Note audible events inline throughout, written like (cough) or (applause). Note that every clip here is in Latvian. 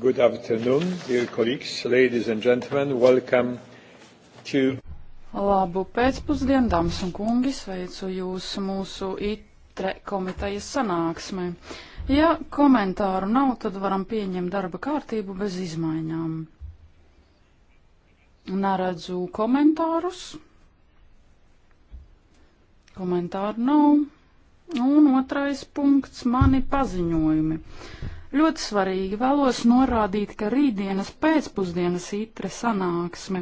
Good afternoon, dear colleagues, ladies and gentlemen, welcome to. Labu pēcpusdienu, dāmas un kungi, sveicu jūs mūsu ITRE komitejas sanāksmē. Ja komentāru nav, tad varam pieņemt darba kārtību bez izmaiņām. Neredzu komentārus. Komentāru nav. Un otrais punkts - mani paziņojumi. Ļoti svarīgi vēlos norādīt, ka rītdienas pēcpusdienas itre sanāksme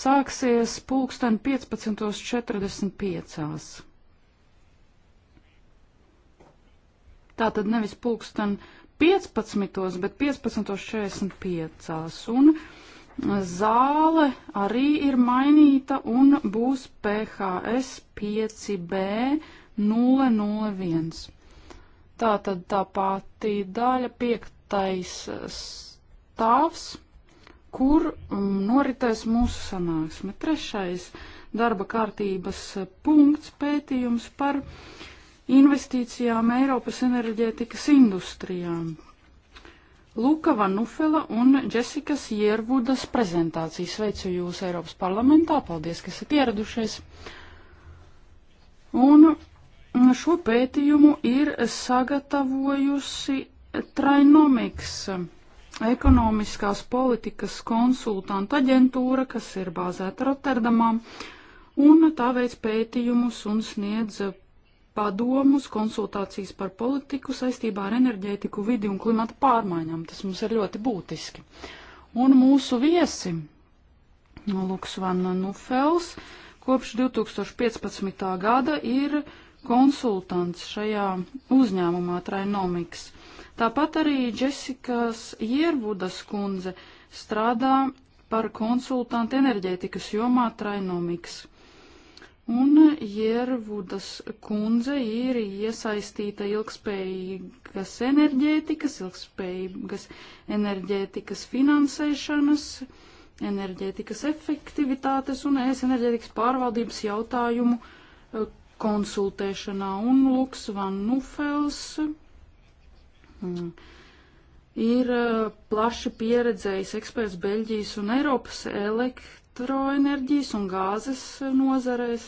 sāksies pulksten 15.45. Tātad nevis pulksten 15, bet 15.45. Un zāle arī ir mainīta un būs PHS 5B 001. Tā tad tā pati daļa, piektais eh, stāvs, kur mm, noritēs mūsu sanāksme. Trešais darba kārtības eh, punkts pētījums par investīcijām Eiropas enerģētikas industrijām. Luka Vanufela un Džesikas Jervudas prezentāciju. Sveicu jūs Eiropas parlamentā, paldies, ka esat ieradušies. Un Mm, šo pētījumu ir sagatavojusi Trainomics ekonomiskās politikas konsultanta aģentūra, kas ir bāzēta Rotterdamā, un tā veids pētījumus un sniedz padomus, konsultācijas par politiku saistībā ar enerģētiku, vidi un klimata pārmaiņām. Tas mums ir ļoti būtiski. Un mūsu viesi, Luks Van Nufels, kopš 2015. gada ir uh, konsultants šajā uzņēmumā Trainomics. Tāpat arī Džesikas Jervudas kundze strādā par konsultantu enerģētikas jomā Trainomics. Un Jervudas kundze ir iesaistīta ilgspējīgas enerģētikas, ilgspējīgas enerģētikas finansēšanas, enerģētikas efektivitātes un ēs enerģētikas pārvaldības jautājumu konsultēšanā un Luks Van Nufels hmm, ir eh, plaši pieredzējis eksperts Beļģijas un Eiropas elektroenerģijas un gāzes nozarēs,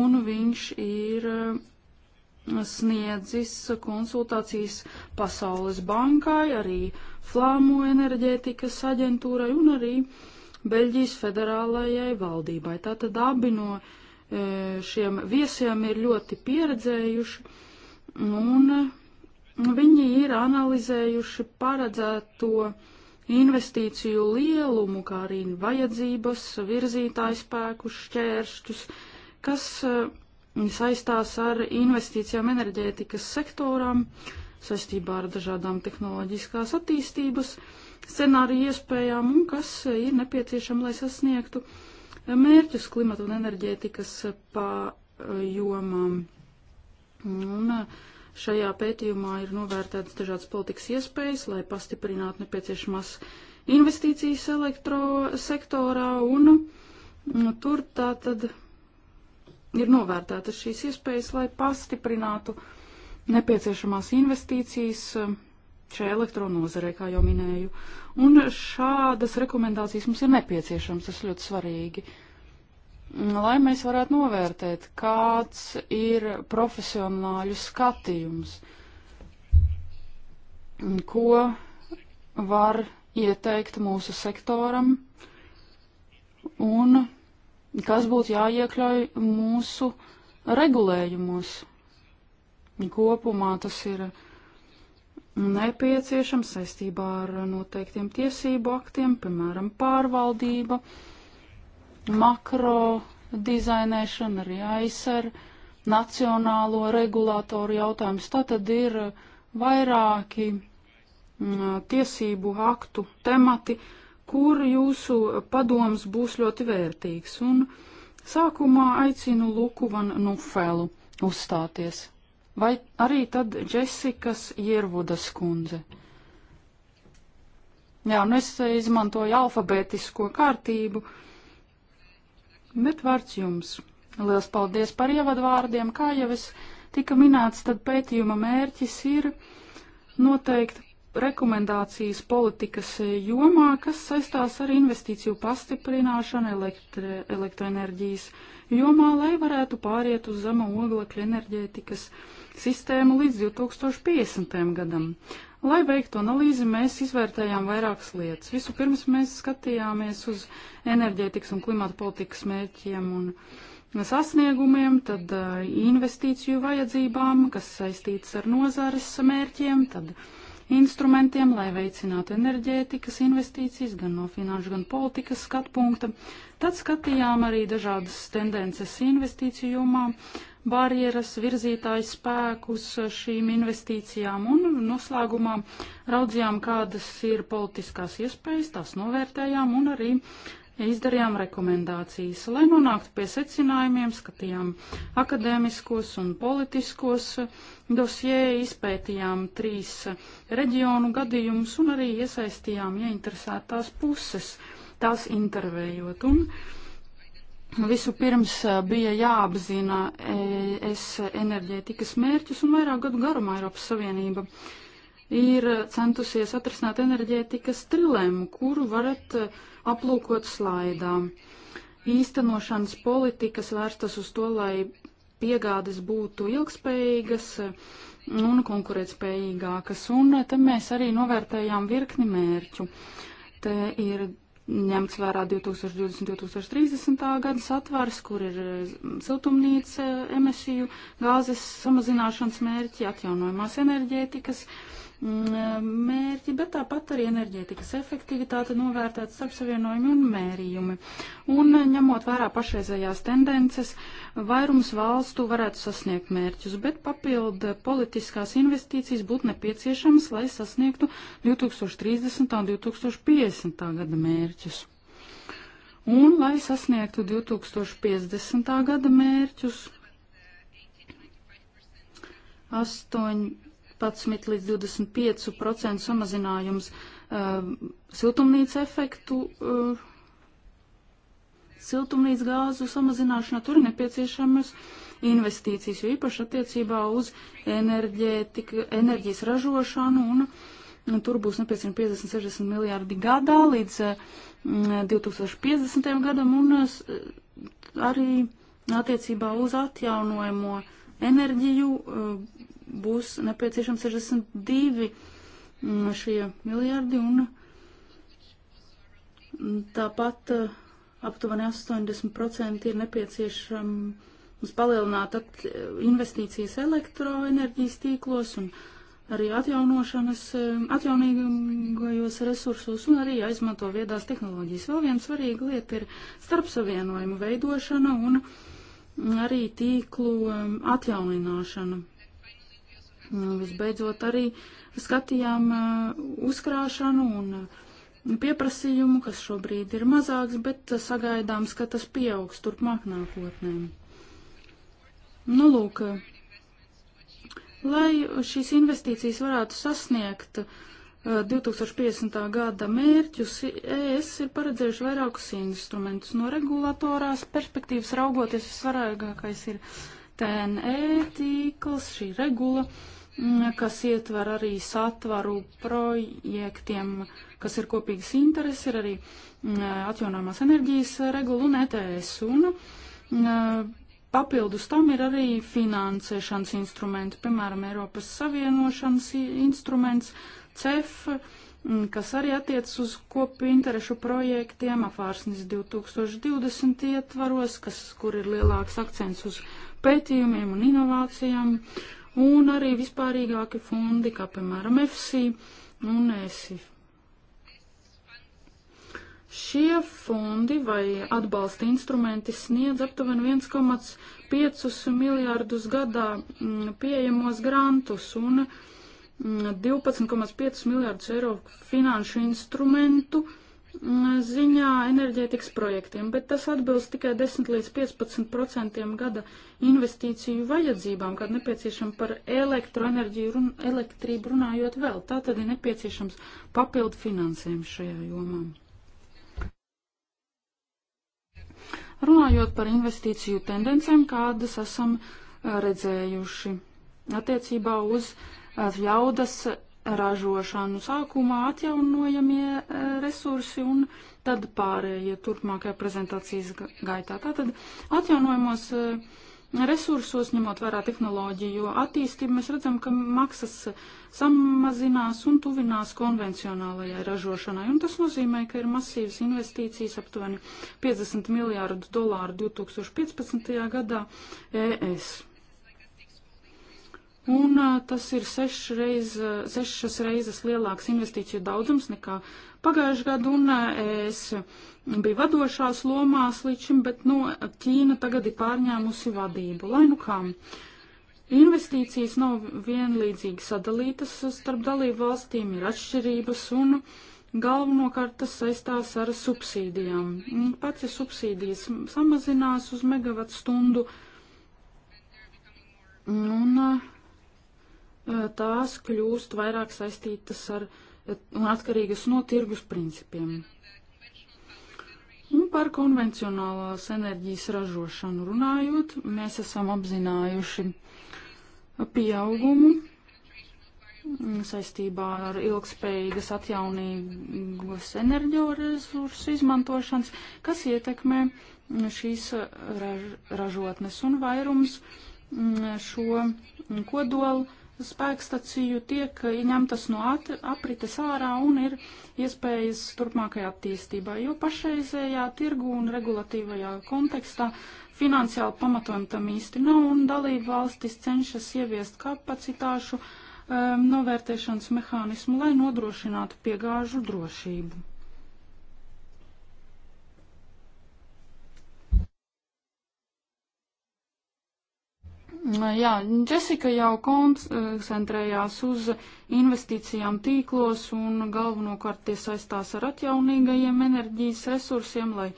un viņš ir eh, sniedzis konsultācijas Pasaules bankai, arī Flāmu enerģētikas aģentūrai un arī Beļģijas federālajai valdībai. Tātad abi no uh, E, šiem viesiem ir ļoti pieredzējuši, un viņi ir analizējuši paredzēto investīciju lielumu, kā arī vajadzības, virzītāju spēku šķēršļus, kas e, saistās ar investīcijām enerģētikas sektorām, saistībā ar dažādām tehnoloģiskās attīstības scenāriju iespējām un kas ir nepieciešama, lai sasniegtu uh, mērķus klimata un enerģētikas eh, pajomām. Eh, un eh, šajā pētījumā ir novērtētas dažādas politikas iespējas, lai pastiprinātu nepieciešamās investīcijas elektrosektorā, un mm, tur tā tad ir novērtētas šīs iespējas, lai pastiprinātu nepieciešamās investīcijas šai elektronozarei, kā jau minēju. Un šādas rekomendācijas mums ir nepieciešams, tas ļoti svarīgi, lai mēs varētu novērtēt, kāds ir profesionāļu skatījums, ko var ieteikt mūsu sektoram un kas būtu jāiekļauj mūsu regulējumos. Kopumā tas ir uh, nepieciešams saistībā ar noteiktiem tiesību aktiem, piemēram, pārvaldība, makro dizainēšana, arī aizsar, nacionālo regulātoru jautājums. Tā tad ir vairāki mm, tiesību aktu temati, kur jūsu padoms būs ļoti vērtīgs. Un sākumā aicinu Luku van Nufelu uzstāties vai arī tad Džesikas Jervudas kundze. Jā, un nu es izmantoju alfabētisko kārtību, bet vārds jums. Liels paldies par ievadvārdiem, kā jau es tika minēts, tad pētījuma mērķis ir noteikt rekomendācijas politikas jomā, kas saistās ar investīciju pastiprināšanu elektri, elektroenerģijas jomā, lai varētu pāriet uz zema oglekļa enerģētikas sistēmu līdz 2050. gadam. Lai veiktu analīzi, mēs izvērtējām vairākas lietas. Vispirms mēs skatījāmies uz enerģētikas un klimata politikas mērķiem un sasniegumiem, tad investīciju vajadzībām, kas saistītas ar nozares mērķiem, tad uh, instrumentiem, lai veicinātu enerģētikas investīcijas gan no finanšu, gan politikas skatu punkta. Tad skatījām arī dažādas tendences investīciju jomā, barjeras, virzītājs spēkus šīm investīcijām un noslēgumā raudzījām, kādas ir politiskās iespējas, tās novērtējām un arī izdarījām rekomendācijas. Lai nonāktu pie secinājumiem, skatījām akadēmiskos un politiskos eh, dosjē, izpētījām trīs eh, reģionu gadījumus un arī iesaistījām ieinteresētās puses, tās intervējot. Un visu pirms eh, bija jāapzina es enerģētikas mērķus un vairāk gadu garumā Eiropas Savienība ir centusies atrisināt enerģētikas trilēmu, kuru varat uh, aplūkot slaidā. Īstenošanas politikas vērstas uz to, lai piegādes būtu ilgspējīgas un konkurētspējīgākas, un te mēs arī novērtējām virkni mērķu. Te ir ņemts vērā 2020-2030. gada satvars, kur ir eh, siltumnīca emisiju, gāzes samazināšanas mērķi, atjaunojumās enerģētikas Mm, mērķi, bet tāpat arī enerģētikas efektivitāte novērtēt starpsavienojumi un mērījumi. Un eh, ņemot vērā pašreizējās tendences, vairums valstu varētu sasniegt mērķus, bet papildu politiskās investīcijas būtu nepieciešamas, lai sasniegtu 2030. un 2050. gada mērķus. Un, lai sasniegtu 2050. gada mērķus, 8, 11 līdz 25% samazinājums uh, siltumnīca efektu, uh, siltumnīca gāzu samazināšanā, tur ir nepieciešamas investīcijas, jo īpaši attiecībā uz enerģijas ražošanu un, un tur būs nepieciešami 50-60 miljārdi gadā līdz mm, 2050. gadam un uh, arī attiecībā uz atjaunojamo enerģiju. Uh, būs nepieciešams 62 mm, šie miljardi un tāpat eh, aptuveni 80% ir nepieciešams palielināt eh, investīcijas elektroenerģijas tīklos un arī atjaunošanas, eh, atjaunīgajos resursos un arī jāizmanto viedās tehnoloģijas. Vēl viena svarīga lieta ir starpsavienojumu veidošana un arī tīklu atjauninošana. Nu, visbeidzot, arī skatījām uh, uzkrāšanu un pieprasījumu, kas šobrīd ir mazāks, bet uh, sagaidāms, ka tas pieaugs turpmāk nākotnē. Nu, lūk, uh, lai šīs investīcijas varētu sasniegt 2050. gada mērķus, ES ir paredzējuši vairākus instrumentus. No regulatorās perspektīvas raugoties, visvarīgākais ir TNE tīkls, šī regula. Uh, kas ietver arī satvaru projektiem, kas ir kopīgas intereses, ir arī mm, atjaunojumās enerģijas regula un ETS. Un mm, papildus tam ir arī finansēšanas instrumenti, piemēram, Eiropas Savienošanas instruments, CEF, mm, kas arī attiec uz kopu interešu projektiem, apvārsnis 2020 ietvaros, kas, kur ir lielāks akcents uz pētījumiem un inovācijām, un arī vispārīgāki fondi, kā piemēram EFSI un ESIF. Šie fondi vai atbalsta instrumenti sniedz aptuveni 1,5 miljārdus gadā mm, pieejamos grantus un 12,5 mm, miljārdus eiro finanšu instrumentu uh, ziņā enerģētikas projektiem, bet tas atbilst tikai 10 līdz 15% gada investīciju vajadzībām, kad nepieciešama par elektroenerģiju, run, elektrību runājot vēl. Tā tad ir nepieciešams papildu finansējums šajā jomā. Runājot par investīciju tendencēm, kādas esam uh, redzējuši attiecībā uz jaudas uh, ražošanu. Sākumā atjaunojamie e, resursi un tad pārējie turpmākajā prezentācijas gaitā. Tātad atjaunojamos e, resursos, ņemot vērā tehnoloģiju attīstību, mēs redzam, ka maksas samazinās un tuvinās konvencionālajai ražošanai. Un tas nozīmē, ka ir masīvas investīcijas aptuveni 50 miljārdu dolāru 2015. gadā ES. Un tas ir reiz, sešas reizes lielāks investīciju daudzums nekā pagājušajā gadā, un es biju vadošās lomās līdz šim, bet no nu, Ķīna tagad ir pārņēmusi vadību. Lai nu kā. Investīcijas nav vienlīdzīgi sadalītas starp dalību valstīm, ir atšķirības un galvenokārt tas saistās ar subsīdijām. Pats, ja subsīdijas samazinās uz megavatu stundu, un uh, Eh, tās kļūst vairāk saistītas ar eh, un atkarīgas no tirgus principiem. Un par konvencionālās enerģijas ražošanu runājot, mēs esam apzinājuši pieaugumu mm, saistībā ar ilgspējīgas atjaunīgas enerģoresursu izmantošanas, kas ietekmē mm, šīs eh, raž ražotnes un vairums mm, šo kodolu spēkstaciju tiek ņemtas no aprites ārā un ir iespējas turpmākajā attīstībā, jo pašreizējā tirgu un regulatīvajā kontekstā finansiāli pamatojumi tam īsti nav un dalību valstis cenšas ieviest kapacitāšu um, novērtēšanas mehānismu, lai nodrošinātu piegāžu drošību. Mm, jā, Džesika jau koncentrējās uz investīcijām tīklos un galvenokārt tie saistās ar atjaunīgajiem enerģijas resursiem, lai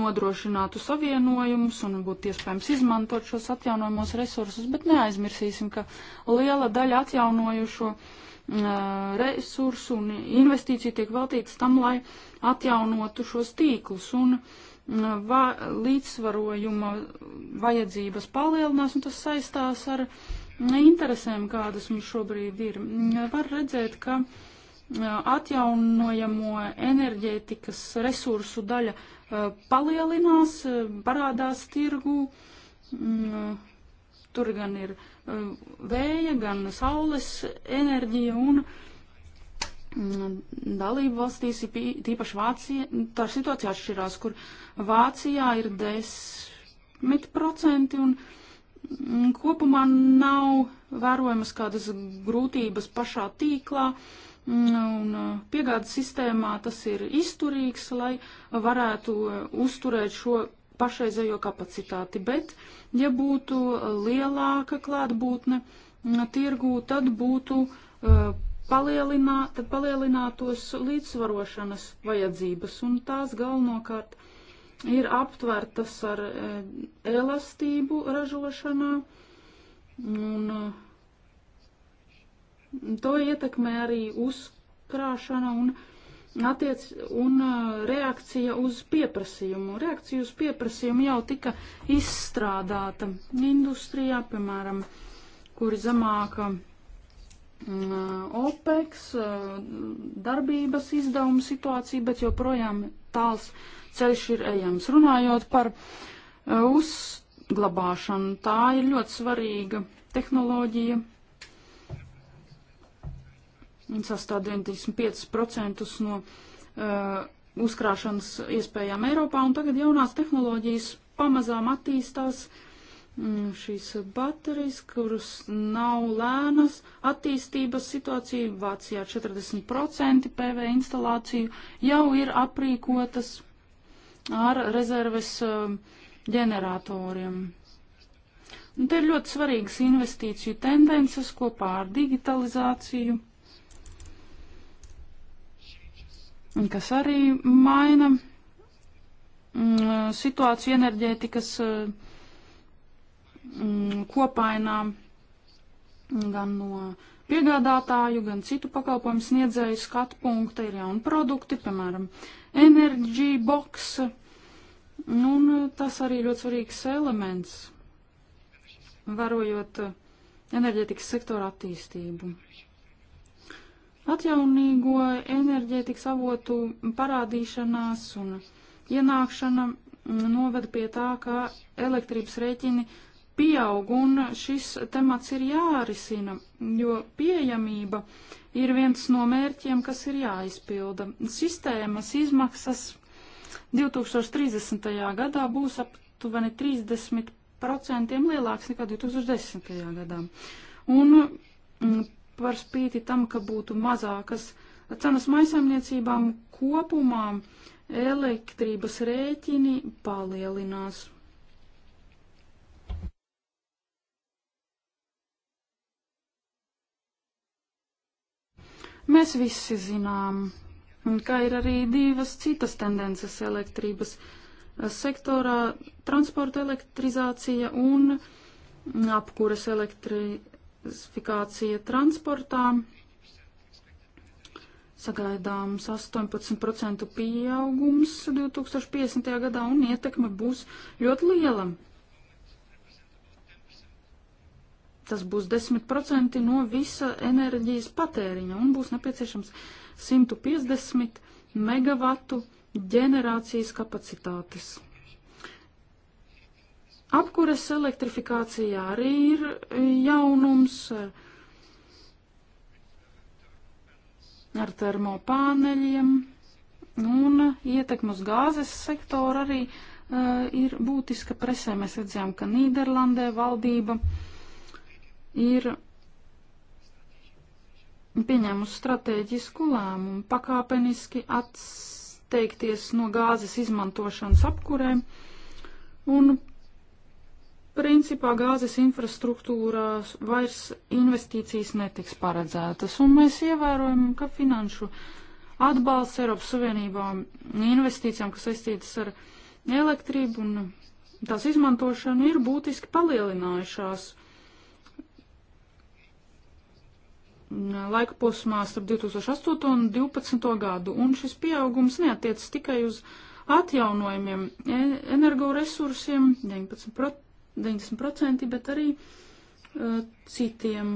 nodrošinātu savienojumus un būtu iespējams izmantot šos atjaunojumos resursus, bet neaizmirsīsim, ka liela daļa atjaunojušo mm, resursu un investīciju tiek veltīts tam, lai atjaunotu šos tīklus. Un, uh, va, līdzsvarojuma vajadzības palielinās, un tas saistās ar interesēm, kādas mums šobrīd ir. Var redzēt, ka atjaunojamo enerģētikas resursu daļa palielinās, parādās tirgu. Tur gan ir vēja, gan saules enerģija un uh, Mm, dalību valstīs, tīpaši Vācija, tā situācija atšķirās, kur Vācijā ir 10% un mm, kopumā nav vērojamas kādas grūtības pašā tīklā. Mm, un uh, piegādes sistēmā tas ir izturīgs, lai varētu uh, uzturēt šo pašreizējo kapacitāti. Bet, ja būtu lielāka klātbūtne tirgū, tad būtu uh, palielinā, tad palielinātos līdzsvarošanas vajadzības, un tās galvenokārt ir aptvertas ar eh, elastību ražošanā, un eh, to ietekmē arī uzkrāšana un, attiec, un eh, reakcija uz pieprasījumu. Reakcija uz pieprasījumu jau tika izstrādāta industrijā, piemēram, kuri zamāka OPEX darbības izdevuma situācija, bet joprojām tāls ceļš ir ejams. Runājot par uzglabāšanu, tā ir ļoti svarīga tehnoloģija. Sastāv 95% no uh, uzkrāšanas iespējām Eiropā, un tagad jaunās tehnoloģijas pamazām attīstās uh, Mm, šīs baterijas, kuras nav lēnas attīstības situācija. Vācijā 40% PV instalāciju jau ir aprīkotas ar rezerves um, ģeneratoriem. Un te ir ļoti svarīgas investīciju tendences kopā ar digitalizāciju, kas arī maina mm, situāciju enerģētikas uh, Mm, kopainām gan no piegādātāju, gan citu pakalpojumu sniedzēju skatu punkta ir jauni produkti, piemēram, Energy Box. Nu, un eh, tas arī ļoti svarīgs elements, varojot eh, enerģētikas sektora attīstību. Atjaunīgo enerģētikas avotu parādīšanās un ienākšana mm, noveda pie tā, ka elektrības rēķini uh, pieaug, un šis temats ir jārisina, jo pieejamība ir viens no mērķiem, kas ir jāizpilda. Sistēmas izmaksas 2030. gadā būs aptuveni 30% lielāks nekā 2010. gadā. Un mm, par spīti tam, ka būtu mazākas cenas maisaimniecībām kopumā, elektrības rēķini palielinās Mēs visi zinām, un kā ir arī divas citas tendences elektrības eh, sektorā - transporta elektrizācija un apkures elektrifikācija transportā. Sagaidāms 18% pieaugums 2050. gadā un ietekme būs ļoti liela Tas būs 10% no visa enerģijas patēriņa un būs nepieciešams 150 megavatu ģenerācijas kapacitātes. Apkures elektrifikācijā arī ir jaunums ar termopāneļiem un ietekmi uz gāzes sektoru arī uh, ir būtiska presē. Mēs redzējām, ka Nīderlandē valdība uh, ir pieņēmusi stratēģisku lēmumu pakāpeniski atsteigties no gāzes izmantošanas apkurēm un principā gāzes infrastruktūrās vairs investīcijas netiks paredzētas, un mēs ievērojam, ka finanšu atbalsts Eiropas Savienībām investīcijām, kas saistītas ar elektrību un tās izmantošanu, ir būtiski palielinājušās laika posmā starp 2008 un 2012 gadu, un šis pieaugums neatiec tikai uz atjaunojumiem e, energoresursiem 19%, 90%, bet arī uh, citiem.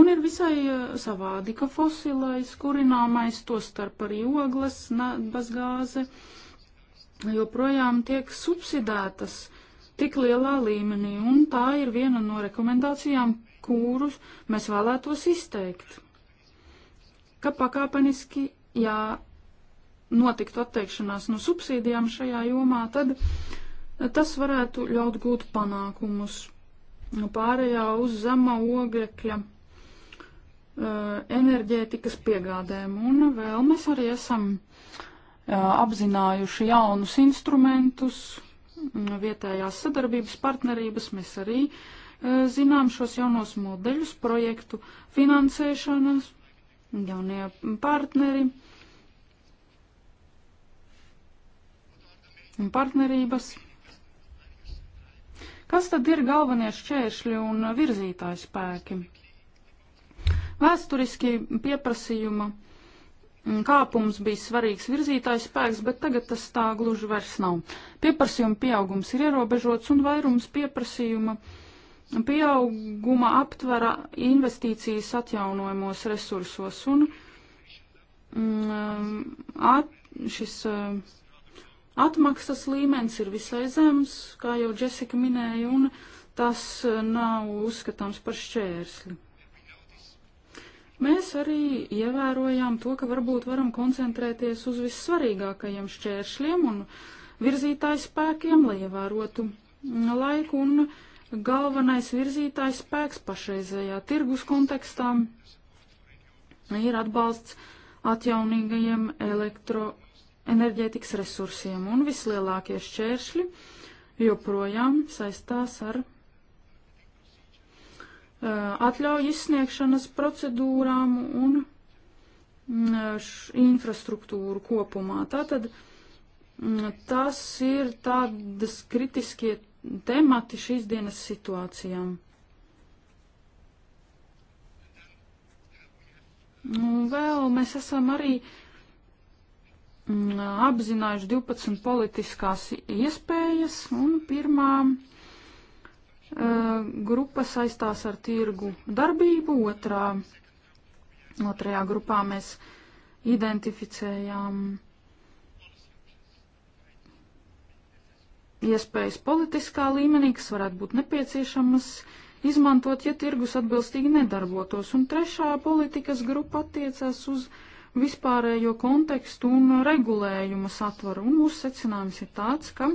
Un ir visai uh, savādi, ka fosilais, kurināmais, to starp arī ogles, bazgāze, joprojām tiek subsidētas tik lielā līmenī, un tā ir viena no rekomendācijām, kurus mēs vēlētos izteikt, ka pakāpeniski, ja notiktu atteikšanās no subsīdijām šajā jomā, tad tas varētu ļaut gūt panākumus pārējā uz zema ogļekļa eh, enerģētikas piegādēm. Un vēl mēs arī esam eh, apzinājuši jaunus instrumentus, mm, vietējās sadarbības partnerības. Mēs arī uh, zinām šos jaunos modeļus, projektu finansēšanas, jaunie partneri un partnerības. Kas tad ir galvenie šķēršļi un virzītāji spēki? Vēsturiski pieprasījuma kāpums bija svarīgs virzītājs spēks, bet tagad tas tā gluži vairs nav. Pieprasījuma pieaugums ir ierobežots un vairums pieprasījuma uh, pieauguma aptvera investīcijas atjaunojumos resursos un um, at, šis um, atmaksas līmenis ir visai zems, kā jau Džesika minēja, un tas eh, nav uzskatāms par šķērsli. Mēs arī ievērojām to, ka varbūt varam koncentrēties uz vissvarīgākajiem šķēršļiem un virzītāju spēkiem, lai ievērotu laiku un uh, galvenais virzītājs spēks pašreizējā tirgus kontekstā ir atbalsts atjaunīgajiem elektroenerģētikas resursiem, un vislielākie šķēršļi joprojām saistās ar atļauju izsniegšanas procedūrām un infrastruktūru kopumā. Tātad tas ir tādas kritiskie temati šīs dienas situācijām. Un nu, vēl mēs esam arī mm, apzinājuši 12 politiskās iespējas, un pirmā e, grupa saistās ar tirgu darbību, otrā, otrajā grupā mēs identificējām iespējas politiskā līmenī, kas varētu būt nepieciešamas, izmantot, ja tirgus atbilstīgi nedarbotos. Un trešā politikas grupa attiecas uz vispārējo kontekstu un regulējuma satvaru. Un mūsu secinājums ir tāds, ka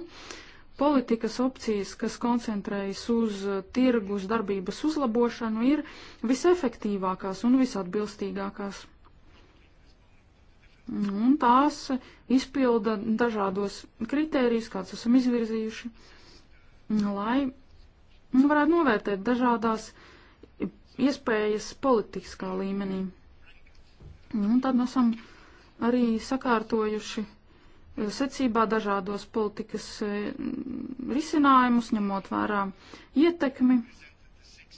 politikas opcijas, kas koncentrējas uz tirgus darbības uzlabošanu, ir visefektīvākās un visatbilstīgākās. Un tās izpilda dažādos kritērijus, kāds esam izvirzījuši, lai varētu novērtēt dažādās iespējas politiskā līmenī. Un tad esam arī sakārtojuši secībā dažādos politikas eh, risinājumus, ņemot vērā ietekmi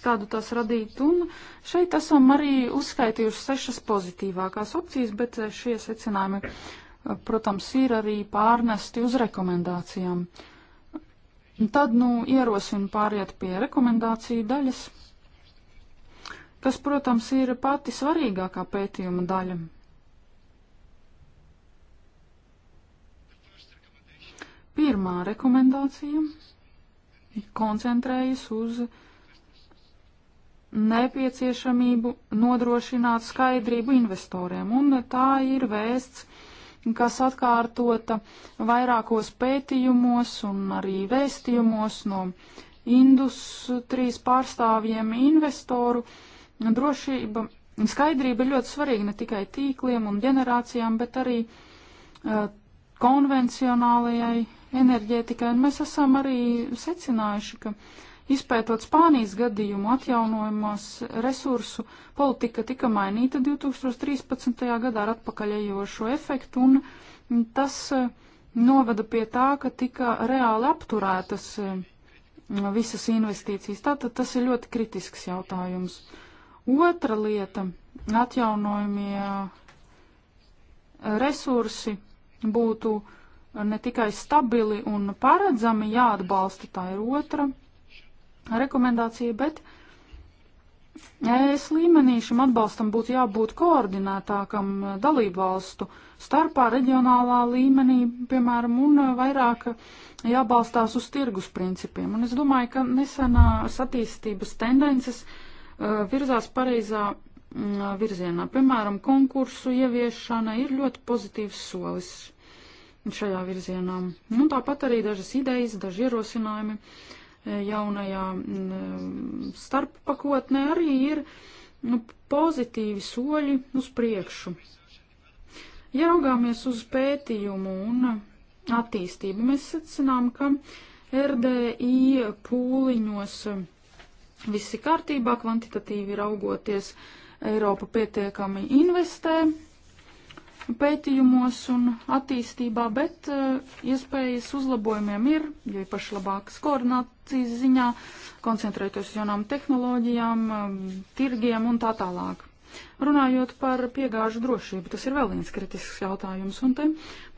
kādu tās radīt. Un šeit esam arī uzskaitījuši sešas pozitīvākās opcijas, bet eh, šie secinājumi, eh, protams, ir arī pārnesti uz rekomendācijām. Tad, nu, ierosinu pāriet pie rekomendāciju daļas, kas, protams, ir pati svarīgākā pētījuma daļa. Pirmā rekomendācija koncentrējas uz uh, nepieciešamību nodrošināt skaidrību investoriem, un tā ir vēsts, kas atkārtota vairākos pētījumos un arī vēstījumos no industrijas pārstāvjiem investoru. Drošība, skaidrība ir ļoti svarīga ne tikai tīkliem un ģenerācijām, bet arī uh, konvencionālajai enerģētikai, un mēs esam arī secinājuši, ka uh, Izpētot Spānijas gadījumu, atjaunojumās resursu politika tika mainīta 2013. gadā ar atpakaļējošo efektu, un tas e, noveda pie tā, ka tika reāli apturētas e, visas investīcijas. Tātad tas ir ļoti kritisks jautājums. Otra lieta - atjaunojumie resursi būtu ne tikai stabili un paredzami jāatbalsta, tā ir otra rekomendācija, bet ES līmenī šim atbalstam būtu jābūt koordinētākam e, dalību valstu starpā reģionālā līmenī, piemēram, un e, vairāk jābalstās uz tirgus principiem. Un es domāju, ka nesenās attīstības tendences e, virzās pareizā mm, virzienā. Piemēram, konkursu ieviešana ir ļoti pozitīvs solis šajā virzienā. Un tāpat arī dažas idejas, daži ierosinājumi. Uh, jaunajā mm, starppakotnē arī ir nu, pozitīvi soļi uz priekšu. Ja raugāmies uz pētījumu un attīstību, mēs secinām, ka RDI pūliņos visi kārtībā, kvantitatīvi raugoties, Eiropa pietiekami investē pētījumos un attīstībā, bet eh, iespējas uzlabojumiem ir, jo īpaši labākas koordinācijas ziņā, koncentrēties uz jaunām tehnoloģijām, eh, tirgiem un tā tālāk. Runājot par piegāžu drošību, tas ir vēl viens kritisks jautājums, un te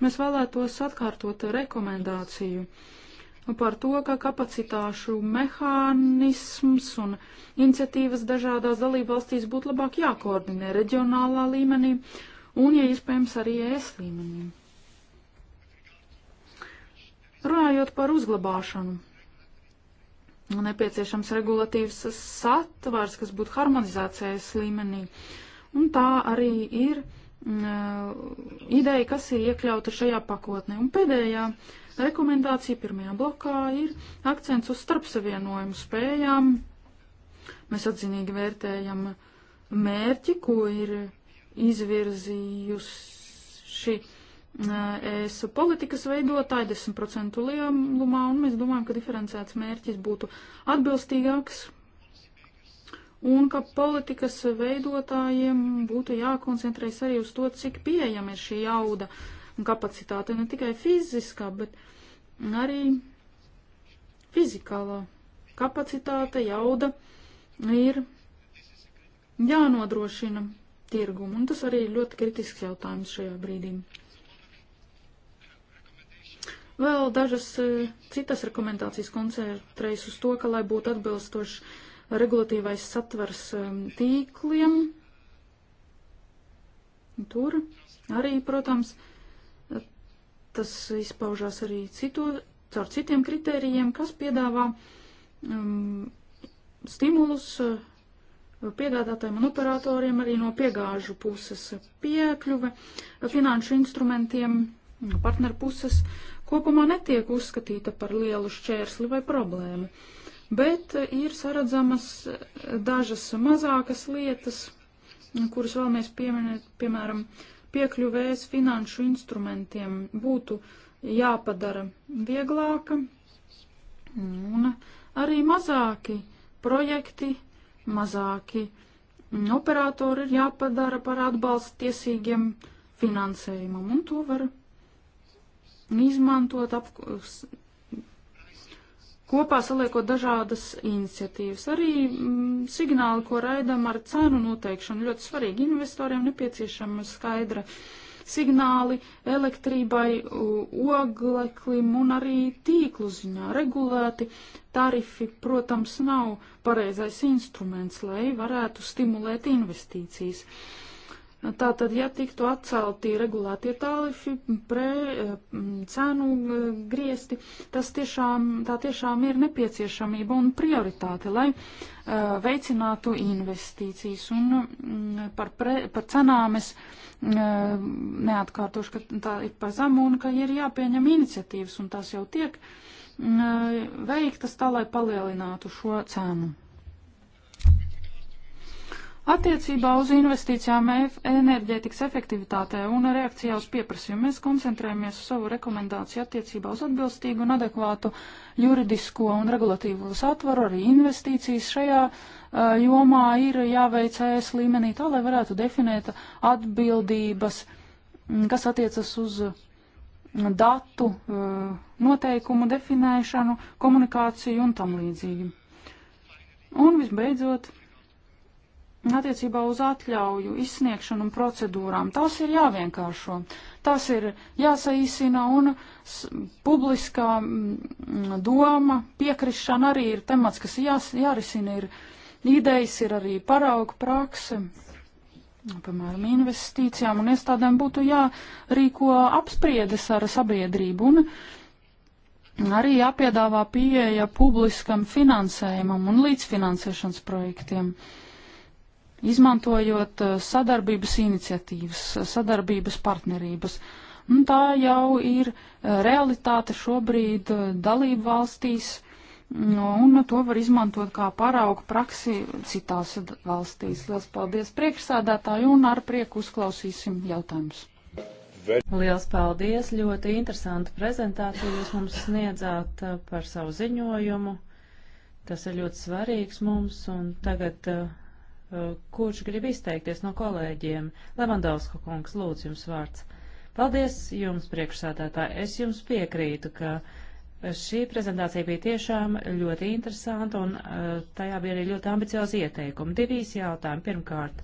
mēs vēlētos atkārtot rekomendāciju par to, ka kapacitāšu mehānisms un iniciatīvas dažādās dalībvalstīs būtu labāk jākoordinē reģionālā līmenī un, ja iespējams, arī ES līmenī. Runājot par uzglabāšanu, nepieciešams regulatīvs satvars, kas būtu harmonizācijas līmenī, un tā arī ir mm, ideja, kas ir iekļauta šajā pakotnē. Un pēdējā rekomendācija pirmajā blokā ir akcents uz starpsavienojumu spējām. Mēs atzinīgi vērtējam mērķi, ko ir izvirzījuši eh, ES politikas veidotāji 10% lielumā, un mēs domājam, ka diferencēts mērķis būtu atbilstīgāks un ka politikas veidotājiem būtu jākoncentrējas arī uz to, cik pieejama ir šī jauda un kapacitāte, ne tikai fiziskā, bet arī fizikālā kapacitāte, jauda ir jānodrošina tirgumu. Un tas arī ir ļoti kritisks jautājums šajā brīdī. Vēl dažas e, citas rekomendācijas koncentrējas uz to, ka, lai būtu atbilstošs regulatīvais satvers e, tīkliem, tur arī, protams, e, tas izpaužās arī citu, caur citiem kritērijiem, kas piedāvā um, stimulus piegādātājiem un operatoriem, arī no piegāžu puses piekļuve finanšu instrumentiem no partneru puses kopumā netiek uzskatīta par lielu šķērsli vai problēmu. Bet ir saredzamas dažas mazākas lietas, kuras vēlamies pieminēt, piemēram, piekļuvēs finanšu instrumentiem būtu jāpadara vieglāka un arī mazāki projekti mazāki mm, operatori ir jāpadara par atbalstu tiesīgiem finansējumam, un to var izmantot ap, kopā saliekot dažādas iniciatīvas. Arī mm, signāli, ko raidam ar cenu noteikšanu, ļoti svarīgi investoriem nepieciešama skaidra uh, signāli elektrībai, ogleklim un arī tīklu ziņā regulēti. Tarifi, protams, nav pareizais instruments, lai varētu stimulēt investīcijas. Uh, Nu, tātad, ja tiktu atcelti regulētie tālifi, pre, eh, cenu eh, griesti, tas tiešām, tā tiešām ir nepieciešamība un prioritāte, lai uh, veicinātu investīcijas. Un mm, par, pre, par cenām es uh, neatkārtošu, ka tā ir par zemu un ka ir jāpieņem iniciatīvas, un tās jau tiek uh, veiktas tā, lai palielinātu šo cenu. Attiecībā uz investīcijām enerģētikas efektivitātē un reakcijā uz pieprasījumu mēs koncentrējamies uz savu rekomendāciju attiecībā uz atbilstīgu un adekvātu juridisko un regulatīvo satvaru. Arī investīcijas šajā uh, jomā ir jāveic ES līmenī tā, lai varētu definēt atbildības, kas attiecas uz datu uh, noteikumu definēšanu, komunikāciju un tam līdzīgi. Un visbeidzot attiecībā uz atļauju izsniegšanu un procedūrām. Tās ir jāvienkāršo, tās ir jāsaīsina un publiskā mm, doma, piekrišana arī ir temats, kas jās, jārisina, ir idejas, ir arī parauga prakse. Piemēram, investīcijām un iestādēm būtu jārīko apspriedes ar sabiedrību un arī jāpiedāvā pieeja publiskam finansējumam un līdzfinansēšanas projektiem. Uh, izmantojot eh, sadarbības iniciatīvas, sadarbības partnerības. Un nu, tā jau ir eh, realitāte šobrīd eh, dalību valstīs, un to var izmantot kā paraugu praksi citās valstīs. Lielas paldies priekšsādātāju un ar prieku uzklausīsim jautājumus. Lielas paldies! Ļoti interesanta prezentācija jūs mums sniedzāt par savu ziņojumu. Tas ir ļoti svarīgs mums, un tagad uh, Eh, kurš grib izteikties no kolēģiem. Levandovska kungs, lūdzu jums vārds. Paldies jums, priekšsādātāji. Es jums piekrītu, ka šī prezentācija bija tiešām ļoti interesanta un eh, tajā bija arī ļoti ambiciozi ieteikumi. Divīs jautājumi. Pirmkārt,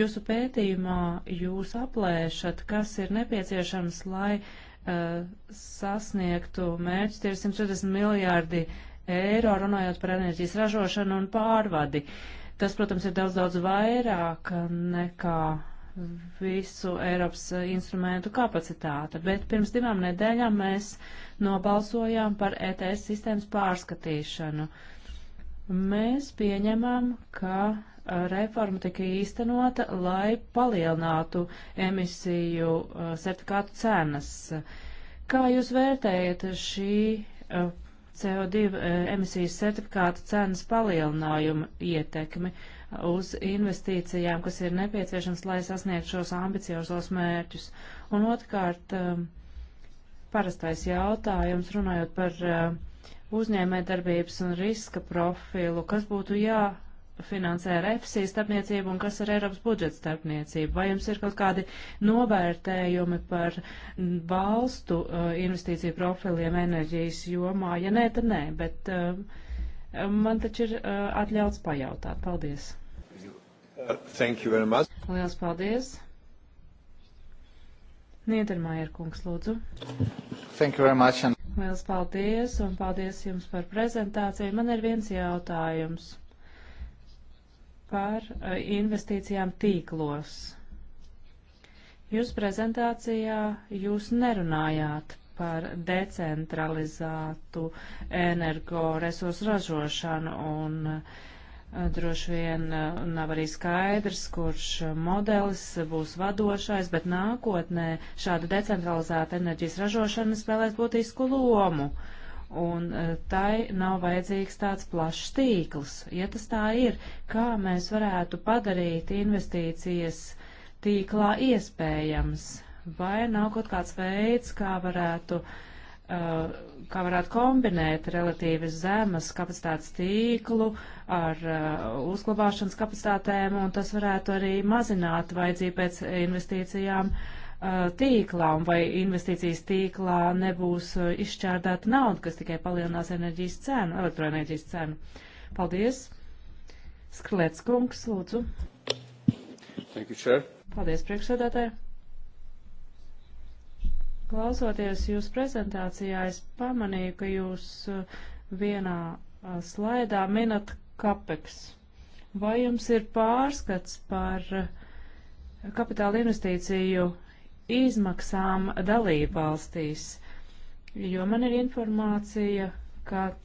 jūsu pētījumā jūs aplēšat, kas ir nepieciešams, lai uh, sasniegtu mērķus, tie ir 140 miljārdi eiro, runājot par enerģijas ražošanu un pārvadi. Uh, Tas, protams, ir daudz, daudz vairāk nekā visu Eiropas instrumentu kapacitāte, bet pirms divām nedēļām mēs nobalsojām par ETS sistēmas pārskatīšanu. Mēs pieņemam, ka reforma tika īstenota, lai palielinātu emisiju uh, certifikātu cenas. Kā jūs vērtējat šī uh, CO2 eh, emisijas certifikāta cenas palielinājumu ietekmi uz investīcijām, kas ir nepieciešams, lai sasniegtu šos ambiciozos mērķus. Un otrkārt, eh, parastais jautājums, runājot par eh, uzņēmējdarbības un riska profilu, kas būtu jā finansē ar EFSI starpniecību un kas ir Eiropas budžeta starpniecība? Vai jums ir kaut kādi novērtējumi par valstu uh, investīciju profiliem enerģijas jomā? Ja nē, tad nē, bet uh, man taču ir uh, atļauts pajautāt. Paldies. Uh, thank you very much. Liels paldies. Nietermājer kungs, lūdzu. Thank you very much. And... Liels paldies un paldies jums par prezentāciju. Man ir viens jautājums par eh, investīcijām tīklos. Jūsu prezentācijā jūs nerunājāt par decentralizētu energoresursu ražošanu un uh, Droši vien eh, nav arī skaidrs, kurš modelis būs vadošais, bet nākotnē šāda decentralizēta enerģijas ražošana spēlēs būtisku lomu. Uh, un eh, tai nav vajadzīgs tāds plašs tīkls. Ja tas tā ir, kā mēs varētu padarīt investīcijas tīklā iespējams? Vai nav kaut kāds veids, kā varētu, uh, kā varētu kombinēt relatīvi zemes kapacitātes tīklu ar uh, uzglabāšanas kapacitātēm, un tas varētu arī mazināt vajadzību pēc investīcijām uh, Uh, tīklā un vai investīcijas tīklā nebūs uh, izšķērdēta nauda, kas tikai palielinās enerģijas cenu, elektroenerģijas cenu. Paldies. Skrlēts kungs, lūdzu. Thank you, Chair. Paldies, priekšsēdētāji. Klausoties jūsu prezentācijā, es pamanīju, ka jūs uh, vienā slaidā minat kapeks. Vai jums ir pārskats par kapitāla investīciju izmaksām dalību valstīs, jo man ir informācija, ka uh,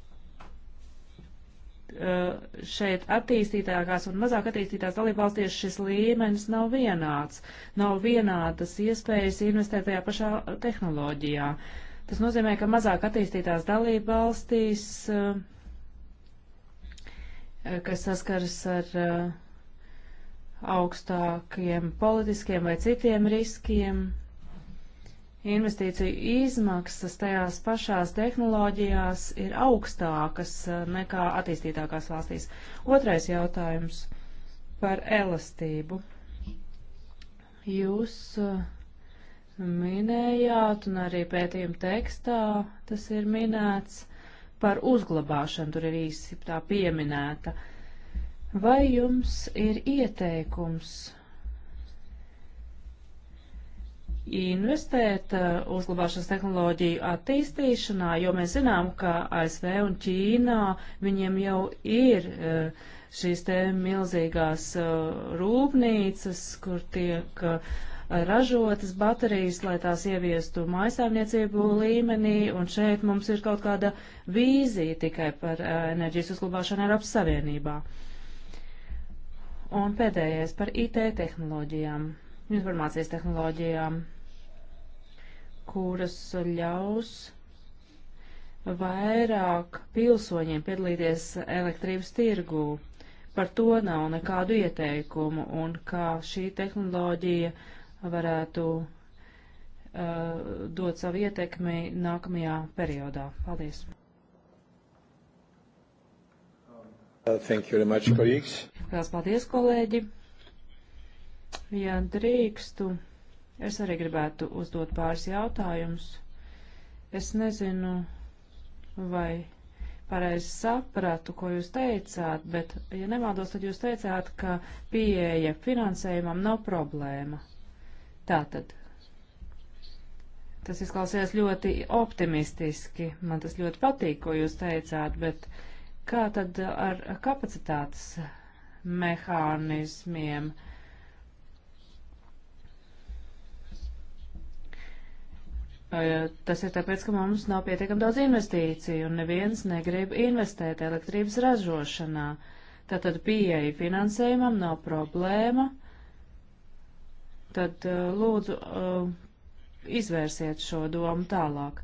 šeit attīstītākās un mazāk attīstītās dalībvalstīs šis līmenis nav vienāds, nav vienādas iespējas investēt tajā pašā tehnoloģijā. Tas nozīmē, ka mazāk attīstītās dalībvalstīs, uh, kas saskaras ar uh, augstākiem politiskiem vai citiem riskiem. Investīciju izmaksas tajās pašās tehnoloģijās ir augstākas eh, nekā attīstītākās valstīs. Otrais jautājums par elastību. Jūs eh, minējāt, un arī pētījuma tekstā tas ir minēts, par uzglabāšanu tur ir īsi tā pieminēta. Uh, Vai jums ir ieteikums investēt uh, uzglabāšanas tehnoloģiju attīstīšanā, jo mēs zinām, ka ASV un Ķīnā viņiem jau ir uh, šīs te milzīgās uh, rūpnīcas, kur tiek ražotas baterijas, lai tās ieviestu mājasēmniecību mm. līmenī, un šeit mums ir kaut kāda vīzija tikai par enerģijas uzglabāšanu Eiropas Savienībā. Un pēdējais par IT tehnoloģijām, informācijas tehnoloģijām, kuras ļaus vairāk pilsoņiem piedalīties elektrības tirgū. Par to nav nekādu ieteikumu un kā šī tehnoloģija varētu uh, dot savu ietekmi nākamajā periodā. Paldies! Uh, thank you very much, kolēģis. Lielas paldies, kolēģi. Ja drīkstu, es arī gribētu uzdot pāris jautājumus. Es nezinu, vai pareizi sapratu, ko jūs teicāt, bet, ja nemaldos, tad jūs teicāt, ka pieeja finansējumam nav problēma. Tātad. Tas izklausījās ļoti optimistiski. Man tas ļoti patīk, ko jūs teicāt, bet Kā tad ar kapacitātes mehānismiem? Eh, tas ir tāpēc, ka mums nav pietiekami daudz investīciju un neviens negrib investēt elektrības ražošanā. Tātad pieeja finansējumam nav problēma. Tad eh, lūdzu eh, izvērsiet šo domu tālāk.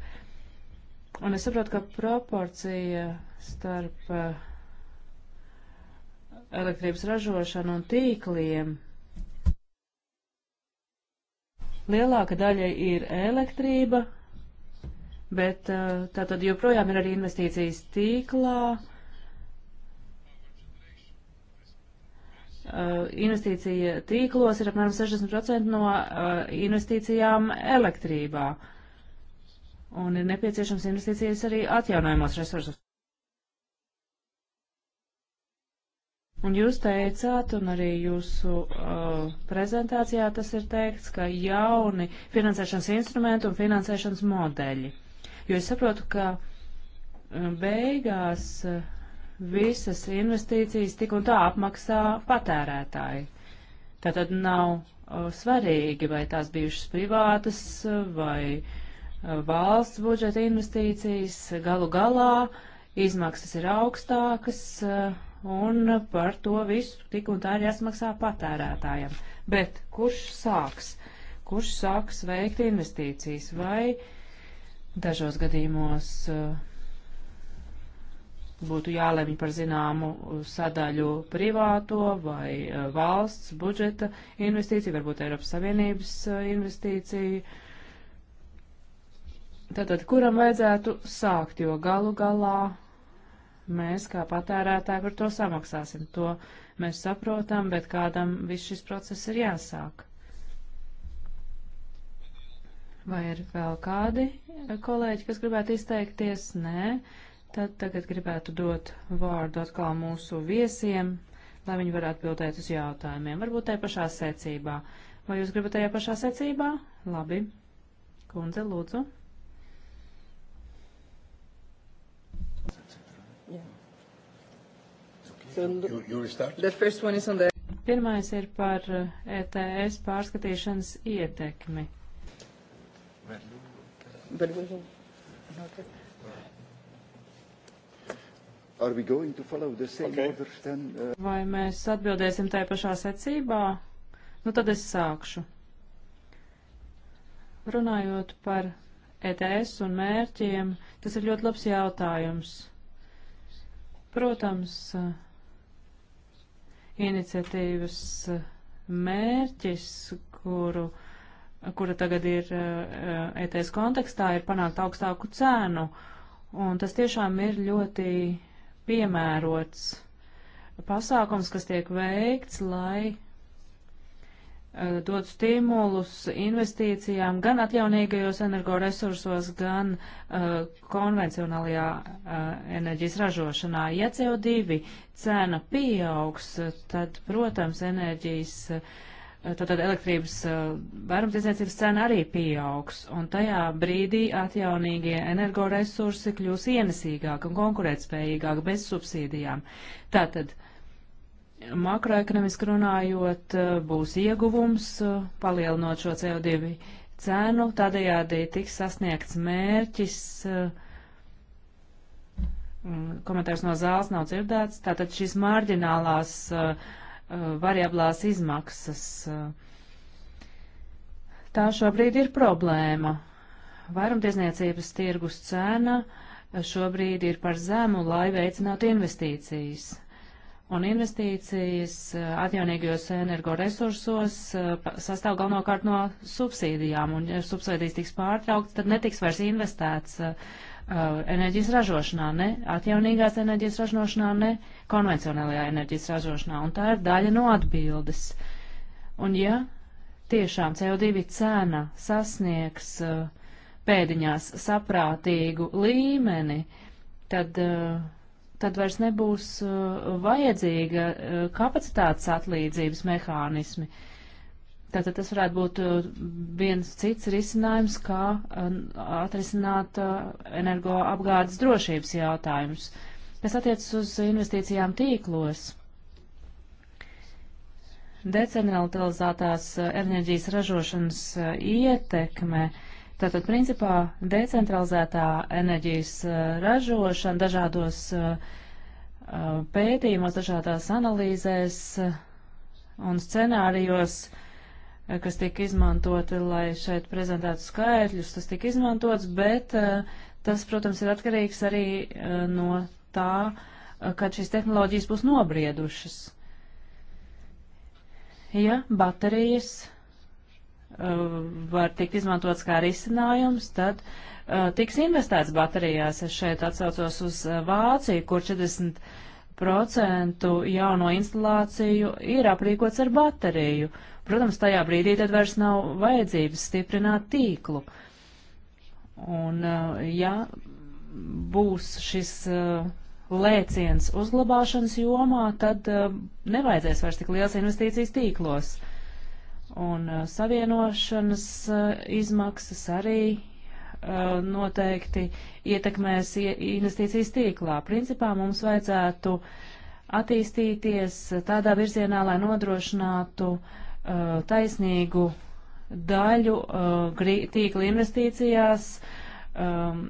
Un es saprotu, ka proporcija starp eh, elektrības ražošanu un tīkliem. Lielāka daļa ir elektrība, bet eh, tātad joprojām ir arī investīcijas tīklā, eh, investīcija tīklos ir apmēram 60% no investīcijām elektrībā. Un ir nepieciešams investīcijas arī atjaunojumos resursos. Un jūs teicāt, un arī jūsu uh, prezentācijā tas ir teikts, ka jauni finansēšanas instrumenti un finansēšanas modeļi. Jo es saprotu, ka uh, beigās uh, visas investīcijas tik un tā apmaksā patērētāji. Tātad nav uh, svarīgi, vai tās bijušas privātas uh, vai uh, valsts budžeta investīcijas. Galu galā izmaksas ir augstākas. Uh, un par to visu tik un tā ir jāsmaksā patērētājiem. Bet kurš sāks? Kurš sāks veikt investīcijas vai dažos gadījumos uh, būtu jālemj par zināmu uh, sadaļu privāto vai uh, valsts budžeta investīciju, varbūt Eiropas Savienības investīciju. Tātad, kuram vajadzētu sākt, jo galu galā mēs kā patērētāji par to samaksāsim. To mēs saprotam, bet kādam viss šis process ir jāsāk. Vai ir vēl kādi kolēģi, kas gribētu izteikties? Nē. Tad tagad gribētu dot vārdu atkal mūsu viesiem, lai viņi varētu atbildēt uz jautājumiem. Varbūt tajā pašā secībā. Vai jūs gribat tajā pašā secībā? Labi. Kundze, lūdzu. You, you the first one is on the... Pirmais ir par ETS eh, e pārskatīšanas ietekmi. But we will not... Are we going to follow the same okay. order then? Uh... Vai mēs atbildēsim tajā pašā secībā? Nu tad es sākšu. Runājot par ETS un mērķiem, tas ir ļoti labs jautājums. Protams, uh, iniciatīvas eh, mērķis, kuru, kura tagad ir ETS eh, e kontekstā, ir panākt augstāku cenu. Un tas tiešām ir ļoti piemērots pasākums, kas tiek veikts, lai Eh, dod stimulus investīcijām gan atjaunīgajos energoresursos, gan uh, konvencionālajā uh, enerģijas ražošanā. Ja CO2 cena pieaugs, tad, protams, enerģijas, tātad elektrības uh, vairumtirdzniecības cena arī pieaugs, un tajā brīdī atjaunīgie energoresursi kļūs ienesīgāk un konkurētspējīgāk bez subsīdijām. Tātad, uh, makroekonomiski runājot, eh, būs ieguvums eh, palielinot šo CO2 cenu, tādējādi tiks sasniegts mērķis. Eh, komentārs no zāles nav dzirdēts. Tātad šīs marģinālās variablās izmaksas. Tā šobrīd ir problēma. Vairumtiesniecības tirgus cena šobrīd ir par zemu, lai veicinātu investīcijas un investīcijas eh, atjaunīgajos energoresursos eh, sastāv galvenokārt no subsīdijām, un ja subsīdijas tiks pārtraukts, tad netiks vairs investēts uh, enerģijas ražošanā, ne atjaunīgās enerģijas ražošanā, ne konvencionālajā enerģijas ražošanā, un tā ir daļa no atbildes. Un ja tiešām CO2 cena sasniegs uh, pēdiņās saprātīgu līmeni, tad uh, tad vairs nebūs uh, vajadzīga uh, kapacitātes atlīdzības mehānismi. Tātad tas varētu būt uh, viens cits risinājums, kā atrisināt energoapgādes drošības jautājumus, kas attiecas uz investīcijām tīklos. Decentralizētās enerģijas ražošanas ietekme uh, Tātad, principā, decentralizētā enerģijas uh, ražošana dažādos uh, uh, pētījumos, dažādās analīzēs un scenārijos, kas tika izmantoti, lai šeit prezentētu skaitļus, tas tika izmantots, bet tas, protams, ir atkarīgs arī no tā, kad šīs tehnoloģijas būs nobriedušas. Ja baterijas Uh, var tikt izmantots kā risinājums, tad uh, tiks investēts baterijās. Es šeit atsaucos uz uh, Vāciju, kur 40% jauno instalāciju ir aprīkots ar bateriju. Protams, tajā brīdī tad vairs nav vajadzības stiprināt tīklu. Un, uh, ja būs šis uh, lēciens uzglabāšanas jomā, tad uh, nevajadzēs vairs tik liels investīcijas tīklos. Uh, Un uh, savienošanas uh, izmaksas arī uh, noteikti ietekmēs investīcijas tīklā. Principā mums vajadzētu attīstīties tādā virzienā, lai nodrošinātu uh, taisnīgu daļu uh, tīkla investīcijās, um,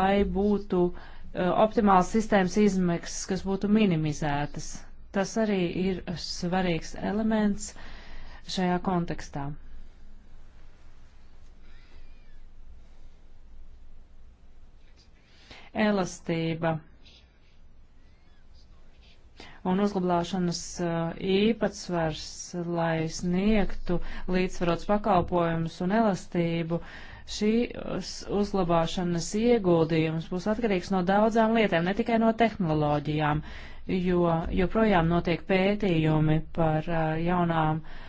lai būtu uh, optimāls sistēmas izmaksas, kas būtu minimizētas. Tas arī ir svarīgs elements uh, šajā kontekstā. Elastība un uzglabāšanas uh, īpatsvars, lai sniegtu līdzsvarots pakalpojumus un elastību. Šīs uh, uzglabāšanas ieguldījums būs atkarīgs no daudzām lietām, ne tikai no tehnoloģijām, jo joprojām notiek pētījumi par uh, jaunām uh,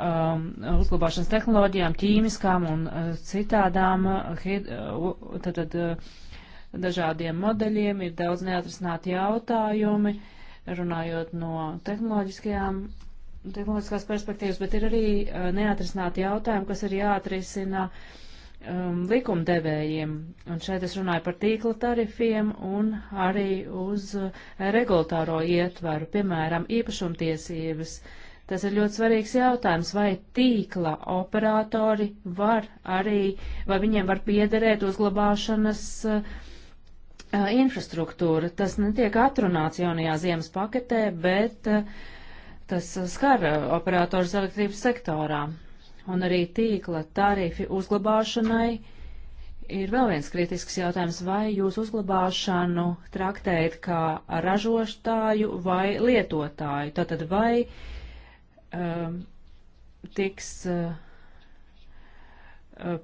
um, uzglabāšanas tehnoloģijām, ķīmiskām un uh, citādām uh, hid, uh, tad, tad, uh, dažādiem modeļiem, ir daudz neatrisināti jautājumi, runājot no tehnoloģiskajām, tehnoloģiskās perspektīvas, bet ir arī uh, neatrisināti jautājumi, kas ir jāatrisina um, likumdevējiem. Un šeit es runāju par tīkla tarifiem un arī uz uh, regulatāro ietvaru, piemēram, īpašumtiesības. Uh, Tas ir ļoti svarīgs jautājums, vai tīkla operatori var arī, vai viņiem var piederēt uzglabāšanas uh, infrastruktūra. Tas netiek atrunāts jaunajā ziemas paketē, bet uh, tas skar operators elektrības sektorā. Un arī tīkla tarifi uzglabāšanai ir vēl viens kritisks jautājums, vai jūs uzglabāšanu traktējat kā ražotāju vai lietotāju. Tātad vai uh, um, tiks uh, uh,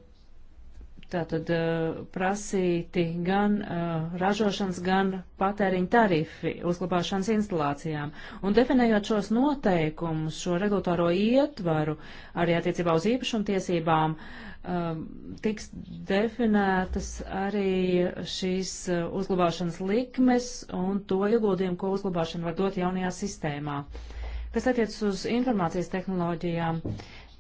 tātad uh, prasīti gan uh, ražošanas, gan patēriņa tarifi uzglabāšanas instalācijām. Un definējot šos noteikumus, šo regulatoro ietvaru arī attiecībā uz īpašumtiesībām, uh, tiks definētas arī šīs uh, uzglabāšanas likmes un to ieguldījumu, ko uzglabāšana var dot jaunajā sistēmā. Uh, Kas attiecas uz informācijas tehnoloģijām,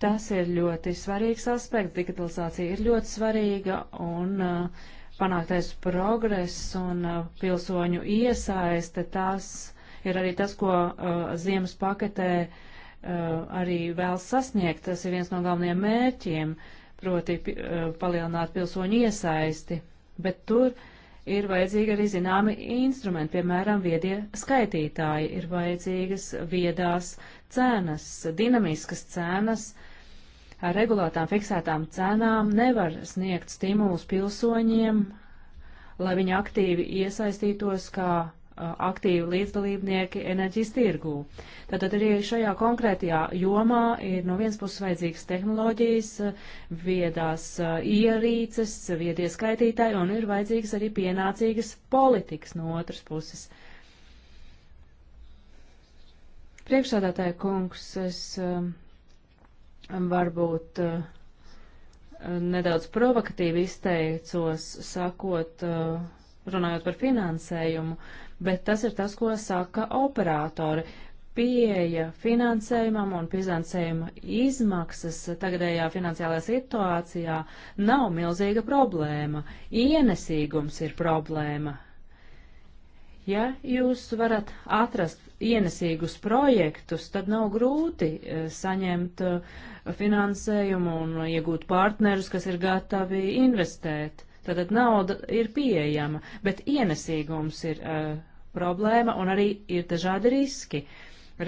tas ir ļoti svarīgs aspekts. Digitalizācija ir ļoti svarīga un uh, panāktais progress un uh, pilsoņu iesaiste, tas ir arī tas, ko uh, ziemas paketē uh, arī vēl sasniegt. Tas ir viens no galvenajiem mērķiem, proti uh, palielināt pilsoņu iesaisti. Bet tur uh, ir vajadzīgi arī zināmi instrumenti, piemēram, viedie skaitītāji, ir vajadzīgas viedās cenas, dinamiskas cenas. Ar regulētām fiksētām cenām nevar sniegt stimulus pilsoņiem, lai viņi aktīvi iesaistītos kā Uh, aktīvi līdzdalībnieki enerģijas tirgū. Tātad arī šajā konkrētajā jomā ir no vienas puses vajadzīgas tehnoloģijas, uh, viedās uh, ierīces, viedie skaitītāji un ir vajadzīgas arī pienācīgas politikas no otras puses. Priekšsādātāja kungs, es um, varbūt nedaudz provokatīvi izteicos, sakot, runājot par finansējumu, uh, bet tas ir tas, ko saka operatori. Pieeja finansējumam un finansējuma izmaksas tagadējā finansiālajā situācijā nav milzīga problēma. Ienesīgums ir problēma. Ja jūs varat atrast ienesīgus projektus, tad nav grūti eh, saņemt eh, finansējumu un iegūt partnerus, kas ir gatavi investēt. Tātad nauda ir pieejama, bet ienesīgums ir uh, problēma un arī ir dažādi riski.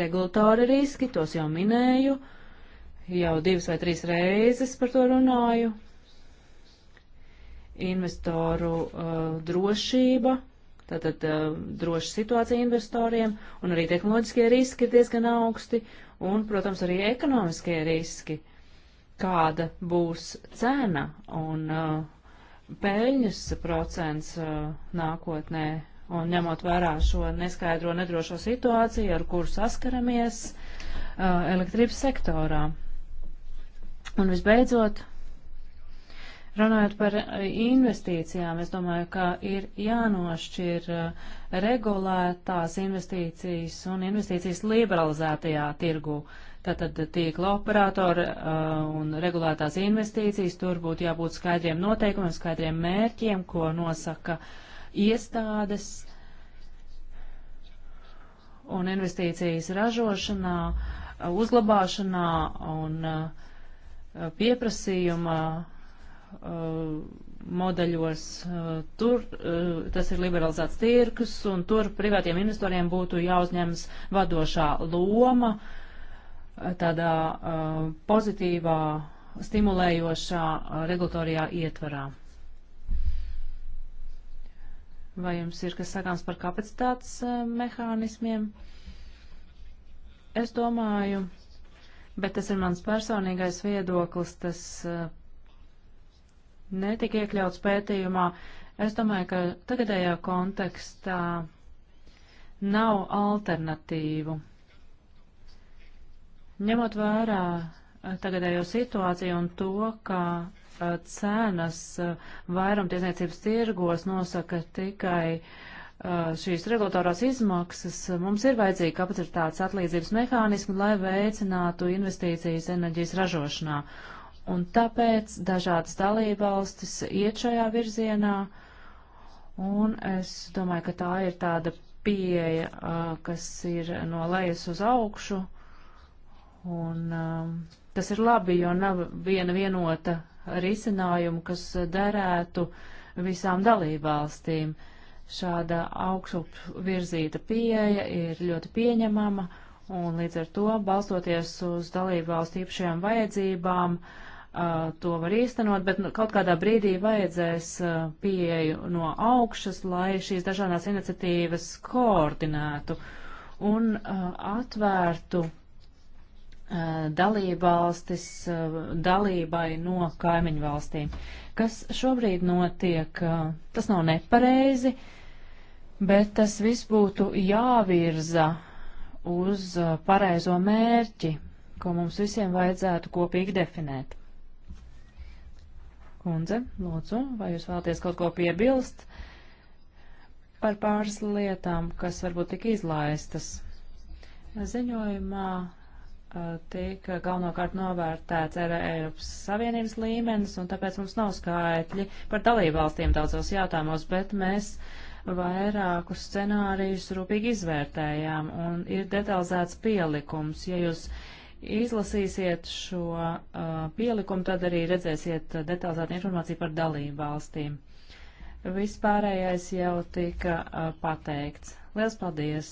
Regulatori riski, tos jau minēju, jau divas vai trīs reizes par to runāju. Investoru uh, drošība, tātad uh, droša situācija investoriem, un arī tehnoloģiskie riski ir diezgan augsti, un, protams, arī ekonomiskie riski, kāda būs cena un uh, peļņas procents uh, nākotnē Un ņemot vērā šo neskaidro nedrošo situāciju, ar kuru saskaramies uh, elektrības sektorā. Un visbeidzot, runājot par uh, investīcijām, es domāju, ka ir jānošķir uh, regulētās investīcijas un investīcijas liberalizētajā tirgu. Tātad tīkla operatori uh, un regulētās investīcijas, tur būtu jābūt skaidriem noteikumiem, skaidriem mērķiem, ko nosaka uh, iestādes un investīcijas ražošanā, uzglabāšanā un uh, pieprasījuma uh, modeļos. Uh, tur tas ir liberalizēts tirkus, un tur privātiem investoriem būtu jāuzņemas vadošā loma tādā pozitīvā, stimulējošā regulatorijā ietvarā. Vai jums ir kas sakāms par kapacitātes eh, mehānismiem? Es domāju, bet tas ir mans personīgais viedoklis, tas eh, netika iekļauts pētījumā. Es domāju, ka tagadējā kontekstā nav alternatīvu. Ņemot vērā eh, tagadējo situāciju un to, ka cenas vairumtiesniecības tirgos nosaka tikai šīs regulatorās izmaksas. Mums ir vajadzīga kapacitātes atlīdzības mehānismi, lai veicinātu investīcijas enerģijas ražošanā. Un tāpēc dažādas dalībvalstis iet šajā virzienā, un es domāju, ka tā ir tāda pieeja, kas ir no lejas uz augšu, un tas ir labi, jo nav viena vienota risinājumu, kas derētu visām dalībvalstīm. Šāda augšup virzīta pieeja ir ļoti pieņemama, un līdz ar to, balstoties uz dalībvalstu īpašajām vajadzībām, to var īstenot, bet nu, kaut kādā brīdī vajadzēs pieeju no augšas, lai šīs dažādās iniciatīvas koordinētu un atvērtu Eh, dalībvalstis eh, dalībai no kaimiņu valstīm. Kas šobrīd notiek, eh, tas nav nepareizi, bet tas viss būtu jāvirza uz pareizo mērķi, ko mums visiem vajadzētu kopīgi definēt. Kundze, lūdzu, vai jūs vēlaties kaut ko piebilst par pāris lietām, kas varbūt tik izlaistas? Ziņojumā tika galvenokārt novērtēts ar Eiropas Savienības līmenis, un tāpēc mums nav skaitļi par dalību valstīm daudzos jautājumos, bet mēs vairākus scenārijus rūpīgi izvērtējām, un ir detalizēts pielikums. Ja jūs izlasīsiet šo uh, pielikumu, tad arī redzēsiet detalizētu informāciju par dalību valstīm. Vispārējais jau tika uh, pateikts. Liels paldies!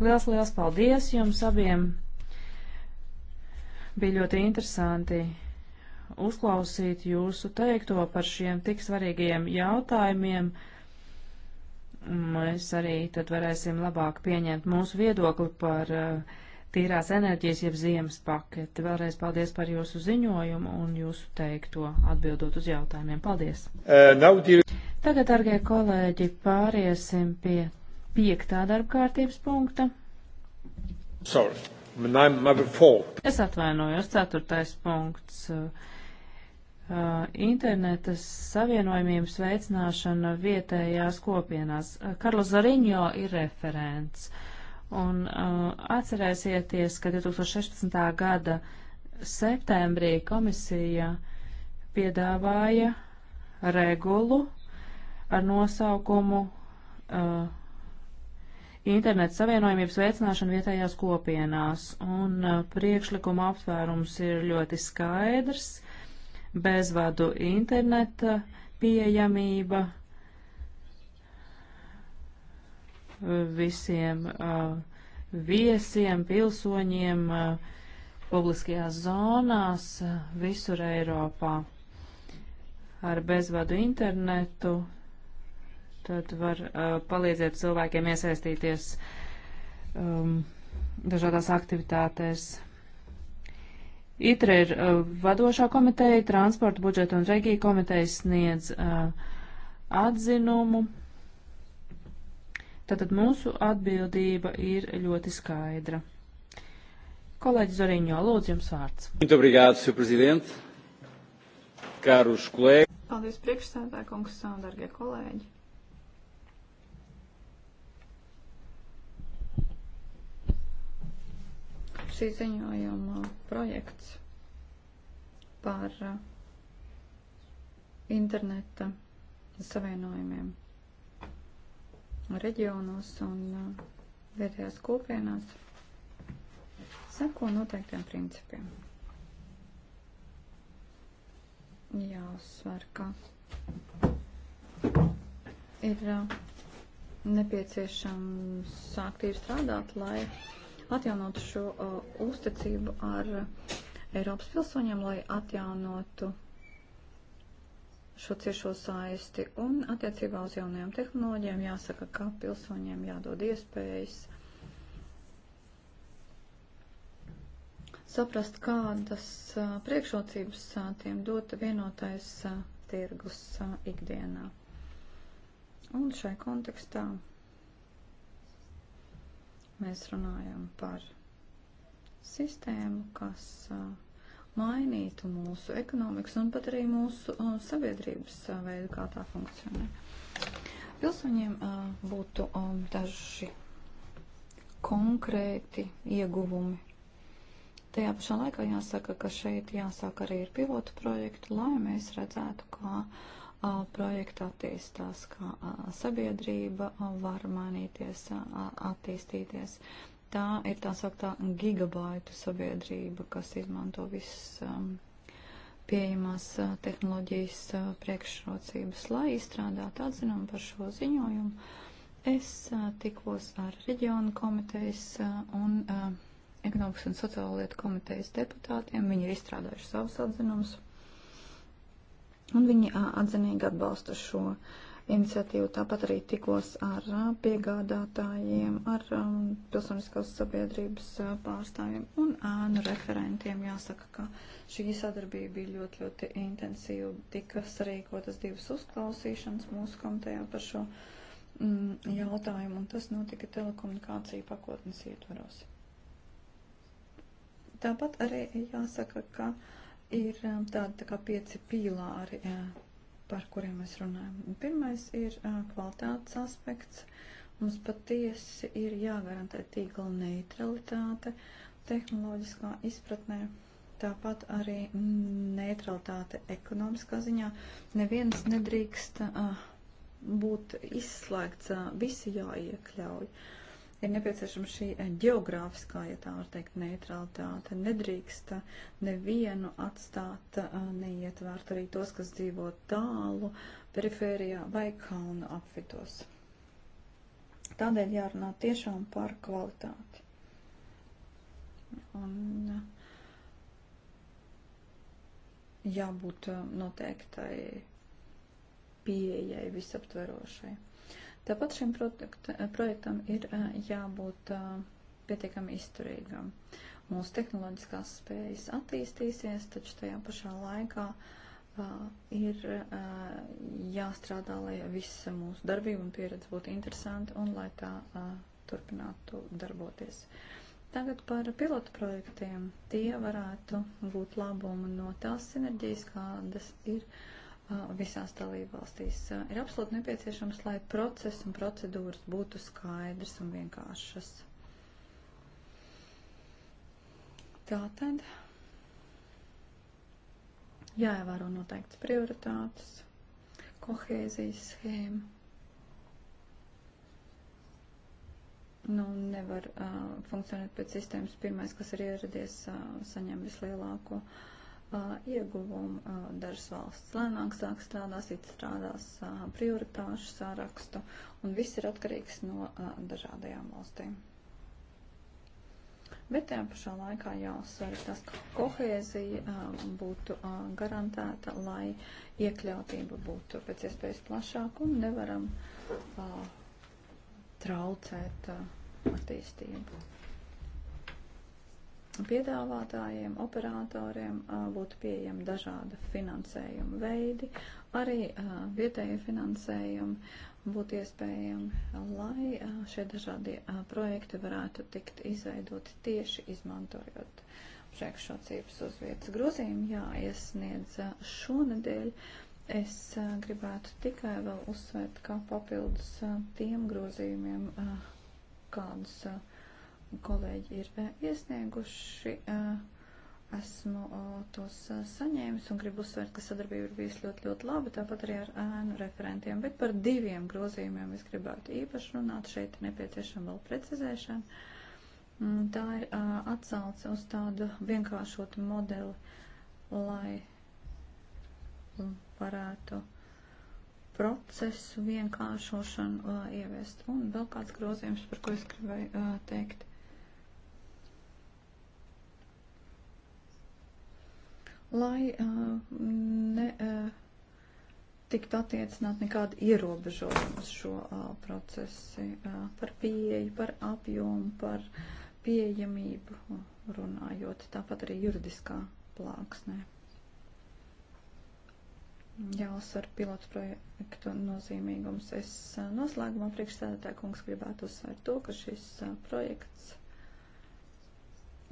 Liels, liels paldies jums abiem! Bija ļoti interesanti uzklausīt jūsu teikto par šiem tik svarīgiem jautājumiem. Mēs arī tad varēsim labāk pieņemt mūsu viedokli par uh, tīrās enerģijas jeb ziemas paketi. Vēlreiz paldies par jūsu ziņojumu un jūsu teikto atbildot uz jautājumiem. Paldies! Uh, eh, deal... Tagad, dargie kolēģi, pāriesim pie piektā darbkārtības punkta. Sorry. Es atvainojos, ceturtais punkts. Uh, interneta savienojumības veicināšana vietējās kopienās. Uh, Karlo Zariņo ir referents. Un uh, atcerēsieties, ka 2016. gada septembrī komisija piedāvāja regulu ar nosaukumu uh, interneta savienojumības veicināšanu vietējās kopienās. Un uh, priekšlikuma aptvērums ir ļoti skaidrs - bezvadu interneta pieejamība uh, visiem uh, viesiem, pilsoņiem uh, publiskajās zonās uh, visur Eiropā ar bezvadu internetu tad var uh, palīdzēt cilvēkiem iesaistīties um, dažādās aktivitātēs. ITRE ir uh, vadošā komiteja, transporta budžeta un regija komiteja sniedz uh, atzinumu. Tātad mūsu atbildība ir ļoti skaidra. Kolēģis Zoriņo, lūdzu jums vārds. Muito obrigado, senhor presidente. Caros colegas. Paldies priekšsēdētāj, kungs, darbie kolēģi. šī ziņojuma projekts par uh, interneta savienojumiem reģionos un uh, vietējās kopienās seko noteiktiem principiem. Jāuzsver, ka ir uh, nepieciešams aktīvi strādāt, lai atjaunotu šo uh, uzticību ar uh, Eiropas pilsoņiem, lai atjaunotu šo ciešo saisti. Un attiecībā uz jaunajām tehnoloģijām jāsaka, ka pilsoņiem jādod iespējas saprast, kādas e, priekšrocības e, tiem dota vienotais tirgus ikdienā. Un šai kontekstā Mēs runājam par sistēmu, kas uh, mainītu mūsu ekonomikas un pat arī mūsu uh, sabiedrības uh, veidu, kā tā funkcionē. Pilsoņiem būtu um, daži konkrēti ieguvumi. Tajā pašā laikā jāsaka, ka šeit jāsāk arī ir pilotu projektu, lai mēs redzētu, kā uh, projektu attīstās, kā sabiedrība var mainīties, attīstīties. Tā ir tā sauktā gigabaitu sabiedrība, kas izmanto visas pieejamās tehnoloģijas priekšrocības, lai izstrādātu atzinumu par šo ziņojumu. Es tikos ar reģionu komitejas un ekonomikas un sociālo lietu komitejas deputātiem. Viņi ir izstrādājuši savus atzinumus. Un viņi atzinīgi atbalsta šo iniciatīvu. Tāpat arī tikos ar piegādātājiem, ar pilsoniskās sabiedrības pārstāvjiem un ēnu referentiem. Jāsaka, ka šī sadarbība bija ļoti, ļoti intensīva. Tika sarīkotas divas uzklausīšanas mūsu komitejā par šo mm, jautājumu, un tas notika telekomunikāciju pakotnes ietvaros. Tāpat arī jāsaka, ka ir um, tādi tā kā pieci pīlāri, uh, par kuriem mēs runājam. Pirmais ir uh, kvalitātes aspekts. Mums patiesi ir jāgarantē tīkla neutralitāte tehnoloģiskā izpratnē. Tāpat arī neutralitāte ekonomiskā ziņā. Neviens nedrīkst uh, būt izslēgts, visi jāiekļauj. Uh, ir nepieciešama šī eh, geogrāfiskā, ja tā var teikt, neutralitāte. Nedrīkst eh, nevienu atstāt eh, neietvērt arī tos, kas dzīvo tālu, perifērijā vai kalnu apvidos. Tādēļ jārunā tiešām par kvalitāti. Un jābūt noteiktai pieejai visaptverošai. Tāpat šim produkta, eh, projektam ir eh, jābūt eh, pietiekami izturīgam. Mūsu tehnoloģiskās spējas attīstīsies, taču tajā pašā laikā ir jāstrādā, lai visa mūsu darbība un pieredze būtu interesanta un lai tā turpinātu darboties. Tagad par pilotu projektiem. Tie varētu būt labumi no tās sinerģijas, kādas ir uh, visās dalībvalstīs. Ir absolūti nepieciešams, lai process un procedūras būtu skaidrs un vienkāršas. Tātad jāievēro noteikts prioritātes, kohēzijas schēma. Nu, nevar uh, funkcionēt pēc sistēmas pirmais, kas ir ieradies, uh, saņem vislielāko uh, ieguvumu. Dažas valsts lēnāk sāk strādāt, it strādās prioritāšu sārakstu, un viss ir atkarīgs no dažādajām valstīm. Bet tajā pašā laikā jāuzsver tas, ka kohēzija būtu garantēta, lai iekļautība būtu pēc iespējas plašāka un nevaram traucēt attīstību piedāvātājiem, operatoriem būtu pieejami dažāda finansējuma veidi, arī vietējie finansējumi būtu iespējami, lai šie dažādie projekti varētu tikt izveidoti tieši izmantojot priekšrocības uz vietas grozījumu jāiesniedz šonadēļ. Es gribētu tikai vēl uzsvērt, kā papildus tiem grozījumiem, kādus kolēģi ir eh, iesnieguši. Eh, esmu eh, tos saņēmis un gribu uzsvērt, ka sadarbība ir bijusi ļoti, ļoti laba, tāpat arī ar ēnu referentiem. Bet par diviem grozījumiem es gribētu īpaši runāt. Šeit ir nepieciešama vēl precizēšana. Mm, tā ir atsauce uz tādu vienkāršotu modeli, lai varētu procesu vienkāršošanu uh, ieviest. Un vēl kāds grozījums, par ko es gribēju uh, teikt. lai uh, ne uh, tiktu attiecināt nekādi ierobežojumi šo uh, procesi uh, par pieeju, par apjomu, par pieejamību runājot, tāpat arī juridiskā plāksnē. Jāuzsver pilotu projektu nozīmīgums. Es noslēgumā priekšstādātāju kungs gribētu uzsvērt to, ka šis projekts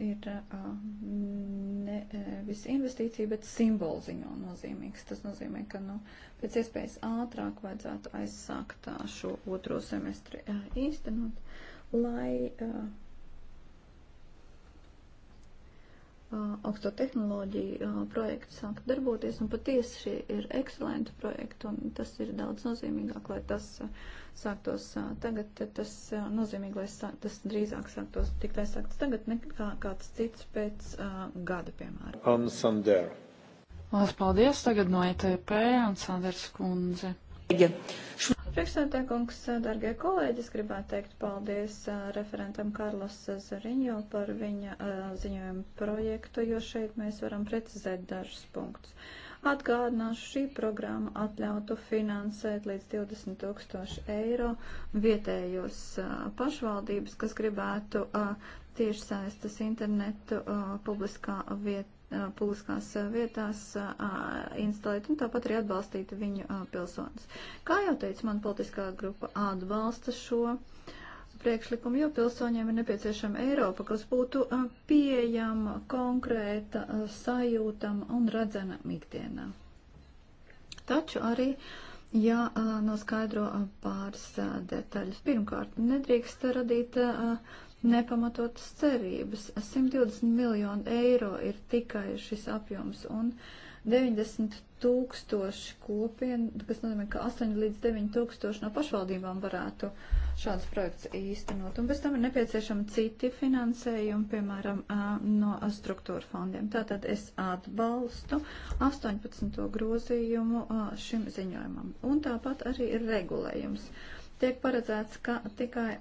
ir nevis investīcija, bet simbols ziņo nozīmīgs. Tas nozīmē, ka nu, pēc iespējas ātrāk vajadzētu aizsākt šo otro semestri īstenot, lai uh, augsto uh, tehnoloģiju uh, projekti sāka darboties, un patiesi šie ir ekscelenti projekti, un tas ir daudz nozīmīgāk, lai tas uh, sāktos tagad, tas nozīmīgi, lai sāk, tas drīzāk sāktos, tik lai sāktas tagad, nekā kāds cits pēc uh, gada, piemēram. Ansander. Lās paldies tagad no ETP, Ansanders kundze. Ja. Šo... Priekšsēdētāj kungs, dargie kolēģi, es gribētu teikt paldies referentam Karlos Zariņo par viņa ziņojumu projektu, jo šeit mēs varam precizēt dažus punktus. Atgādināšu, šī programma atļautu finansēt līdz 20 tūkstoši eiro vietējos pašvaldības, kas gribētu tiešsaistes internetu publiskā vieta publiskās vietās instalēt un tāpat arī atbalstīt viņu pilsonis. Kā jau teicu, man politiskā grupa atbalsta šo priekšlikumu, jo pilsoņiem ir nepieciešama Eiropa, kas būtu pieejama, konkrēta, sajūtama un redzama ikdienā. Taču arī Jā, noskaidro pāris detaļas. Pirmkārt, nedrīkst radīt uh, nepamatotas cerības. 120 miljonu eiro ir tikai šis apjoms un 90 tūkstoši kopienu, kas nozīmē, ka 8 līdz 9 tūkstoši no pašvaldībām varētu šādus projekts īstenot. Un bez tam ir nepieciešami citi finansējumi, piemēram, no struktūra fondiem. Tātad es atbalstu 18. grozījumu šim ziņojumam. Un tāpat arī ir regulējums tiek paredzēts, ka tikai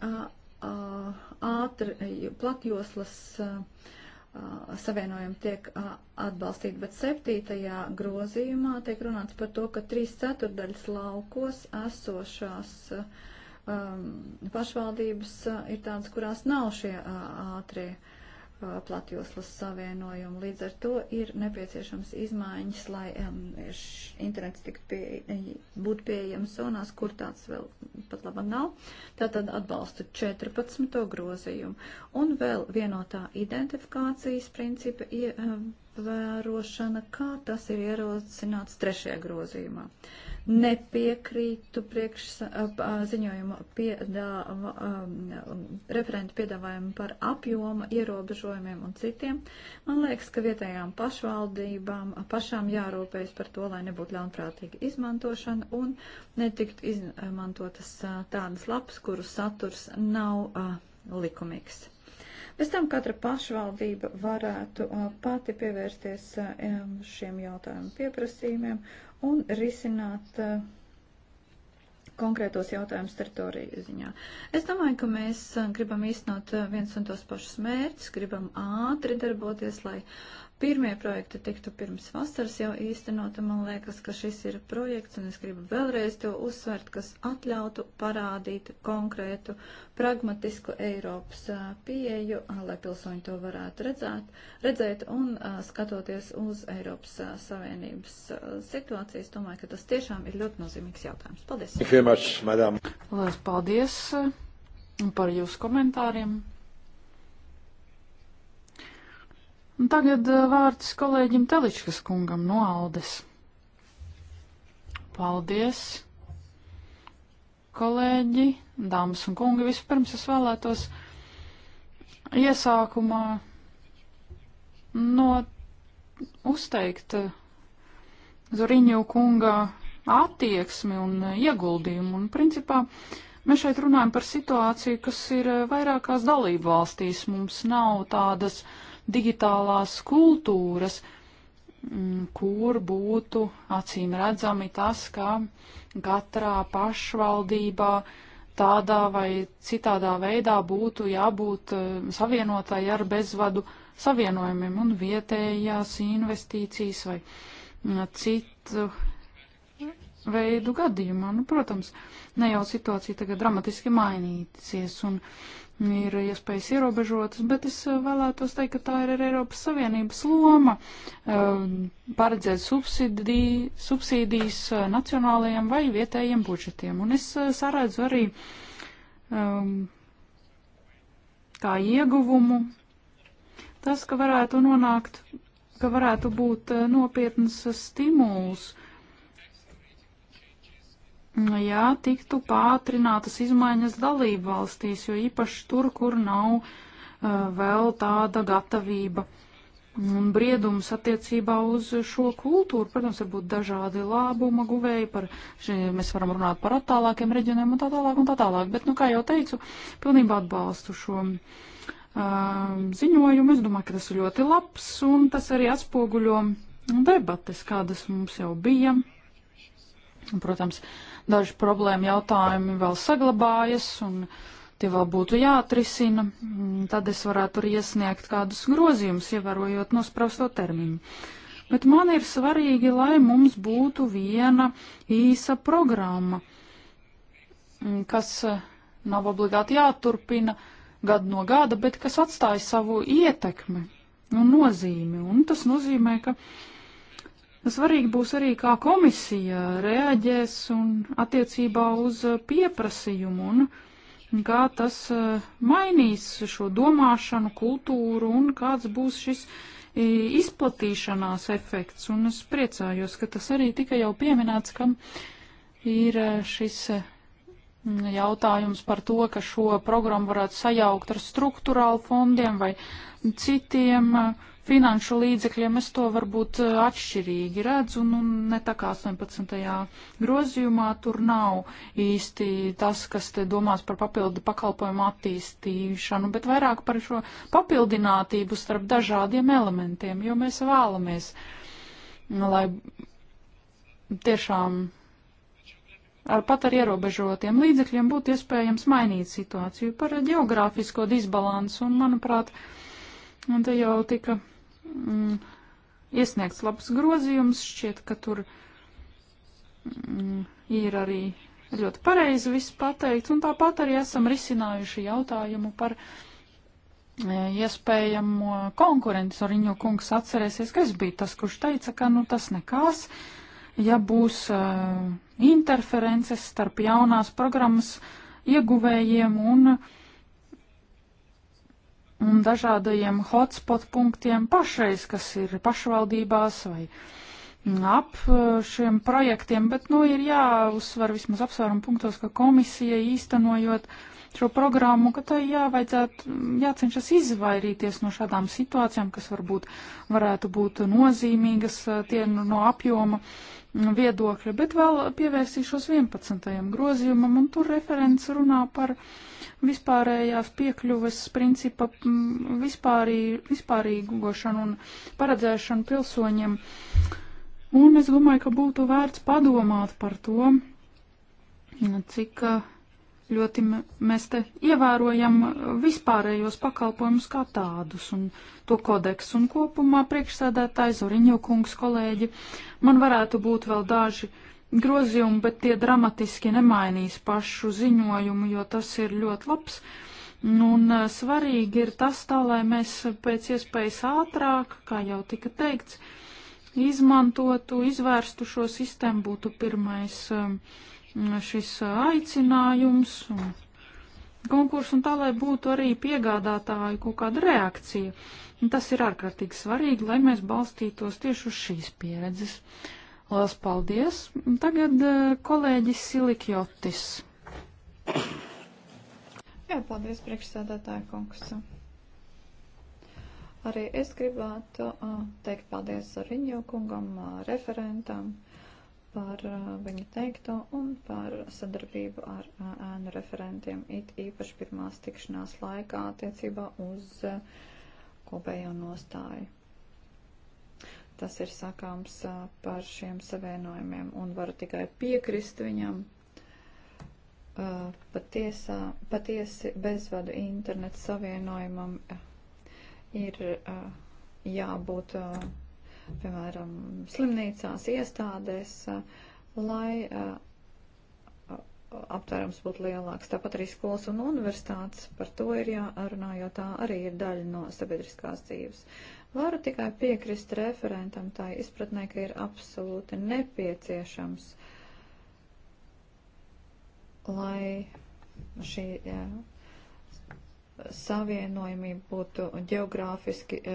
ātri platjoslas savienojumi tiek atbalstīti, bet septītajā grozījumā tiek runāts par to, ka trīs ceturdaļas laukos esošās pašvaldības ir tādas, kurās nav šie ātrie. Uh, Uh, platjoslas savienojumu. Līdz ar to ir nepieciešams izmaiņas, lai um, internets tiktu pie, eh, būtu pieejams zonās, kur tāds vēl pat laba nav. Tātad atbalstu 14. grozījumu. Un vēl vienotā identifikācijas principa. Ja, um, ievērošana, kā tas ir ierosināts trešajā grozījumā. Nepiekrītu priekš ziņojuma piedāva, um, referentu piedāvājumu par apjoma ierobežojumiem un citiem. Man liekas, ka vietējām pašvaldībām pašām jārūpējas par to, lai nebūtu ļaunprātīga izmantošana un netikt izmantotas tādas lapas, kuru saturs nav uh, likumīgs Pēc tam katra pašvaldība varētu uh, pati pievērsties uh, šiem jautājumu pieprasījumiem un risināt uh, konkrētos jautājumus teritoriju ziņā. Es domāju, ka mēs gribam īstenot viens un tos pašus mērķus, gribam ātri darboties, lai Pirmie projekti tiktu pirms vasaras jau īstenota, man liekas, ka šis ir projekts, un es gribu vēlreiz to uzsvērt, kas atļautu parādīt konkrētu pragmatisku Eiropas pieeju, lai pilsoņi to varētu redzēt, redzēt un skatoties uz Eiropas Savienības situācijas. Domāju, ka tas tiešām ir ļoti nozīmīgs jautājums. Paldies! Lielas paldies par jūsu komentāriem! Un tagad eh, vārds kolēģim Teličkas kungam no Aldes. Paldies, kolēģi, dāmas un kungi. Vispirms es vēlētos iesākumā no uzteikt eh, Zoriņu kunga attieksmi un eh, ieguldījumu. Un, principā, mēs šeit runājam par situāciju, kas ir vairākās dalību valstīs. Mums nav tādas uh, digitālās kultūras, mm, kur būtu acīm redzami tas, ka katrā pašvaldībā tādā vai citādā veidā būtu jābūt eh, savienotai ar bezvadu savienojumiem un vietējās investīcijas vai mm, citu veidu gadījumā. Nu, protams, ne jau situācija tagad dramatiski mainīsies, un ir iespējas ierobežotas, bet es eh, vēlētos teikt, ka tā ir arī Eiropas Savienības loma eh, paredzēt subsidī, subsīdijas eh, nacionālajiem vai vietējiem budžetiem. Un es saredzu arī um, kā ieguvumu tas, ka varētu nonākt, ka varētu būt nopietnas stimuls jā, tiktu pātrinātas izmaiņas dalību valstīs, jo īpaši tur, kur nav uh, vēl tāda gatavība. Un briedums attiecībā uz šo kultūru, protams, var būt dažādi labuma guvēji, par, še, mēs varam runāt par attālākiem reģioniem un tā tālāk un tā tālāk, bet, nu, kā jau teicu, pilnībā atbalstu šo um, ziņojumu. Es domāju, ka tas ir ļoti labs un tas arī atspoguļo debates, kādas mums jau bija. Un, protams, uh, Daži problēma jautājumi vēl saglabājas un tie vēl būtu jāatrisina. Mm, Tad es varētu arī iesniegt kādus grozījumus, ievērojot nosprausto termiņu. Bet man ir svarīgi, lai mums būtu viena īsa programma, mm, kas eh, nav obligāti jāturpina gadu no gada, bet kas atstāja savu ietekmi un nozīmi. Un tas nozīmē, ka Svarīgi būs arī, kā komisija reaģēs un attiecībā uz pieprasījumu un kā tas eh, mainīs šo domāšanu, kultūru un kāds būs šis eh, izplatīšanās efekts. Un es priecājos, ka tas arī tika jau pieminēts, kam ir eh, šis jautājums par to, ka šo programmu varētu sajaukt ar struktūrālu fondiem vai citiem finanšu līdzekļiem, es to varbūt eh, atšķirīgi redzu, un, nu, un ne tā kā 18. grozījumā tur nav īsti tas, kas te domās par papildu pakalpojumu attīstīšanu, bet vairāk par šo papildinātību starp dažādiem elementiem, jo mēs vēlamies, nu, lai tiešām ar pat ar ierobežotiem līdzekļiem būtu iespējams mainīt situāciju par geogrāfisko disbalansu, un, manuprāt, un te jau tika mm, iesniegts labs grozījums, šķiet, ka tur mm, ir arī ļoti pareizi viss pateikts, un tāpat arī esam risinājuši jautājumu par e, iespējamo konkurences. Oriņo kungs atcerēsies, ka es biju tas, kurš teica, ka nu tas nekās, ja būs uh, interferences starp jaunās programmas ieguvējiem un uh, un dažādajiem hotspot punktiem pašreiz, kas ir pašvaldībās vai ap uh, šiem projektiem, bet nu ir jāuzsver vismaz apsvērumu punktos, ka komisija īstenojot šo programmu, ka tai jāvajadzētu, jācenšas izvairīties no šādām situācijām, kas varbūt varētu būt nozīmīgas uh, tie nu, no apjoma. Uh, viedokļa, bet vēl pievērsīšos 11. grozījumam, un tur referents runā par vispārējās piekļuves principa vispārī, vispārīgošanu un paredzēšanu pilsoņiem. Un es domāju, ka būtu vērts padomāt par to, cik uh, ļoti mēs te ievērojam vispārējos pakalpojumus kā tādus un to kodeksu. Un kopumā priekšsēdētājs Zoriņo kungs kolēģi, man varētu būt vēl daži grozījumi, bet tie dramatiski nemainīs pašu ziņojumu, jo tas ir ļoti labs. Nu, un eh, svarīgi ir tas tā, lai mēs pēc iespējas ātrāk, kā jau tika teikts, izmantotu, izvērstu šo sistēmu, būtu pirmais. Um, Mm, šis uh, aicinājums un konkurss, un tā, lai būtu arī piegādātāju kaut kāda reakcija. Un tas ir ārkārtīgi svarīgi, lai mēs balstītos tieši uz šīs pieredzes. Lielas paldies! Tagad uh, kolēģis Silikjotis. Jā, paldies priekšsēdētāju konkursu. Arī es gribētu uh, teikt paldies Zariņo kungam, referentam par uh, viņu teikto un par sadarbību ar uh, ēnu referentiem, it īpaši pirmās tikšanās laikā attiecībā uz uh, kopējo nostāju. Tas ir sakāms par šiem savienojumiem un varu tikai piekrist viņam. Patiesā, patiesi bezvadu internetu savienojumam ir jābūt piemēram, slimnīcās, iestādēs, eh, lai eh, aptvērums būtu lielāks. Tāpat arī skolas un universitātes par to ir jārunā, jo tā arī ir daļa no sabiedriskās dzīves. Varu tikai piekrist referentam tā izpratnē, ka ir absolūti nepieciešams, lai šī jā, eh, savienojumība būtu geogrāfiski e,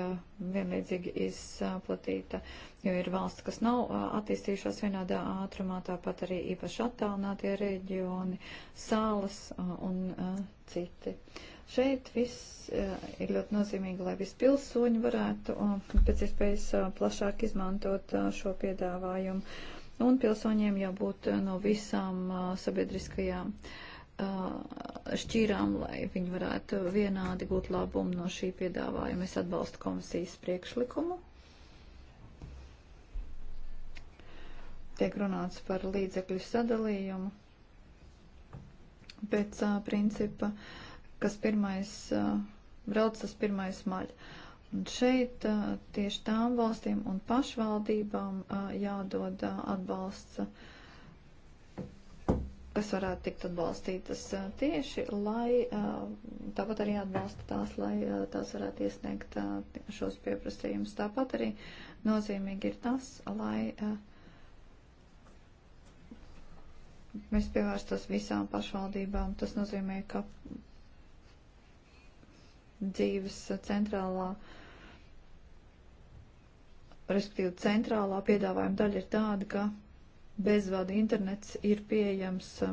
vienlīdzīgi izplatīta, jo ir valsts, kas nav e, attīstījušās vienādā ātrumā, tāpat arī īpaši attālinātie reģioni, salas e, un citi. Šeit viss ir ļoti nozīmīgi, lai visi pilsoņi varētu pēc iespējas plašāk izmantot šo piedāvājumu, un pilsoņiem jābūt no visām sabiedriskajām. Uh, šķīrām, lai viņi varētu vienādi gūt labumu no šī piedāvājuma. Es atbalstu komisijas priekšlikumu. Tiek runāts par līdzekļu sadalījumu pēc uh, principa, kas pirmais uh, brauc, tas pirmais maļ. Un šeit uh, tieši tām valstīm un pašvaldībām uh, jādod uh, atbalsts. Uh, kas varētu tikt atbalstītas tieši, lai tāpat arī atbalsta tās, lai tās varētu iesniegt šos pieprasījumus. Tāpat arī nozīmīgi ir tas, lai mēs pievērstos visām pašvaldībām. Tas nozīmē, ka dzīves centrālā, respektīvi centrālā piedāvājuma daļa ir tāda, ka bezvada internets ir pieejams uh,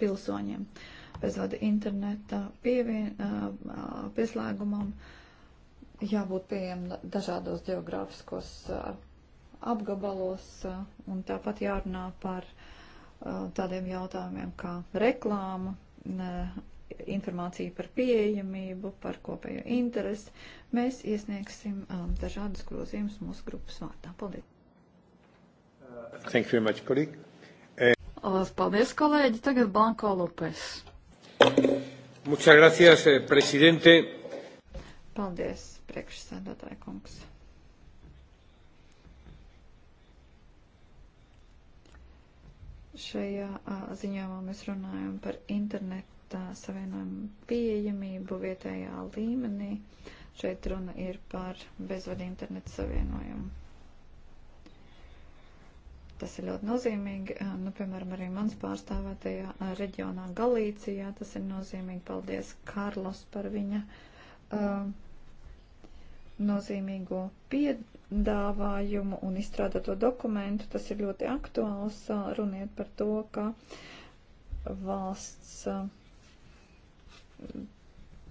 pilsoņiem. Bezvada interneta pievien, uh, uh, pieslēgumam jābūt pieejam dažādos geogrāfiskos apgabalos un tāpat jārunā par tādiem jautājumiem kā reklāma, informācija par pieejamību, par kopējo interesi. Mēs iesniegsim um, dažādas grozījumus mūsu grupas vārtā. Paldies! Thank you very much, kolēģi. Uh, paldies, kolēģi. Tagad Blanko Lopes. Muchas gracias, eh, presidente. Paldies, priekšsēdētāja kungs. šajā a, ziņojumā mēs runājam par interneta savienojumu pieejamību vietējā līmenī. Šeit runa ir par bezvadu internetu savienojumu. Tas ir ļoti nozīmīgi. Eh, nu, piemēram, arī mans pārstāvētajā eh, reģionā Galīcijā tas ir nozīmīgi. Paldies Karlos par viņa uh, nozīmīgo piedāvājumu un izstrādāto dokumentu. Tas ir ļoti aktuāls. Runiet par to, ka valsts uh,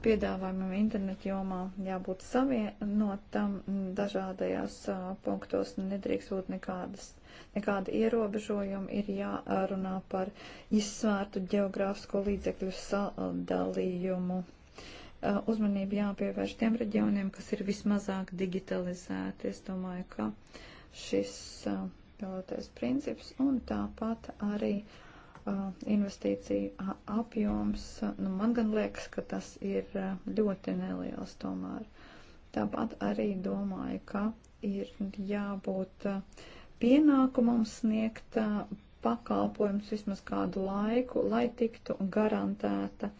piedāvājumam internetu jomā jābūt savienotam dažādajās uh, punktos, nedrīkst būt nekādas nekādi ierobežojumi, ir jārunā par izsvērtu geogrāfisko līdzekļu sadalījumu. Uzmanību jāpievērš tiem reģioniem, kas ir vismazāk digitalizēti. Es domāju, ka šis pilotais princips un tāpat arī investīciju apjoms, nu man gan liekas, ka tas ir ļoti neliels tomēr. Tāpat arī domāju, ka ir jābūt uh, pienākumu mums sniegt pakalpojums vismaz kādu laiku, lai tiktu garantēta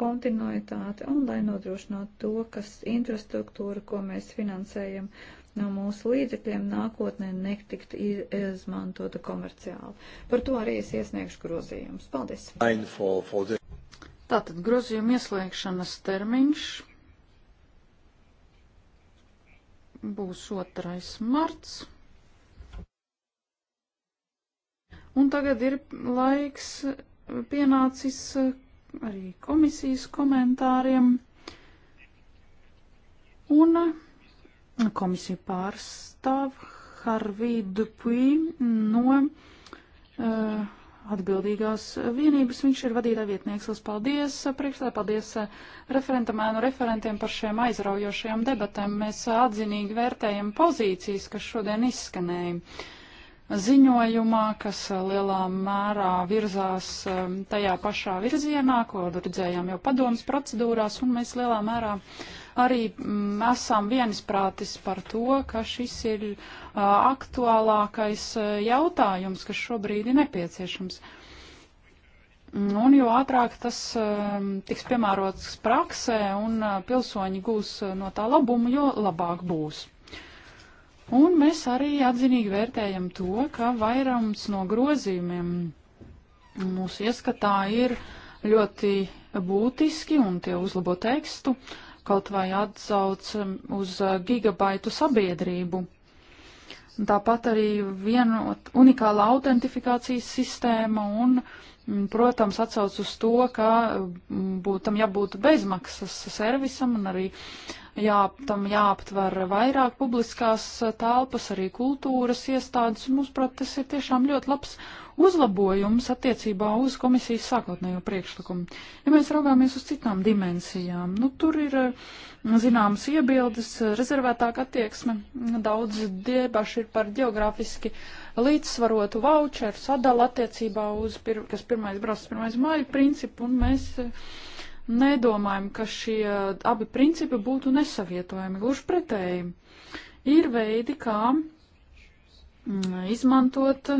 kontinuitāte un lai nodrošinātu to, kas infrastruktūra, ko mēs finansējam no mūsu līdzekļiem, nākotnē netiktu izmantota komerciāli. Par to arī es iesniegšu grozījumus. Paldies! Tātad grozījuma ieslēgšanas termiņš būs 2. marts Un tagad ir laiks pienācis eh, arī komisijas komentāriem. Un eh, komisija pārstāv Harvīdu Pui no uh, atbildīgās vienības. Viņš ir vadītāja vietnieks. Lielas paldies priekšstādā, paldies referentam, ēnu referentiem par šiem aizraujošajām debatēm. Mēs atzinīgi vērtējam pozīcijas, kas šodien izskanēja. Uh, ziņojumā, kas eh, lielā mērā virzās eh, tajā pašā virzienā, ko redzējām jau padomas procedūrās, un mēs lielā mērā arī m, mm, esam viensprātis par to, ka šis ir a, eh, aktuālākais jautājums, kas šobrīd ir nepieciešams. Un jo ātrāk tas a, tiks piemērots praksē un a, pilsoņi gūs no tā labumu, jo labāk būs. Un mēs arī atzinīgi vērtējam to, ka vairums no grozījumiem mūsu ieskatā ir ļoti būtiski un tie uzlabo tekstu, kaut vai atsauc um, uz uh, gigabaitu sabiedrību. Tāpat arī viena unikāla autentifikācijas sistēma un, mm, protams, atsauc uz to, ka mm, būtam jābūt bezmaksas servisam un arī uh, jā, tam jāaptver vairāk publiskās eh, telpas, arī kultūras iestādes. Mūsuprāt, tas ir tiešām ļoti labs uzlabojums attiecībā uz komisijas sākotnējo priekšlikumu. Ja mēs raugāmies uz citām dimensijām, nu tur ir eh, zināmas iebildes, eh, rezervētāka attieksme, daudz diebaši ir par geogrāfiski līdzsvarotu voucheru sadalu attiecībā uz, pir, kas pirmais brauc, pirmais māju principu, un mēs nedomājam, ka šie abi principi būtu nesavietojami, gluži pretēji. Ir veidi, kā mm, izmantot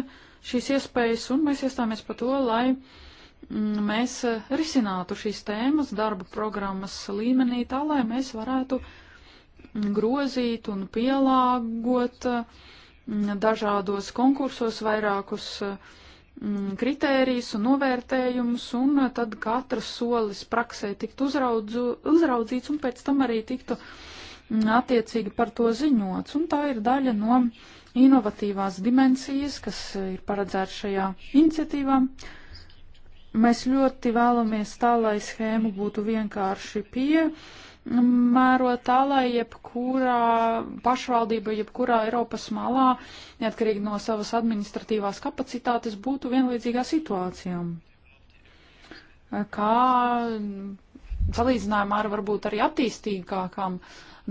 šīs iespējas, un mēs iestāmies par to, lai mm, mēs risinātu šīs tēmas darba programmas līmenī, tā lai mēs varētu mm, grozīt un pielāgot dažādos konkursos vairākus uh, Mm, kritērijus un novērtējumus, un eh, tad katrs solis praksē tiktu uzraudzu, uzraudzīts, un pēc tam arī tiktu mm, attiecīgi par to ziņots. Un tā ir daļa no inovatīvās dimensijas, kas ir paredzēta šajā iniciatīvā. Mēs ļoti vēlamies tā, lai schēma būtu vienkārši pieejama mēro tā, lai jebkurā pašvaldība, jebkurā Eiropas malā, neatkarīgi no savas administratīvās kapacitātes, būtu vienlīdzīgā situācijā. Kā salīdzinājumā ar varbūt arī attīstīgākām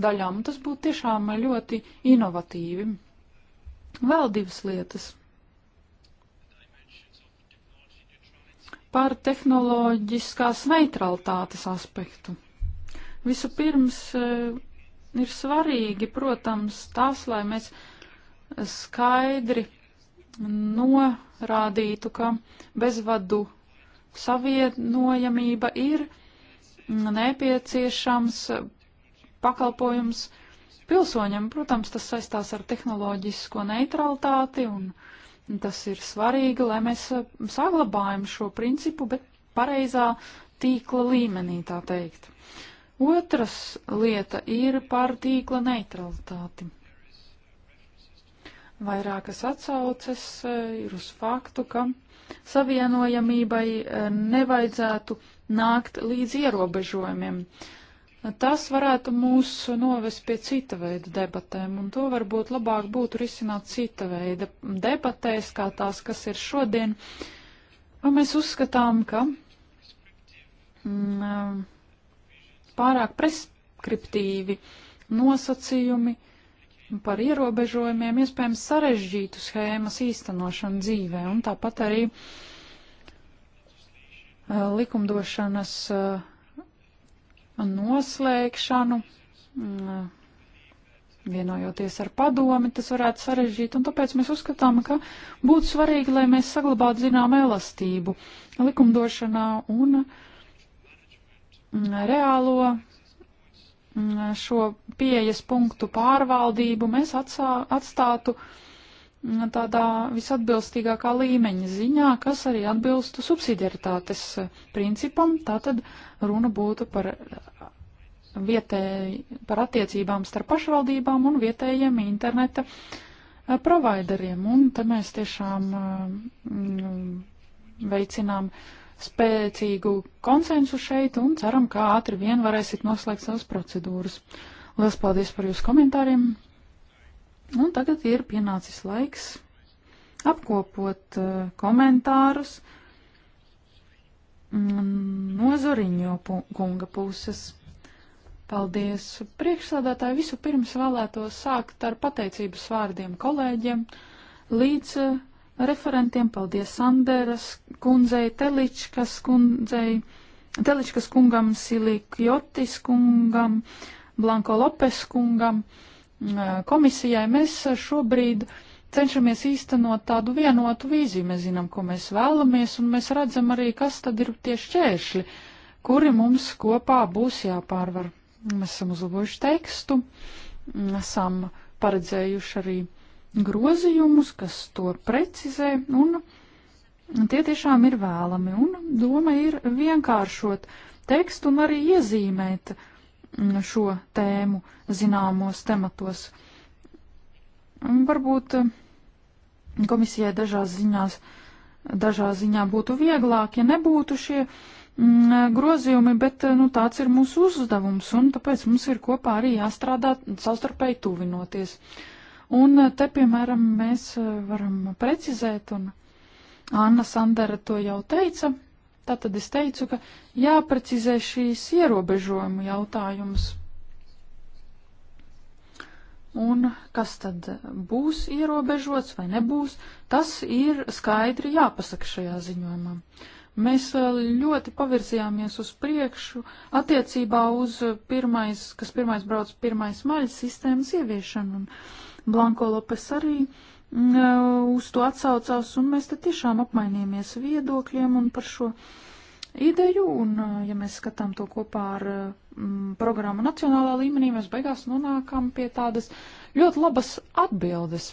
daļām, tas būtu tiešām ļoti inovatīvi. Vēl divas lietas. Par tehnoloģiskās neutralitātes aspektu. Vispirms e, ir svarīgi, protams, tas, lai mēs skaidri norādītu, ka bezvadu savienojamība ir nepieciešams pakalpojums pilsoņiem. Protams, tas saistās ar tehnoloģisko neutralitāti un tas ir svarīgi, lai mēs saglabājam šo principu, bet pareizā tīkla līmenī, tā teikt. Uh, Otras lieta ir par tīkla neutralitāti. Vairākas atsauces e, ir uz faktu, ka savienojamībai e, nevajadzētu nākt līdz ierobežojumiem. Tas varētu mūs novest pie cita veida debatēm, un to varbūt labāk būtu risināt cita veida debatēs, kā tās, kas ir šodien. Vai mēs uzskatām, ka mm, pārāk preskriptīvi nosacījumi par ierobežojumiem, iespējams sarežģītu schēmas īstenošanu dzīvē, un tāpat arī eh, likumdošanas eh, noslēgšanu, mm, vienojoties ar padomi, tas varētu sarežģīt, un tāpēc mēs uzskatām, ka būtu svarīgi, lai mēs saglabātu zinām elastību likumdošanā un uh, Mm, reālo mm, šo pieejas punktu pārvaldību mēs atsā, atstātu mm, tādā visatbilstīgākā līmeņa ziņā, kas arī atbilstu subsidiaritātes principam. Tātad runa būtu par vietēji, par attiecībām starp pašvaldībām un vietējiem interneta eh, provideriem. Un te mēs tiešām eh, veicinām uh, spēcīgu konsensu šeit un ceram, ka ātri vien varēsiet noslēgt savas procedūras. Lielas paldies par jūsu komentāriem. Un tagad ir pienācis laiks apkopot uh, komentārus no Zoriņo pu kunga puses. Paldies priekšsādātāji. Visu pirms vēlētos sākt ar pateicības vārdiem kolēģiem līdz uh, referentiem, paldies Sanderas kundzei, Teličkas kundzei, Teličkas kungam, Silīk Jotis kungam, Blanko Lopes kungam, e, komisijai. Mēs šobrīd cenšamies īstenot tādu vienotu vīziju. Mēs zinām, ko mēs vēlamies, un mēs redzam arī, kas tad ir tie šķēršļi, kuri mums kopā būs jāpārvar. Mēs esam uzlabojuši tekstu, esam paredzējuši arī uh, grozījumus, kas to precizē, un tie tiešām ir vēlami. Un doma ir vienkāršot tekstu un arī iezīmēt mm, šo tēmu zināmos tematos. Varbūt mm, komisijai dažās ziņās, dažā ziņā būtu vieglāk, ja nebūtu šie mm, grozījumi, bet nu, tāds ir mūsu uzdevums, un tāpēc mums ir kopā arī jāstrādā savstarpēji tuvinoties. Uh, Un eh, te, piemēram, mēs eh, varam precizēt, un Anna Sandara to jau teica, tātad es teicu, ka jāprecizē šīs ierobežojumu jautājums. Un kas tad būs ierobežots vai nebūs, tas ir skaidri jāpasaka šajā ziņojumā. Mēs eh, ļoti pavirzījāmies uz priekšu attiecībā uz pirmais, kas pirmais brauc pirmais maļas sistēmas ieviešanu. Un, Blanko Lopes arī mm, eh, uz to atsaucās, un mēs te tiešām apmainījāmies viedokļiem un par šo ideju, un eh, ja mēs skatām to kopā ar eh, mm, programmu nacionālā līmenī, mēs beigās nonākam pie tādas ļoti labas atbildes.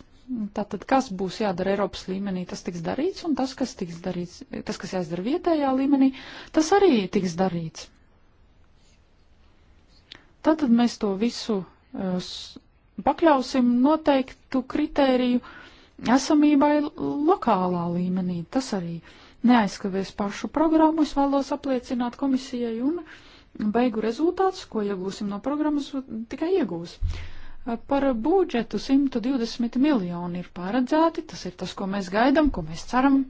Tātad, kas būs jādara Eiropas līmenī, tas tiks darīts, un tas, kas tiks darīts, tas, kas jāizdara vietējā līmenī, tas arī tiks darīts. Tātad mēs to visu uh, pakļausim noteiktu kritēriju esamībai lokālā līmenī. Tas arī neaizskavēs pašu programmu, es vēlos apliecināt komisijai un beigu rezultātus, ko iegūsim no programmas, tikai iegūs. Par budžetu 120 miljoni ir paredzēti, tas ir tas, ko mēs gaidam, ko mēs ceram.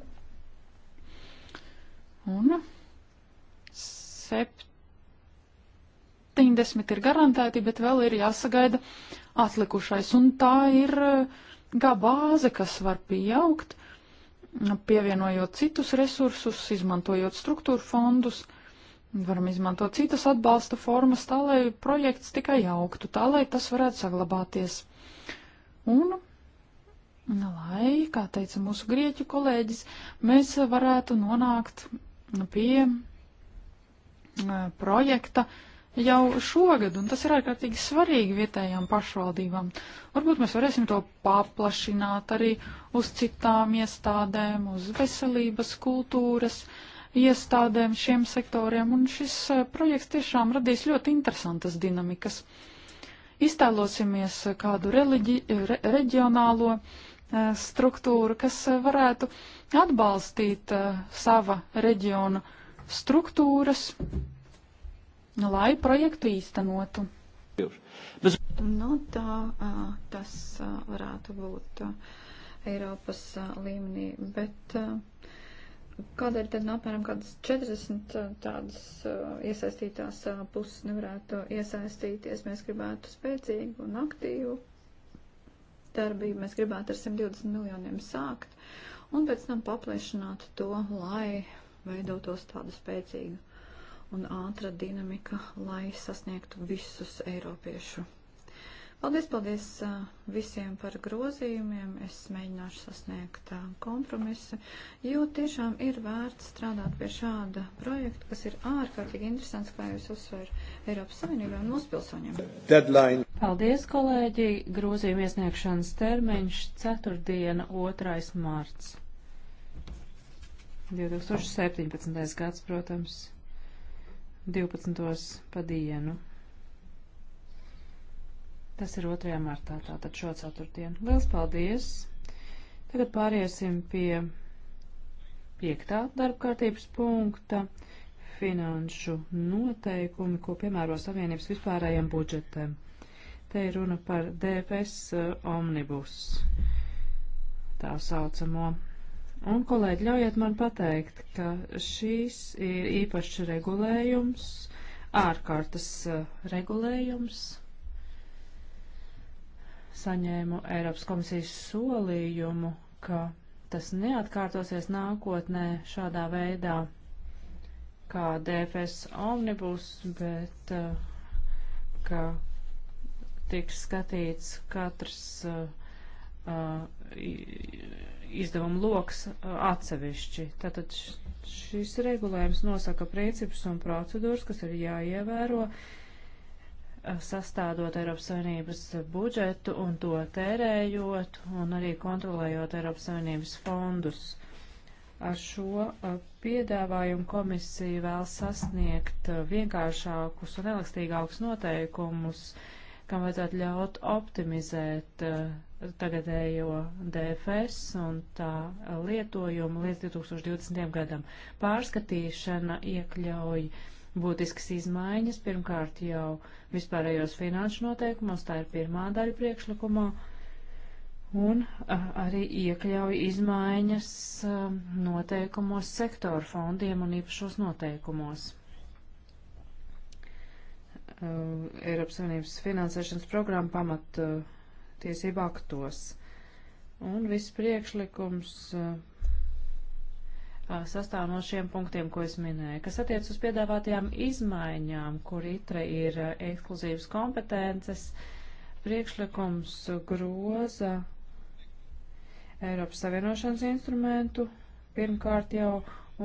Un 70 ir garantēti, bet vēl ir jāsagaida atlikušais, un tā ir kā eh, bāze, kas var pieaugt, pievienojot citus resursus, izmantojot struktūru fondus, varam izmantot citas atbalsta formas, tā lai projekts tikai augtu, tā lai tas varētu saglabāties. Un lai, kā teica mūsu grieķu kolēģis, mēs varētu nonākt pie eh, projekta, uh, jau šogad, un tas ir ārkārtīgi svarīgi vietējām pašvaldībām. Varbūt mēs varēsim to paplašināt arī uz citām iestādēm, uz veselības, kultūras iestādēm, šiem sektoriem, un šis eh, projekts tiešām radīs ļoti interesantas dinamikas. Iztēlosimies eh, kādu reliģi, re, reģionālo eh, struktūru, kas varētu atbalstīt sava reģiona struktūras, Nu, lai projektu īstenotu. Nu, tā, tas varētu būt Eiropas līmenī, bet kādēļ tad, nu, apmēram kādas 40 tādas iesaistītās puses nevarētu iesaistīties? Mēs gribētu spēcīgu un aktīvu darbību, mēs gribētu ar 120 miljoniem sākt un pēc tam paplašināt to, lai veidotos tādu spēcīgu un ātra dinamika, lai sasniegtu visus eiropiešu. Paldies, paldies visiem par grozījumiem. Es mēģināšu sasniegt kompromisu, jo tiešām ir vērts strādāt pie šāda projekta, kas ir ārkārtīgi interesants, kā jūs uzsver Eiropas Savienībai un mūsu pilsoņiem. Deadline. Paldies, kolēģi! Grozījuma iesniegšanas termiņš ceturtdiena 2. marts. 2017. gads, protams. 12. pa dienu. Tas ir 2. martā, tātad šo ceturtdienu. Liels paldies! Tagad pāriesim pie 5. darba kārtības punkta - finanšu noteikumi, ko piemēro Savienības vispārējiem budžetiem. Te ir runa par DFS eh, omnibus, tā saucamo Un, kolēģi, ļaujiet man pateikt, ka šīs ir īpašs regulējums, ārkārtas eh, regulējums. Saņēmu Eiropas komisijas solījumu, ka tas neatkārtosies nākotnē šādā veidā kā DFS omnibus, bet eh, ka tiks skatīts katrs uh, izdevumu loks atsevišķi. Tātad šis regulējums nosaka principus un procedūras, kas ir jāievēro sastādot Eiropas Savienības budžetu un to tērējot un arī kontrolējot Eiropas Savienības fondus. Ar šo piedāvājumu komisija vēl sasniegt vienkāršākus un elastīgākus noteikumus uh, kam vajadzētu ļaut optimizēt eh, tagadējo DFS un tā eh, lietojumu līdz 2020. gadam. Pārskatīšana iekļauj būtiskas izmaiņas, pirmkārt jau vispārējos finanšu noteikumos, tā ir pirmā daļa priekšlikumā, un eh, arī iekļauj izmaiņas noteikumos sektoru fondiem un īpašos noteikumos. Uh, Eiropas Savienības finansēšanas programmu pamat tiesību uh, aktos. Un viss priekšlikums uh, sastāv no šiem punktiem, ko es minēju. Kas attiec uz piedāvātajām izmaiņām, kur ITRE ir ekskluzīvas kompetences, priekšlikums groza Eiropas Savienošanas instrumentu pirmkārt jau,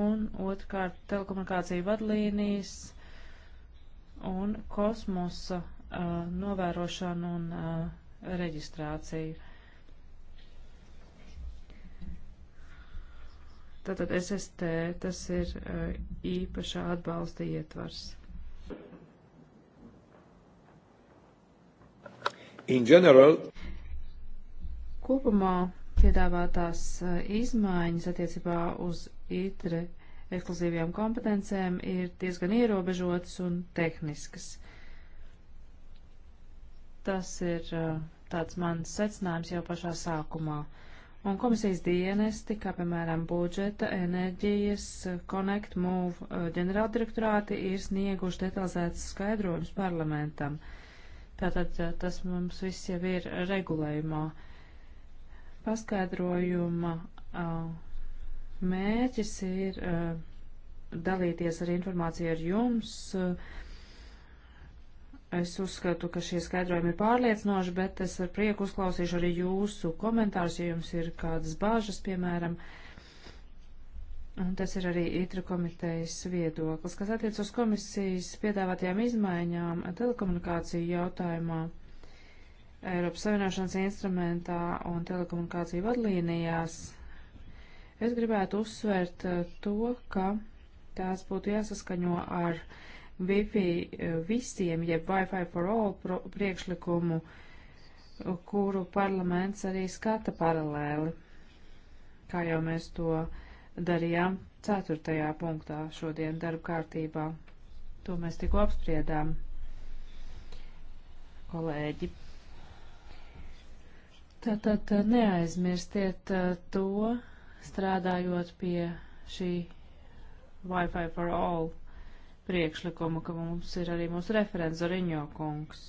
un otrkārt telekomunikāciju vadlīnijas un kosmosa uh, novērošanu un uh, reģistrāciju. Tātad SST, tas ir uh, īpašā atbalsta ietvars. In general. Kopumā piedāvātās uh, izmaiņas attiecībā uz ITRE ekskluzīvajām kompetencēm ir diezgan ierobežotas un tehniskas. Tas ir uh, tāds mans secinājums jau pašā sākumā. Un komisijas dienesti, kā piemēram budžeta, enerģijas, Connect Move uh, ģenerāldirektorāti, ir snieguši detalizētas skaidrojumus parlamentam. Tātad uh, tas mums viss jau ir regulējumā. Paskaidrojuma uh, Mērķis ir uh, dalīties ar informāciju ar jums. Uh, es uzskatu, ka šie skaidrojumi ir pārliecinoši, bet es ar prieku uzklausīšu arī jūsu komentārus, ja jums ir kādas bāžas, piemēram. Un tas ir arī ITRA komitejas viedoklis, kas attiec uz komisijas piedāvātajām izmaiņām telekomunikāciju jautājumā. Eiropas Savienošanas instrumentā un telekomunikāciju vadlīnijās Es gribētu uzsvērt eh, to, ka tās būtu jāsaskaņo ar Wi-Fi eh, visiem, jeb Wi-Fi for all priekšlikumu, kuru parlaments arī skata paralēli, kā jau mēs to darījām ceturtajā punktā šodien darba kārtībā. To mēs tikko apspriedām, kolēģi. Tātad eh, neaizmirstiet to, strādājot pie šī Wi-Fi for All priekšlikuma, ka mums ir arī mūsu referents Zoriņo kungs.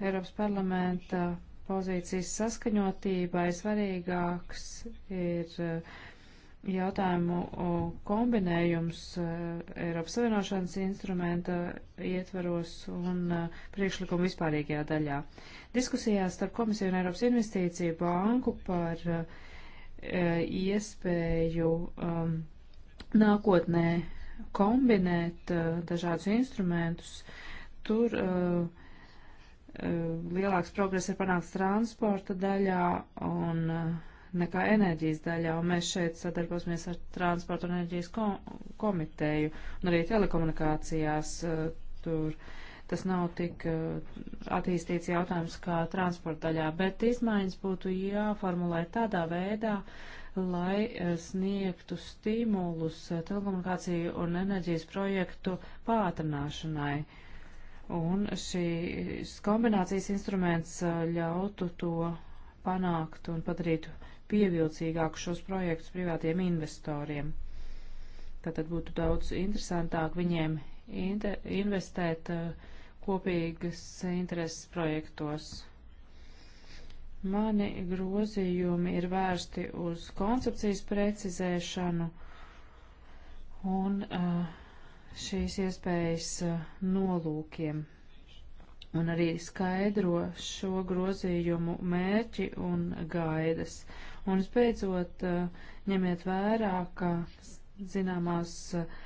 Eiropas parlamenta pozīcijas saskaņotībai svarīgāks ir uh, jautājumu kombinējums e, Eiropas Savienošanas instrumenta ietvaros un e, priekšlikumu vispārīgajā daļā. Diskusijās starp komisiju un Eiropas investīciju banku par e, iespēju um, nākotnē kombinēt uh, dažādus instrumentus, tur uh, lielāks progress ir panākts transporta daļā un uh, nekā enerģijas daļā, un mēs šeit sadarbosimies ar transporta un enerģijas ko komiteju, un arī telekomunikācijās uh, tur tas nav tik uh, attīstīts jautājums kā transporta daļā, bet izmaiņas būtu jāformulē tādā veidā, lai uh, sniegtu stimulus uh, telekomunikāciju un enerģijas projektu pātrināšanai. Un šīs kombinācijas instruments uh, ļautu to panākt un padarīt pievilcīgākus šos projektus privātiem investoriem. Tātad būtu daudz interesantāk viņiem investēt uh, kopīgas intereses projektos. Mani grozījumi ir vērsti uz koncepcijas precizēšanu un uh, šīs iespējas uh, nolūkiem. Un arī skaidro šo grozījumu mērķi un gaidas. Uh, Un, spēcot, eh, ņemiet vērā, ka zināmās eh,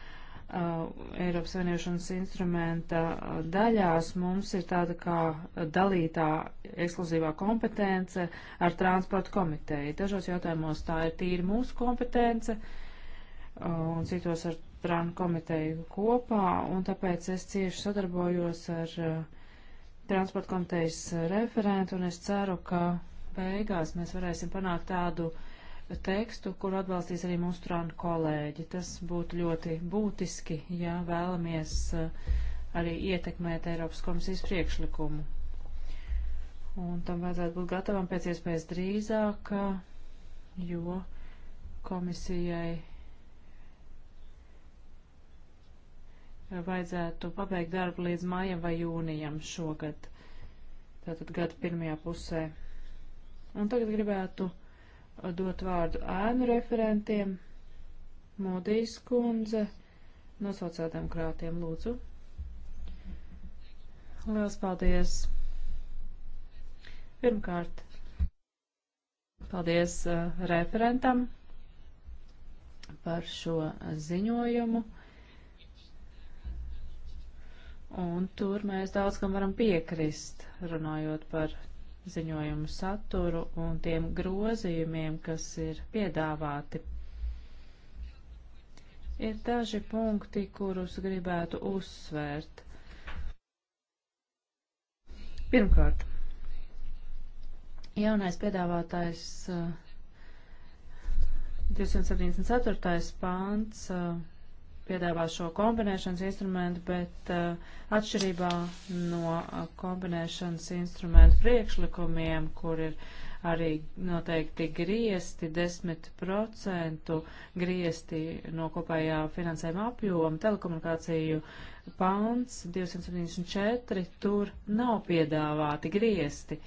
Eiropas Savienības instrumenta eh, daļās mums ir tāda kā dalītā ekskluzīvā kompetence ar transporta komiteju. Dažos jautājumos tā ir tīri mūsu kompetence un citos ar Trānu komiteju kopā, un tāpēc es cieši sadarbojos ar transporta komitejas referentu, un es ceru, ka beigās mēs varēsim panākt tādu tekstu, kur atbalstīs arī mūsu trānu kolēģi. Tas būtu ļoti būtiski, ja vēlamies eh, arī ietekmēt Eiropas komisijas priekšlikumu. Un tam vajadzētu būt gatavam pēc iespējas drīzāk, eh, jo komisijai eh, vajadzētu pabeigt darbu līdz maijam vai jūnijam šogad, tātad gada pirmajā pusē. Un tagad gribētu uh, dot vārdu ēnu referentiem. Modijas kundze no sociāldemokrātiem lūdzu. Liels paldies! Pirmkārt, paldies uh, referentam par šo ziņojumu. Un tur mēs daudz kam varam piekrist, runājot par ziņojumu saturu un tiem grozījumiem, kas ir piedāvāti. Ir daži punkti, kurus gribētu uzsvērt. Pirmkārt, jaunais piedāvātais 274. Eh, pāns eh, piedāvā šo kombinēšanas instrumentu, bet uh, atšķirībā no uh, kombinēšanas instrumentu priekšlikumiem, kur ir arī noteikti griesti, 10% griesti no kopējā finansējuma apjoma, telekomunikāciju pants 274, tur nav piedāvāti griesti.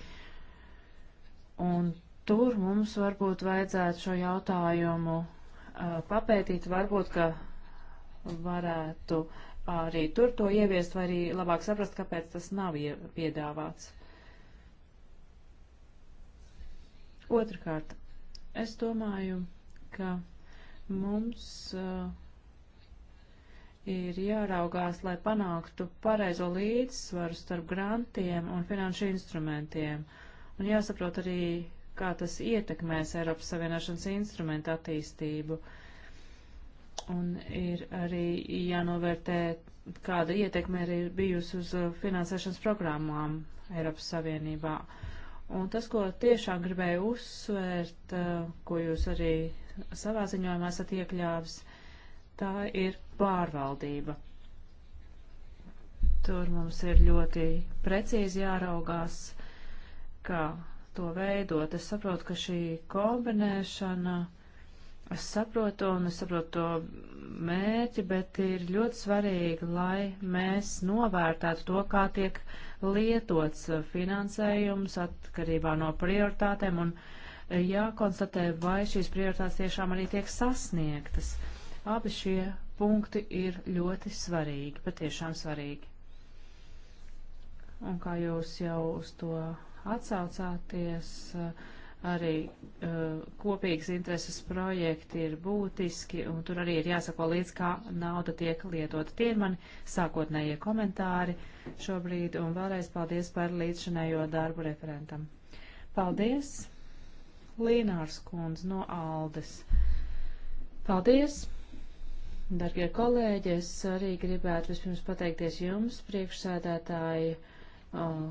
Un tur mums varbūt vajadzētu šo jautājumu uh, papētīt, varbūt, ka varētu arī tur to ieviest, vai arī labāk saprast, kāpēc tas nav piedāvāts. Otrakārt, es domāju, ka mums uh, ir jāraugās, lai panāktu pareizo līdzsvaru starp grantiem un finanšu instrumentiem, un jāsaprot arī, kā tas ietekmēs Eiropas Savienošanas instrumentu attīstību. Uh, Un ir arī jānovērtē, kāda ietekme arī ir bijusi uz uh, finansēšanas programmām Eiropas Savienībā. Un tas, ko tiešām gribēju uzsvērt, uh, ko jūs arī savā ziņojumā esat iekļāvis, tā ir pārvaldība. Tur mums ir ļoti precīzi jāraugās, kā to veidot. Es saprotu, ka šī kombinēšana Es saprotu, un es saprotu to mērķi, bet ir ļoti svarīgi, lai mēs novērtētu to, kā tiek lietots finansējums atkarībā no prioritātēm un jākonstatē, vai šīs prioritātes tiešām arī tiek sasniegtas. Abi šie punkti ir ļoti svarīgi, patiešām svarīgi. Un kā jūs jau uz to atsaucāties, uh, arī uh, kopīgas intereses projekti ir būtiski, un tur arī ir jāsako līdz, kā nauda tiek lietota. Tie ir mani sākotnējie komentāri šobrīd, un vēlreiz paldies par līdzšanējo darbu referentam. Paldies, Līnārs Kunz no Aldes. Paldies, darbie kolēģi, es arī gribētu vispirms pateikties jums, priekšsēdētāji. Uh,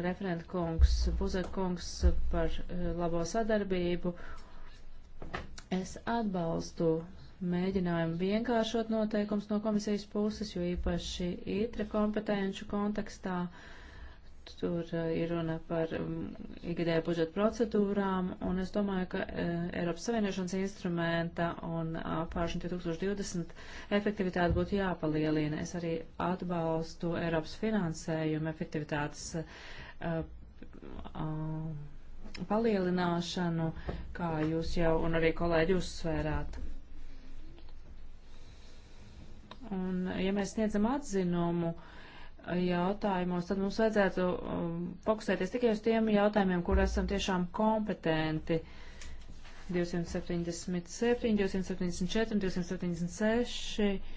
referenta kungs, Buzek kungs par eh, labo sadarbību. Es atbalstu mēģinājumu vienkāršot noteikums no komisijas puses, jo īpaši ītra kompetenču kontekstā tur eh, ir runa par mm, ikgadēju budžeta procedūrām, un es domāju, ka eh, Eiropas Savienošanas instrumenta un pāršana 2020 efektivitāte būtu jāpalielina. Es arī atbalstu Eiropas finansējumu efektivitātes Uh, uh, palielināšanu, kā jūs jau un arī kolēģi uzsvērāt. Un, ja mēs sniedzam atzinumu jautājumos, tad mums vajadzētu um, fokusēties tikai uz tiem jautājumiem, kur esam tiešām kompetenti. 277, 274, 276.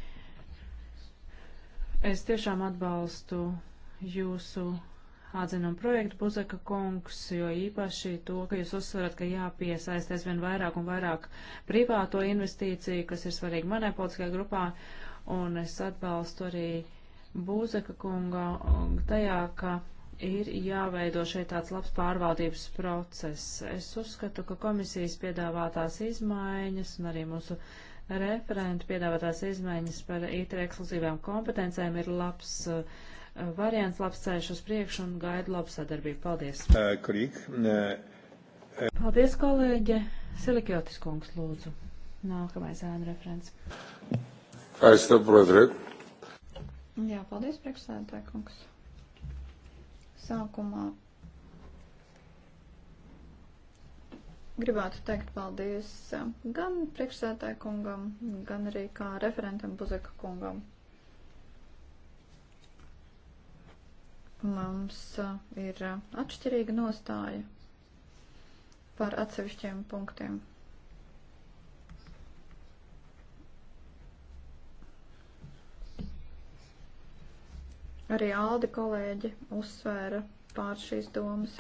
Es tiešām atbalstu jūsu atzinumu projektu Buzaka kungs, jo īpaši to, ka jūs uzsverat, ka jāpiesaistēs vien vairāk un vairāk privāto investīciju, kas ir svarīgi manai politiskajai grupā, un es atbalstu arī Buzaka kunga tajā, ka ir jāveido šeit tāds labs pārvaldības process. Es uzskatu, ka komisijas piedāvātās izmaiņas un arī mūsu referentu piedāvātās izmaiņas par IT ekskluzīvām kompetencēm ir labs uh, variants, labs ceļš uz priekšu un gaidu labu sadarbību. Paldies! Uh, Krīk. Uh, uh, paldies, kolēģe! Silikjotis kungs, lūdzu. Nākamais ēna referents. Aizstāv, brodrēt. Jā, paldies, priekšsēdētāj kungs. Sākumā gribētu teikt paldies gan priekšsēdētāj kungam, gan arī kā referentam Buzeka kungam. Mums ir atšķirīga nostāja par atsevišķiem punktiem. Arī Aldi kolēģi uzsvēra pār šīs domas.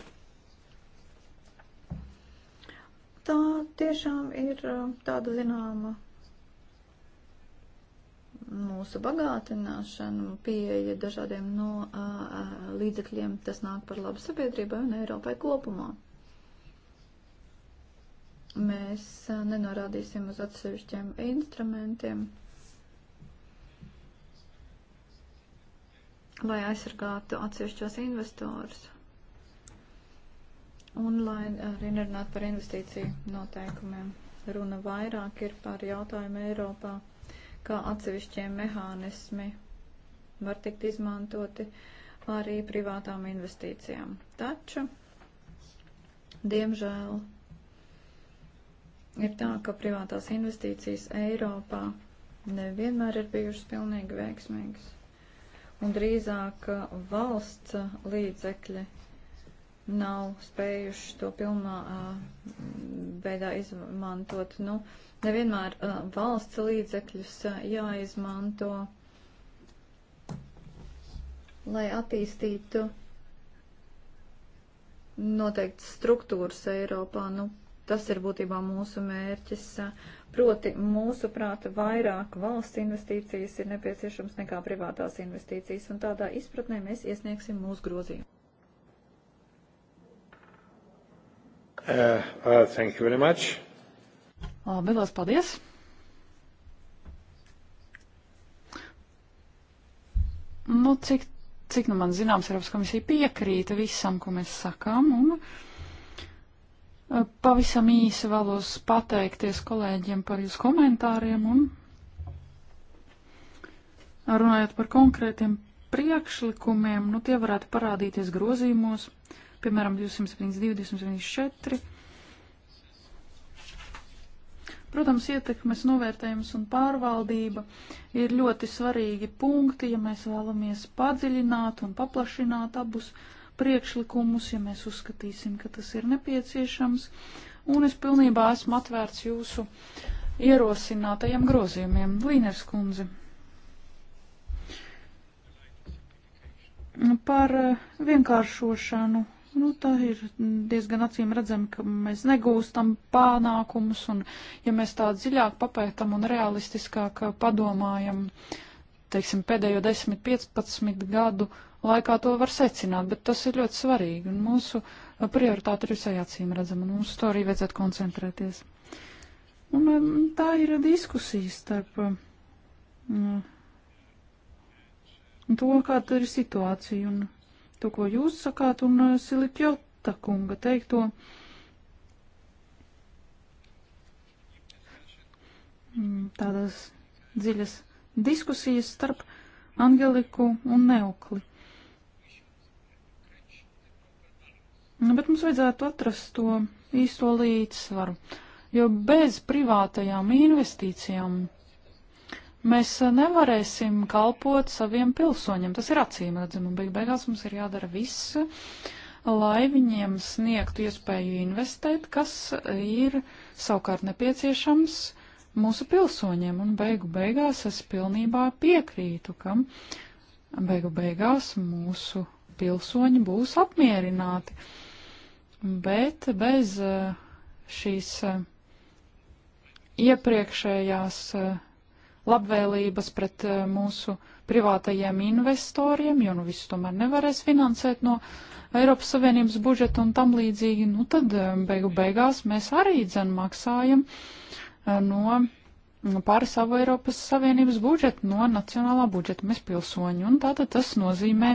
Tā tiešām ir tāda zināma mūsu bagātināšana, pieeja dažādiem no a, līdzekļiem, tas nāk par labu sabiedrībai un Eiropai kopumā. Mēs a, nenorādīsim uz atsevišķiem instrumentiem, lai aizsargātu atsevišķos investorus. Un lai arī nerunātu par investīciju noteikumiem. Runa vairāk ir par jautājumu Eiropā kā atsevišķie mehānismi var tikt izmantoti arī privātām investīcijām. Taču, diemžēl, ir tā, ka privātās investīcijas Eiropā nevienmēr ir bijušas pilnīgi veiksmīgas. Un drīzāk valsts līdzekļi nav spējuši to pilnā veidā izmantot. Nu, nevienmēr valsts līdzekļus jāizmanto, lai attīstītu noteikti struktūras Eiropā. Nu, tas ir būtībā mūsu mērķis. Proti, mūsuprāt, vairāk valsts investīcijas ir nepieciešams nekā privātās investīcijas, un tādā izpratnē mēs iesniegsim mūsu grozījumu. Uh, uh, thank you very much. Labi, liels paldies. Nu, cik, cik nu man zināms, Eiropas komisija piekrīta visam, ko mēs sakām, un uh, pavisam īsi vēlos pateikties kolēģiem par jūsu komentāriem, un runājot par konkrētiem priekšlikumiem, nu, tie varētu parādīties grozījumos. Uh, piemēram, 272, 274. Protams, ietekmes novērtējums un pārvaldība ir ļoti svarīgi punkti, ja mēs vēlamies padziļināt un paplašināt abus priekšlikumus, ja mēs uzskatīsim, ka tas ir nepieciešams. Un es pilnībā esmu atvērts jūsu ierosinātajiem grozījumiem. Līners kundze. Par eh, vienkāršošanu nu, tā ir diezgan acīm redzami, ka mēs negūstam panākumus, un ja mēs tā dziļāk papētam un realistiskāk padomājam, teiksim, pēdējo 10-15 gadu laikā to var secināt, bet tas ir ļoti svarīgi, un mūsu prioritāte ir visai acīm redzama, un mums to arī vajadzētu koncentrēties. Un um, tā ir diskusija starp um, mm, to, kāda ir situācija. Un, to, ko jūs sakāt, un eh, Silikjota kunga teikto. Mm, tādas dziļas diskusijas starp Angeliku un Neukli. Nu, bet mums vajadzētu atrast to īsto līdzsvaru, jo bez privātajām investīcijām mēs eh, nevarēsim kalpot saviem pilsoņiem. Tas ir acīm redzami, un beig beigās mums ir jādara viss, lai viņiem sniegtu iespēju investēt, kas ir savukārt nepieciešams mūsu pilsoņiem, un beigu beigās es pilnībā piekrītu, ka beigu beigās mūsu pilsoņi būs apmierināti. Bet bez eh, šīs eh, iepriekšējās uh, labvēlības pret eh, mūsu privātajiem investoriem, jo nu visu tomēr nevarēs finansēt no Eiropas Savienības budžeta un tam līdzīgi, nu tad eh, beigu beigās mēs arī dzen maksājam eh, no nu, pāri savu Eiropas Savienības budžetu, no nacionālā budžeta mēs pilsoņi. Un tātad tas nozīmē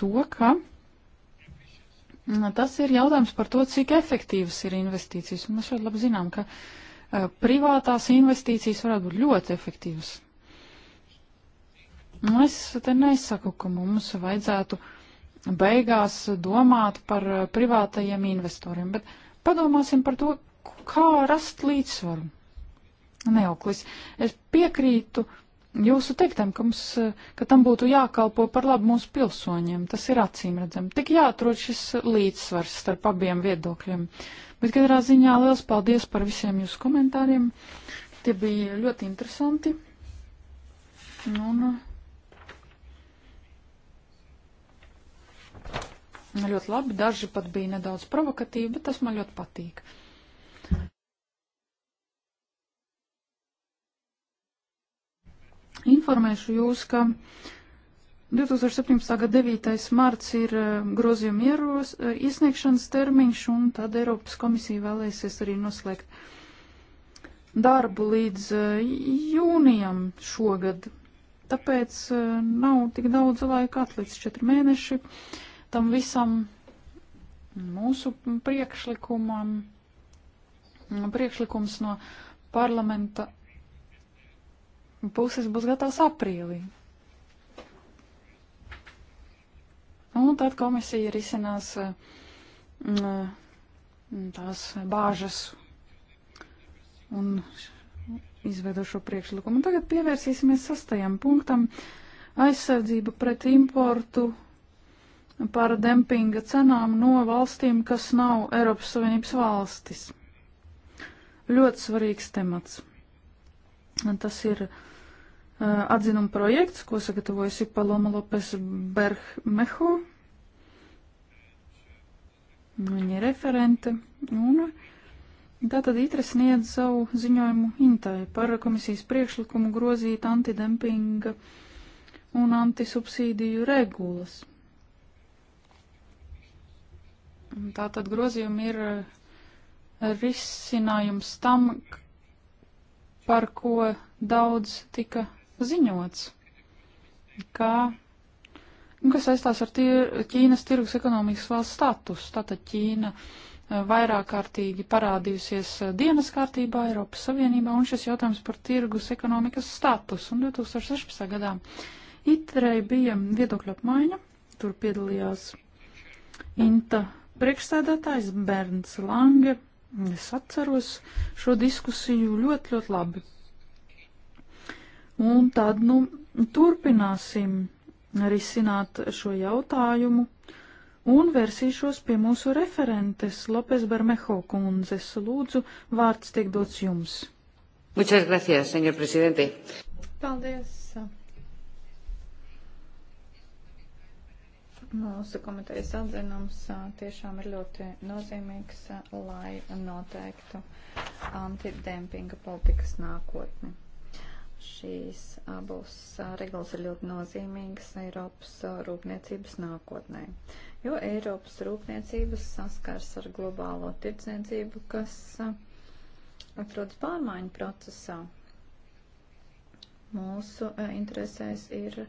to, ka mm, tas ir jautājums par to, cik efektīvas ir investīcijas. Un mēs šeit labi zinām, ka uh, Eh, privātās investīcijas varētu būt ļoti efektīvas. Es te nesaku, ka mums vajadzētu beigās domāt par eh, privātajiem investoriem, bet padomāsim par to, kā rast līdzsvaru. Neoklis, es piekrītu jūsu teiktam, ka, mums, eh, ka tam būtu jākalpo par labu mūsu pilsoņiem. Tas ir acīm redzam. Tik jāatrod šis līdzsvars starp abiem viedokļiem. Uh, Bet katrā ziņā liels paldies par visiem jūsu komentāriem. Tie bija ļoti interesanti. Un uh, ļoti labi, daži pat bija nedaudz provokatīvi, bet tas man ļoti patīk. Informēšu jūs, ka 2017. gada 9. marts ir eh, grozījuma ieros, eh, iesniegšanas termiņš, un tad Eiropas komisija vēlēsies arī noslēgt darbu līdz eh, jūnijam šogad. Tāpēc nav tik daudz laika atlicis četri mēneši tam visam mūsu priekšlikumam, priekšlikums no parlamenta puses būs gatavs aprīlī. Un tad komisija risinās eh, tās bāžas un izveido šo priekšlikumu. Tagad pievērsīsimies sastajam punktam - aizsardzība pret importu par dempinga cenām no valstīm, kas nav Eiropas Savienības valstis. Ļoti svarīgs temats. Tas ir uh, Eh, atzinuma projekts, ko sagatavojusi Paloma Lopes Berhmeho. Viņa ir referente. Un eh, tātad ITRE sniedz savu ziņojumu Intai par komisijas priekšlikumu grozīt antidempinga un antisubsīdiju regulas. Tātad grozījumi ir eh, risinājums tam, par ko daudz tika ziņots, ka, nu, kas saistās ar tīr, Ķīnas tirgus ekonomikas valsts status. Tātad Ķīna eh, vairāk kārtīgi parādījusies eh, dienas kārtībā Eiropas Savienībā un šis jautājums par tirgus ekonomikas status. Un 2016. gadā Itrei bija viedokļa apmaiņa, tur piedalījās Inta priekšsēdētājs Bernds Lange. Es atceros šo diskusiju ļoti, ļoti labi. Un tad, nu, turpināsim risināt šo jautājumu un vērsīšos pie mūsu referentes Lopes Bermeho kundzes. Lūdzu, vārds tiek dots jums. Muchas gracias, señor presidente. Paldies. Mūsu komitejas atzinums tiešām ir ļoti nozīmīgs, lai noteiktu antidempinga politikas nākotni. Šīs abas regulas ir ļoti nozīmīgas Eiropas rūpniecības nākotnē, jo Eiropas rūpniecības saskars ar globālo tirdzniecību, kas atrodas pārmaiņu procesā. Mūsu interesēs ir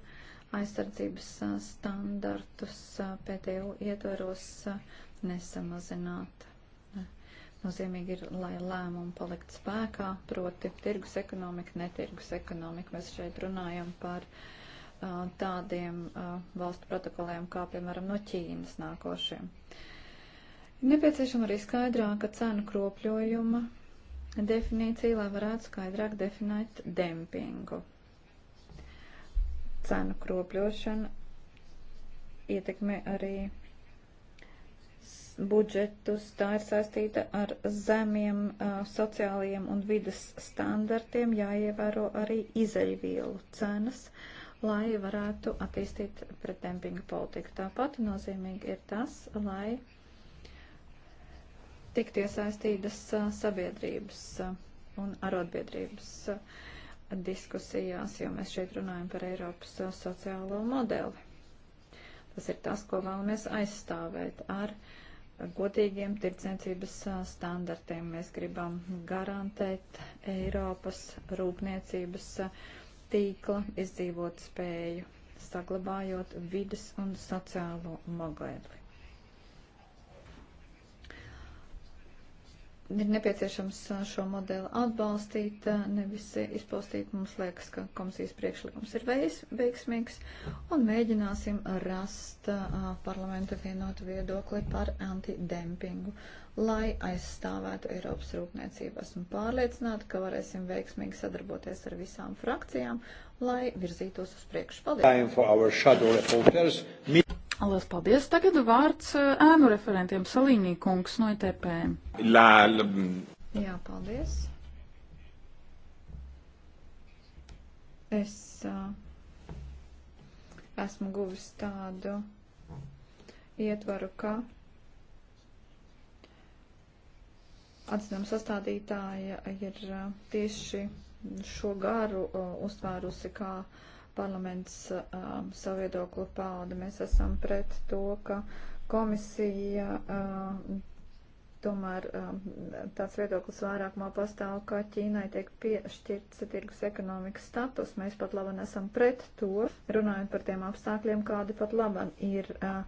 aizsardzības standartus PTU ietvaros nesamazināt Nozīmīgi ir, lai lēmumi palikt spēkā, proti tirgus ekonomika, netirgus ekonomika. Mēs šeit runājam par uh, tādiem uh, valstu protokoliem, kā piemēram no Ķīnas nākošiem. Nepieciešama arī skaidrāka cenu kropļojuma definīcija, lai varētu skaidrāk definēt dempingu. Cenu kropļošana ietekmē arī budžetus, tā ir saistīta ar zemiem uh, sociālajiem un vidas standartiem, jāievēro arī izeļvielu cenas, lai varētu attīstīt pretdempinga politiku. Tāpat nozīmīgi ir tas, lai tiktu iesaistītas uh, sabiedrības uh, un arotbiedrības uh, diskusijās, jo mēs šeit runājam par Eiropas uh, sociālo modeli. Tas ir tas, ko vēlamies aizstāvēt ar uh, godīgiem tirdzniecības standartiem. Mēs gribam garantēt Eiropas rūpniecības tīkla izdzīvot spēju, saglabājot vidas un sociālo modeli. ir nepieciešams šo modeli atbalstīt, eh, nevis izpostīt. Mums liekas, ka komisijas priekšlikums ir veiksmīgs un mēģināsim rast uh, parlamenta vienotu viedokli par antidempingu, lai aizstāvētu Eiropas rūpniecību. Esmu pārliecināta, ka varēsim veiksmīgi sadarboties ar visām frakcijām, lai virzītos uz priekšu. Paldies! Lielas paldies. Tagad vārds eh, ēnu referentiem Salīnī kungs no ITP. E la, la... Jā, paldies. Es uh, esmu guvis tādu ietvaru, ka atzinām sastādītāja ir eh, tieši šo garu uh, uztvērusi kā uh, parlaments um, savu viedokli pauda. Mēs esam pret to, ka komisija um, tomēr um, tāds viedoklis vairākumā pastāv, ka Ķīnai tiek piešķirts tirgus ekonomikas status. Mēs pat labam esam pret to, runājot par tiem apstākļiem, kādi pat labam ir. Uh,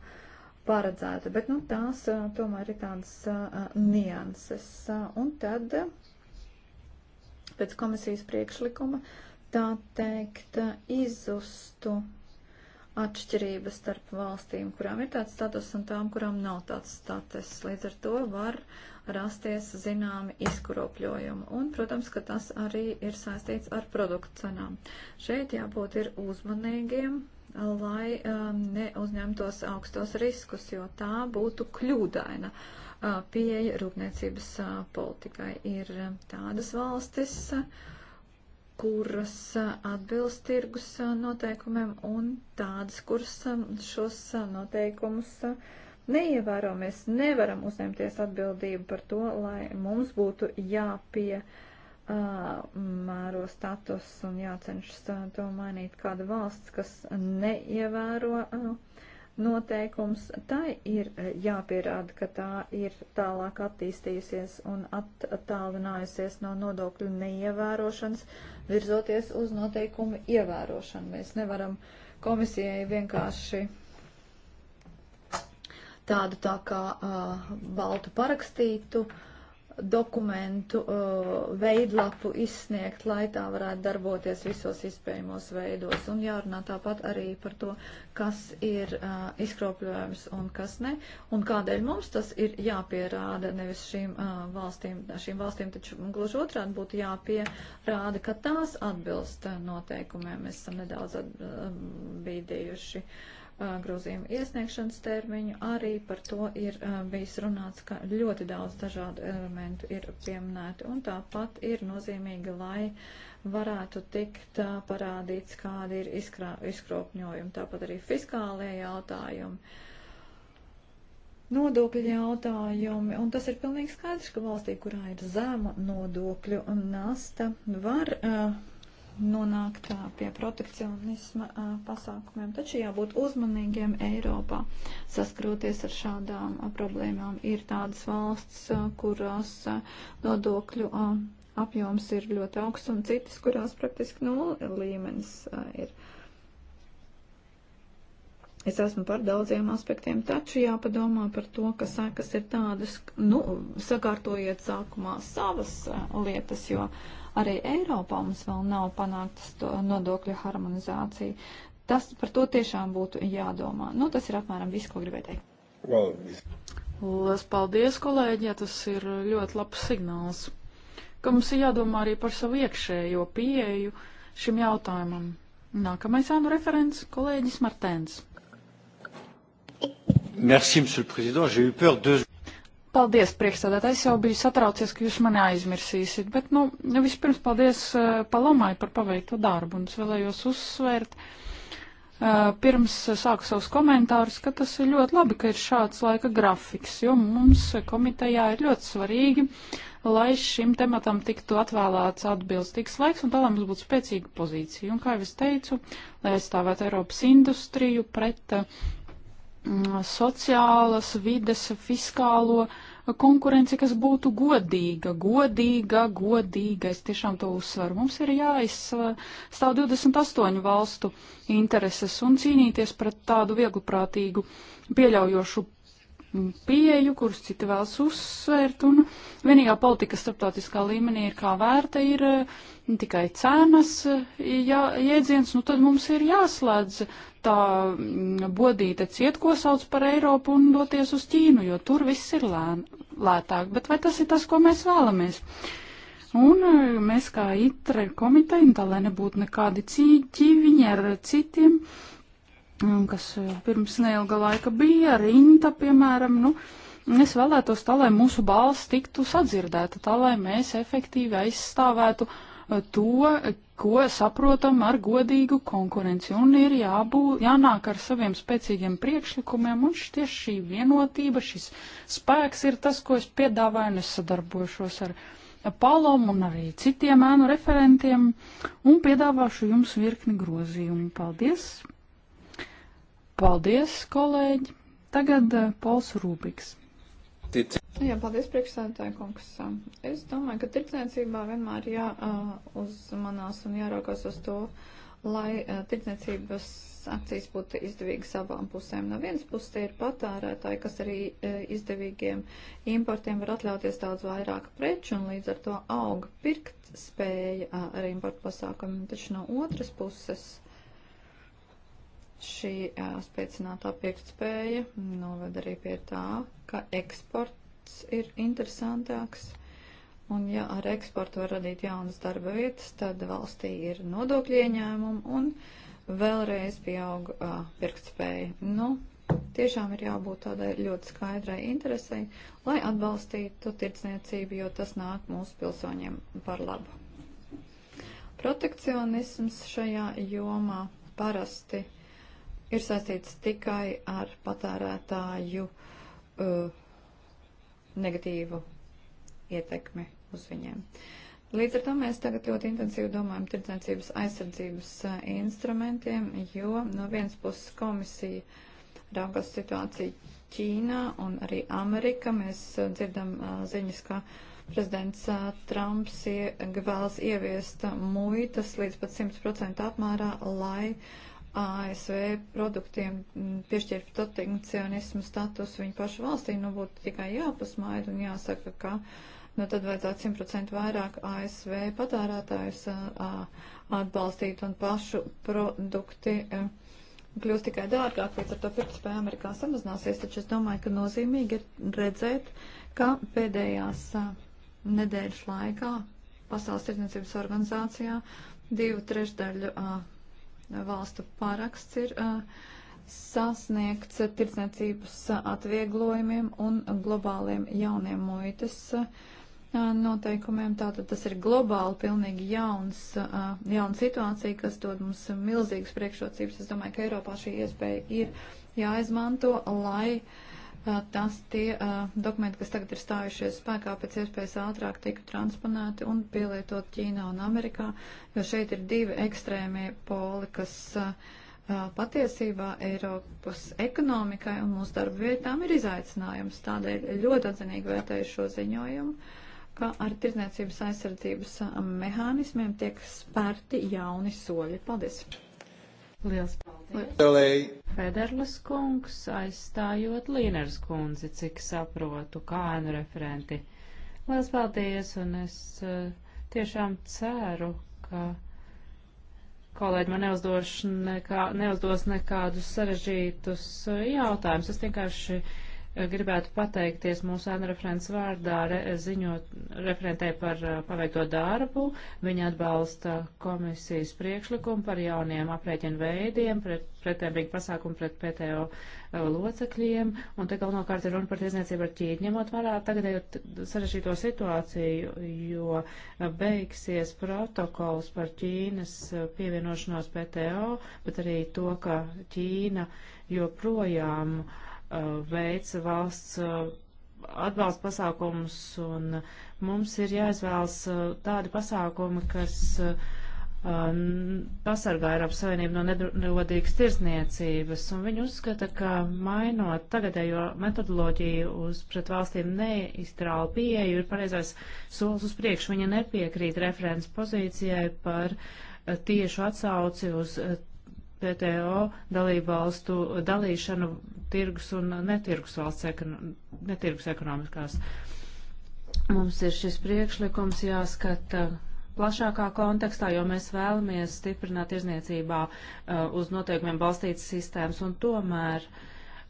paredzēta, bet nu, tās a, uh, tomēr ir tādas a, uh, nianses. A, uh, un tad pēc komisijas priekšlikuma uh, tā teikt, izustu atšķirības starp valstīm, kurām ir tāds status un tām, kurām nav tāds status. Līdz ar to var rasties zināmi izkropļojumi. Un, protams, ka tas arī ir saistīts ar produktu cenām. Šeit jābūt ir uzmanīgiem, lai um, neuzņemtos augstos riskus, jo tā būtu kļūdaina uh, pieeja rūpniecības uh, politikai. Ir uh, tādas valstis, uh, kuras atbilst tirgus noteikumiem un tādas, kuras šos noteikumus neievēro. Mēs nevaram uzņemties atbildību par to, lai mums būtu jāpie mēro status un jācenšas to mainīt kāda valsts, kas neievēro. Uh, noteikums, tai ir e, jāpierāda, ka tā ir tālāk attīstījusies un attālinājusies no nodokļu neievērošanas, virzoties uz noteikumu ievērošanu. Mēs nevaram komisijai vienkārši tādu tā kā uh, baltu parakstītu uh, dokumentu uh, veidlapu izsniegt, lai tā varētu darboties visos iespējamos veidos. Un jārunā tāpat arī par to, kas ir uh, izkropļojums un kas ne, un kādēļ mums tas ir jāpierāda nevis šīm uh, valstīm. Šīm valstīm taču gluži otrādi būtu jāpierāda, ka tās atbilst uh, noteikumiem. Mēs esam nedaudz uh, bīdījuši. Uh, grozījumu iesniegšanas termiņu. Arī par to ir bijis runāts, ka ļoti daudz dažādu elementu ir pieminēti. Un tāpat ir nozīmīgi, lai varētu tikt parādīts, kādi ir izkrā, izkropņojumi. Tāpat arī fiskālie jautājumi. Nodokļu jautājumi, un tas ir pilnīgi skaidrs, ka valstī, kurā ir zema nodokļu nasta, var uh, nonākt pie protekcionisma pasākumiem. Taču jābūt uzmanīgiem Eiropā. Saskroties ar šādām problēmām ir tādas valsts, kurās nodokļu apjoms ir ļoti augsts un citas, kurās praktiski nulle līmenis ir. Es esmu par daudziem aspektiem, taču jāpadomā par to, ka sekas ir tādas, nu, sakārtojiet sākumā savas e, lietas, jo arī Eiropā mums vēl nav panāktas nodokļu harmonizācija. Tas par to tiešām būtu jādomā. Nu, tas ir apmēram viss, ko gribēju teikt. Lielas paldies, kolēģi, ja tas ir ļoti labs signāls, ka mums ir jādomā arī par savu iekšējo pieeju šim jautājumam. Nākamais ānu referents - kolēģis Martēns. Merci, monsieur le président. J'ai eu peur deux. Paldies, priekšstādāt. Es jau biju satraucies, ka jūs mani aizmirsīsiet, bet, nu, nu vispirms paldies uh, Palomai par paveikto darbu, un es vēlējos uzsvērt, uh, pirms sāku savus komentārus, ka tas ir ļoti labi, ka ir šāds laika grafiks, jo mums komitejā ir ļoti svarīgi, lai šim tematam tiktu atvēlēts atbilstīgs laiks, un tā, lai mums būtu spēcīga pozīcija. Un, kā jau es teicu, lai aizstāvētu Eiropas industriju pret uh, Mm, sociālas, vides, fiskālo konkurenci, kas būtu godīga, godīga, godīga. Es tiešām to uzsveru. Mums ir jāizstāv 28 valstu intereses un cīnīties pret tādu vieglprātīgu pieļaujošu pieju, kurus citi vēlas uzsvērt, un vienīgā politika starptautiskā līmenī ir kā vērta, ir eh, tikai cenas eh, jā, jēdziens, nu tad mums ir jāslēdz tā mm, bodīte ciet, ko sauc par Eiropu un doties uz Ķīnu, jo tur viss ir lēn, lētāk, bet vai tas ir tas, ko mēs vēlamies? Un eh, mēs kā itre komiteja, tā lai nebūtu nekādi cīņi ar citiem, uh, Mm, kas jau eh, pirms neilga laika bija, rinta, piemēram, nu, es vēlētos tā, lai mūsu balss tiktu sadzirdēta, tā, lai mēs efektīvi aizstāvētu eh, to, ko saprotam ar godīgu konkurenci. Un ir jābū, jānāk ar saviem spēcīgiem priekšlikumiem, un tieši šī vienotība, šis spēks ir tas, ko es piedāvāju, un es sadarbošos ar Palom un arī citiem ēnu referentiem, un piedāvāšu jums virkni grozījumu. Paldies! Paldies, kolēģi! Tagad eh, Pols Rūpiks. Jā, paldies, priekšsēdētāji kungs. Es domāju, ka tirdzniecībā vienmēr jāuzmanās eh, un jāraukās uz to, lai eh, tirdzniecības akcijas būtu izdevīgas abām pusēm. No vienas puses tie ir patērētāji, kas arī izdevīgiem importiem var atļauties daudz vairāk preču un līdz ar to aug pirkt spēja ar importu pasākumiem, taču no otras puses Šī spēcinātā piekstspēja noved arī pie tā, ka eksports ir interesantāks. Un ja ar eksportu var radīt jaunas darba vietas, tad valstī ir nodokļu ieņēmumi un vēlreiz pieaug uh, pirktspēja. Nu, tiešām ir jābūt tādai ļoti skaidrai interesei, lai atbalstītu tirdzniecību, jo tas nāk mūsu pilsoņiem par labu. Protekcionisms šajā jomā parasti ir saistīts tikai ar patērētāju uh, negatīvu ietekmi uz viņiem. Līdz ar to mēs tagad ļoti intensīvi domājam tirdzniecības aizsardzības uh, instrumentiem, jo no vienas puses komisija raugās situāciju Ķīnā un arī Amerika. Mēs uh, dzirdam uh, ziņas, ka prezidents uh, Trumps vēlas ieviest muitas līdz pat 100% apmērā, lai uh, ASV produktiem mm, piešķirt protekcionismu status viņu pašu valstī, nu būtu tikai jāpasmaida un jāsaka, ka nu tad vajadzētu 100% vairāk ASV patērētājus atbalstīt un pašu produkti a, e, kļūst tikai dārgāk, līdz ar to pirktspēja Amerikā samazināsies, taču es domāju, ka nozīmīgi ir redzēt, ka pēdējās a, nedēļas laikā Pasaules tirdzniecības organizācijā divu trešdaļu uh, valstu paraksts ir sasniegts tirdzniecības atvieglojumiem un globāliem jauniem muitas noteikumiem. Tātad tas ir globāli pilnīgi jauns, jauna situācija, kas dod mums milzīgas priekšrocības. Es domāju, ka Eiropā šī iespēja ir jāizmanto, lai uh, tas tie dokumenti, kas tagad ir stājušies spēkā, pēc iespējas ātrāk tika transponēti un pielietot Ķīnā un Amerikā, jo šeit ir divi ekstrēmie poli, kas patiesībā Eiropas ekonomikai un mūsu darba vietām ir izaicinājums. Tādēļ ļoti atzinīgi vērtēju šo ziņojumu, ka ar tirdzniecības aizsardzības mehānismiem tiek spērti jauni soļi. Paldies! Liels paldies! Federlis kungs aizstājot Līneres kundzi, cik saprotu, kā nu referenti. Liels paldies, un es eh, tiešām ceru, ka kolēģi man neuzdos, nekā, neuzdos nekādus sarežģītus eh, jautājumus. Es vienkārši gribētu pateikties mūsu anreferents vārdā, re, ziņot referentē par uh, paveikto darbu. Viņa atbalsta komisijas priekšlikumu par jauniem aprēķinu veidiem, pret, pretēmīgi pasākumu pret PTO uh, locekļiem, un te galvenokārt ir runa par tiesniecību ar Ķīnu, ņemot vērā tagadējo sarežģīto situāciju, jo uh, beigsies protokols par Ķīnas pievienošanos PTO, bet arī to, ka Ķīna joprojām uh, Eh, veica valsts eh, atbalsta pasākumus, un mums ir jāizvēlas eh, tādi pasākumi, kas pasargā Eiropas Savienību no negodīgas tirsniecības, un viņi uzskata, ka mainot tagadējo metodoloģiju uz pret valstīm neiztrālu pieeju ir pareizais solis uz priekšu. Viņa nepiekrīt referents pozīcijai par tiešu atsauci uz PTO dalību valstu dalīšanu tirgus un netirgus valsts ekono, netirgus ekonomiskās. Mums ir šis priekšlikums jāskata plašākā kontekstā, jo mēs vēlamies stiprināt izniecībā uh, uz noteikumiem balstītas sistēmas un tomēr.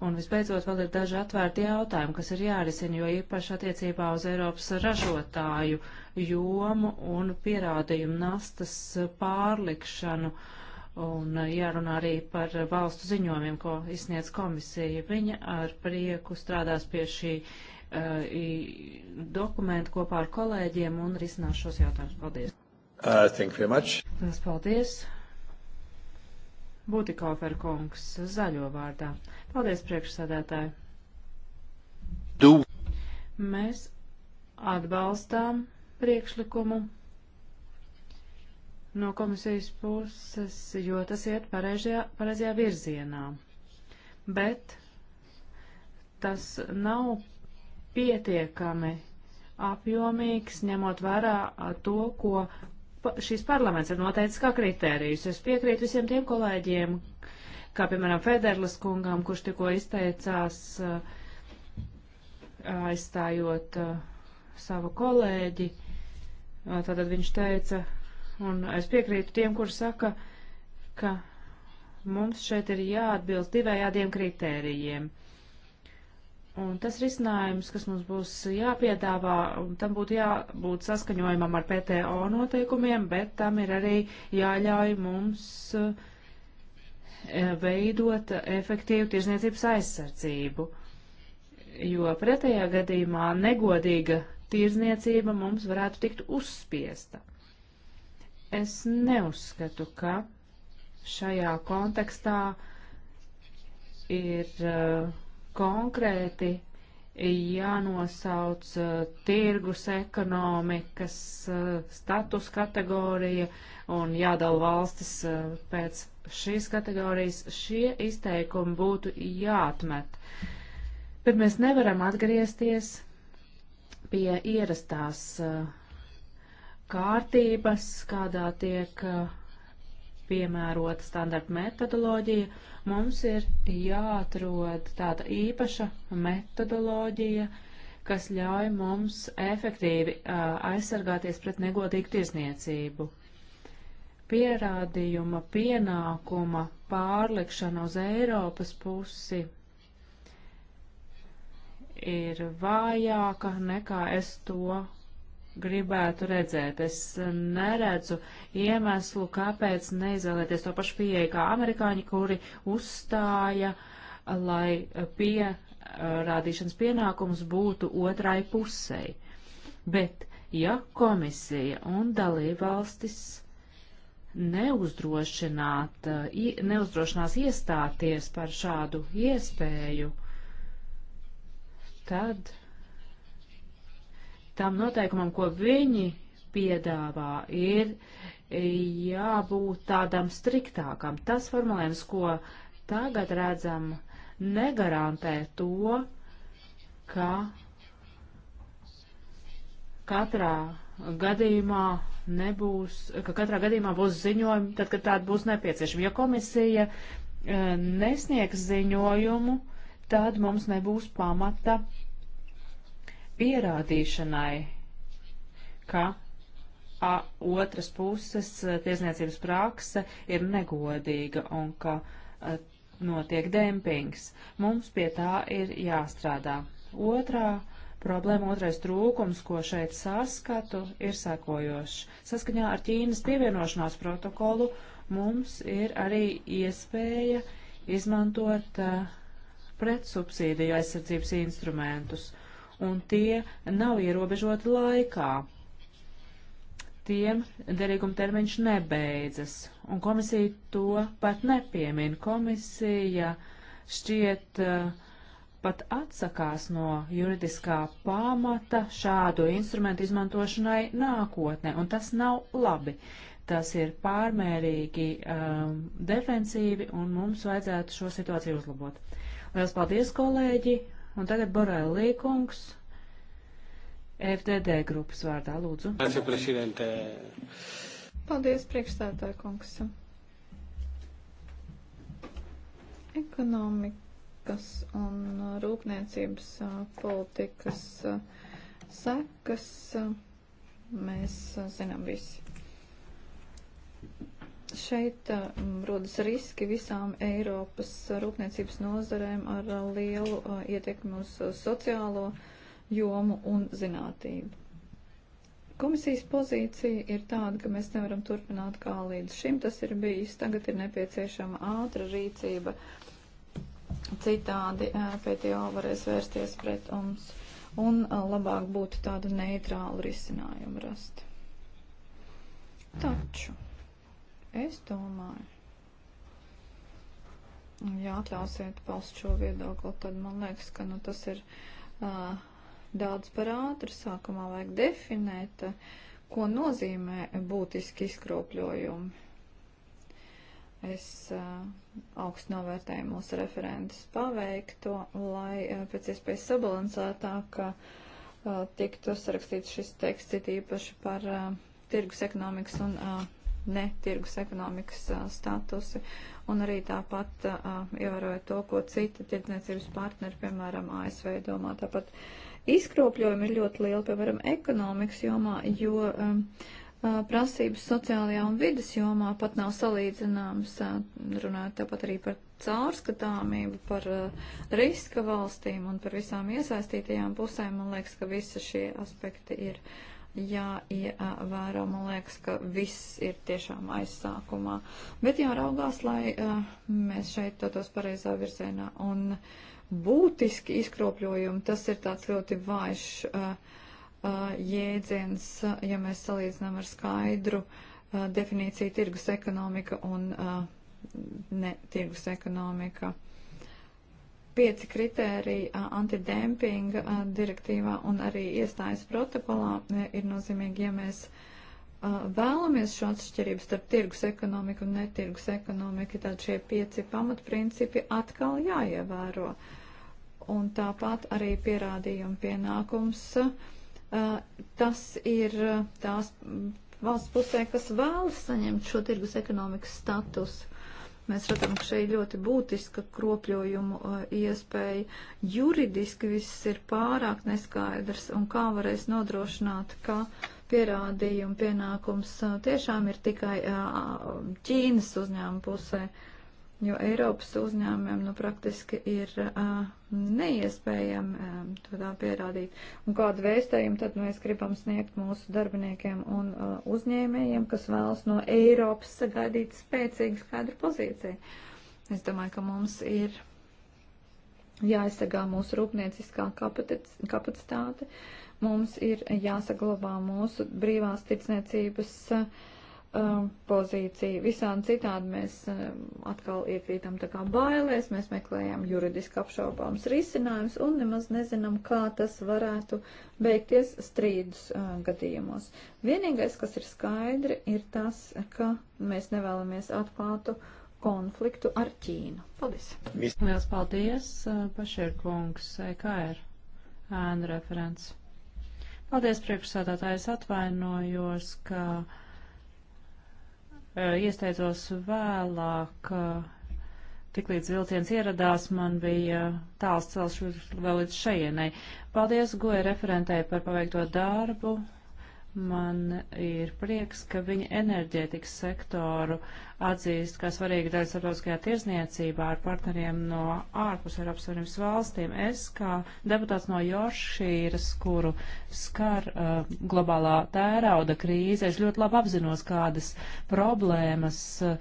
Un visbeidzot, vēl ir daži atvērti jautājumi, kas ir jārisina, jo īpaši attiecībā uz Eiropas ražotāju jomu un pierādījumu nastas pārlikšanu uh, un uh, jārunā arī par valstu ziņojumiem, ko izsniedz komisija. Viņa ar prieku strādās pie šī uh, dokumenta kopā ar kolēģiem un risinās šos jautājumus. Paldies! Uh, thank you very much! Tās paldies! Būtikofer kungs zaļo vārdā. Paldies, priekšsādētāji! Du. Mēs atbalstām priekšlikumu no komisijas puses, jo tas iet pareizajā, pareizajā virzienā. Bet tas nav pietiekami apjomīgs, ņemot vērā to, ko šīs parlaments ir noteicis kā kritērijus. Es piekrītu visiem tiem kolēģiem, kā piemēram Federlas kungam, kurš tikko izteicās aizstājot savu kolēģi. Tātad viņš teica, Un es piekrītu tiem, kur saka, ka mums šeit ir jāatbilst divējādiem kritērijiem. Un tas risinājums, kas mums būs jāpiedāvā, tam būtu jābūt saskaņojumam ar PTO noteikumiem, bet tam ir arī jāļauj mums eh, veidot efektīvu tirzniecības aizsardzību. Jo pretējā gadījumā negodīga tirzniecība mums varētu tikt uzspiesta. Es neuzskatu, ka šajā kontekstā ir uh, konkrēti jānosauc uh, tirgus ekonomikas uh, status kategorija un jādala valstis uh, pēc šīs kategorijas. Šie izteikumi būtu jāatmet. Bet mēs nevaram atgriezties pie ierastās uh, kārtības, kādā tiek eh, piemērota standarta metodoloģija, mums ir jāatrod tāda īpaša metodoloģija, kas ļauj mums efektīvi eh, aizsargāties pret negodīgu tirzniecību. Pierādījuma pienākuma pārlikšana uz Eiropas pusi ir vājāka nekā es to gribētu redzēt. Es neredzu iemeslu, kāpēc neizvēlēties to pašu pieeju kā amerikāņi, kuri uzstāja, lai pie rādīšanas pienākums būtu otrai pusei. Bet, ja komisija un dalībvalstis neuzdrošināt, neuzdrošinās iestāties par šādu iespēju, tad tam noteikumam, ko viņi piedāvā, ir jābūt tādam striktākam. Tas formulējums, ko tagad redzam, negarantē to, ka katrā gadījumā nebūs, ka katrā gadījumā būs ziņojumi, tad, kad tāda būs nepieciešama. Ja komisija eh, nesniegs ziņojumu, tad mums nebūs pamata uh, pierādīšanai, ka a, otras puses tiesniecības prakse ir negodīga un ka a, notiek dempings. Mums pie tā ir jāstrādā. Otrā problēma, otrais trūkums, ko šeit saskatu, ir sekojošs. Saskaņā ar Ķīnas pievienošanās protokolu mums ir arī iespēja izmantot a, pretsubsīdiju aizsardzības instrumentus un tie nav ierobežoti laikā. Tiem derīguma termiņš nebeidzas, un komisija to pat nepiemina. Komisija šķiet uh, pat atsakās no juridiskā pamata šādu instrumentu izmantošanai nākotnē, un tas nav labi. Tas ir pārmērīgi um, defensīvi, un mums vajadzētu šo situāciju uzlabot. Lielas paldies, kolēģi! Un tagad Borelli kungs, FDD grupas vārdā, lūdzu. Paldies, priekšstādātāja kungs. Ekonomikas un rūpniecības politikas sekas mēs zinām visi. Šeit uh, rodas riski visām Eiropas rūpniecības nozarēm ar uh, lielu uh, ietekmi uz sociālo jomu un zinātību. Komisijas pozīcija ir tāda, ka mēs nevaram turpināt kā līdz šim tas ir bijis. Tagad ir nepieciešama ātra rīcība. Citādi PTO varēs vērsties pret mums un labāk būtu tādu neitrālu risinājumu rast. Taču. Es domāju, ja atļausiet paust šo viedokli, tad man liekas, ka nu, tas ir uh, daudz par ātru. Sākumā vajag definēt, uh, ko nozīmē būtiski izkropļojumi. Es uh, augstu novērtēju mūsu referentus paveikto, lai uh, pēc iespējas sabalansētāk uh, tiktu sarakstīts šis teksts, it īpaši par uh, tirgus ekonomikas un uh, ne tirgus ekonomikas a, statusi, un arī tāpat ievērojot to, ko citi tirdzniecības partneri, piemēram, ASV domā. Tāpat izkropļojumi ir ļoti lieli, piemēram, ekonomikas jomā, jo a, a, prasības sociālajā un vidas jomā pat nav salīdzināmas, runājot tāpat arī par caurskatāmību, par riska valstīm un par visām iesaistītajām pusēm. Man liekas, ka visi šie aspekti ir jāievēro. Man liekas, ka viss ir tiešām aizsākumā. Bet jāraugās, lai eh, mēs šeit dotos pareizā virzienā. Un būtiski izkropļojumi, tas ir tāds ļoti vājš eh, eh, jēdziens, ja mēs salīdzinām ar skaidru definīciju tirgus ekonomika un ne tirgus ekonomika pieci kritēriji antidempinga direktīvā un arī iestājas protokolā e, ir nozīmīgi, ja mēs vēlamies šo atšķirību starp tirgus ekonomiku un netirgus ekonomiku, tad šie pieci pamatprincipi atkal jāievēro. Un tāpat arī pierādījuma pienākums. Tas ir tās valsts pusē, kas vēlas saņemt šo tirgus ekonomikas statusu Mēs redzam, ka šī ļoti būtiska kropļojumu uh, iespēja juridiski viss ir pārāk neskaidrs un kā varēs nodrošināt, ka pierādījumu pienākums uh, tiešām ir tikai uh, Ķīnas uzņēmuma pusē. Uh, jo Eiropas uzņēmumiem nu, praktiski ir uh, neiespējami um, to tā pierādīt. Un kādu vēstījumu tad mēs gribam sniegt mūsu darbiniekiem un uh, uzņēmējiem, kas vēlas no Eiropas sagaidīt spēcīgu skaidru pozīciju? Es domāju, ka mums ir jāaizsargā mūsu rūpnieciskā kapacitāte, mums ir jāsaglabā mūsu brīvās tirdzniecības. Uh, Um, pozīciju. Visām citādi mēs um, atkal iekrītam tā kā bailēs, mēs meklējam juridiski apšaubāms risinājums un nemaz nezinām, kā tas varētu beigties strīdus uh, gadījumos. Vienīgais, kas ir skaidri, ir tas, ka mēs nevēlamies atklātu konfliktu ar Ķīnu. Paldies! Lielas paldies, uh, Pašēr kungs, EKR, ēnu referents. Paldies, priekšsādātājs, atvainojos, ka Eh, iesteidzos vēlāk. Eh, tiklīdz vilciens ieradās, man bija tāls ceļš vēl līdz šajienai. Paldies, Goja, referentēji par paveikto darbu Man ir prieks, ka viņa enerģētikas sektoru atzīst kā svarīgu daļu starptautiskajā tirzniecībā ar partneriem no ārpus Eiropas Savienības valstīm. Es kā deputāts no Joršīras, kuru skar uh, globālā tērauda krīze, es ļoti labi apzinos, kādas problēmas uh,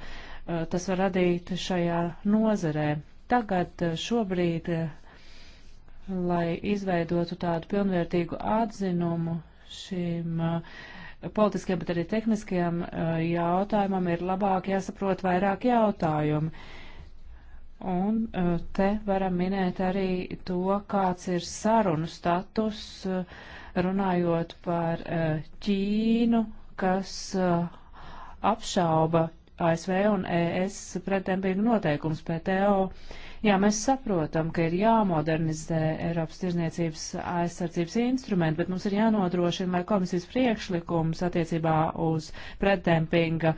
tas var radīt šajā nozerē. Tagad uh, šobrīd, uh, lai izveidotu tādu pilnvērtīgu atzinumu, šīm eh, politiskajām, bet arī tehniskajām eh, jautājumam ir labāk jāsaprot vairāk jautājumu. Un eh, te varam minēt arī to, kāds ir sarunu status, runājot par Ķīnu, kas apšauba ASV un ES pretendīgu noteikums PTO. Pret Jā, mēs saprotam, ka ir jāmodernizē Eiropas tirzniecības aizsardzības instrumenti, bet mums ir jānodrošina, lai komisijas priekšlikums attiecībā uz pretdempinga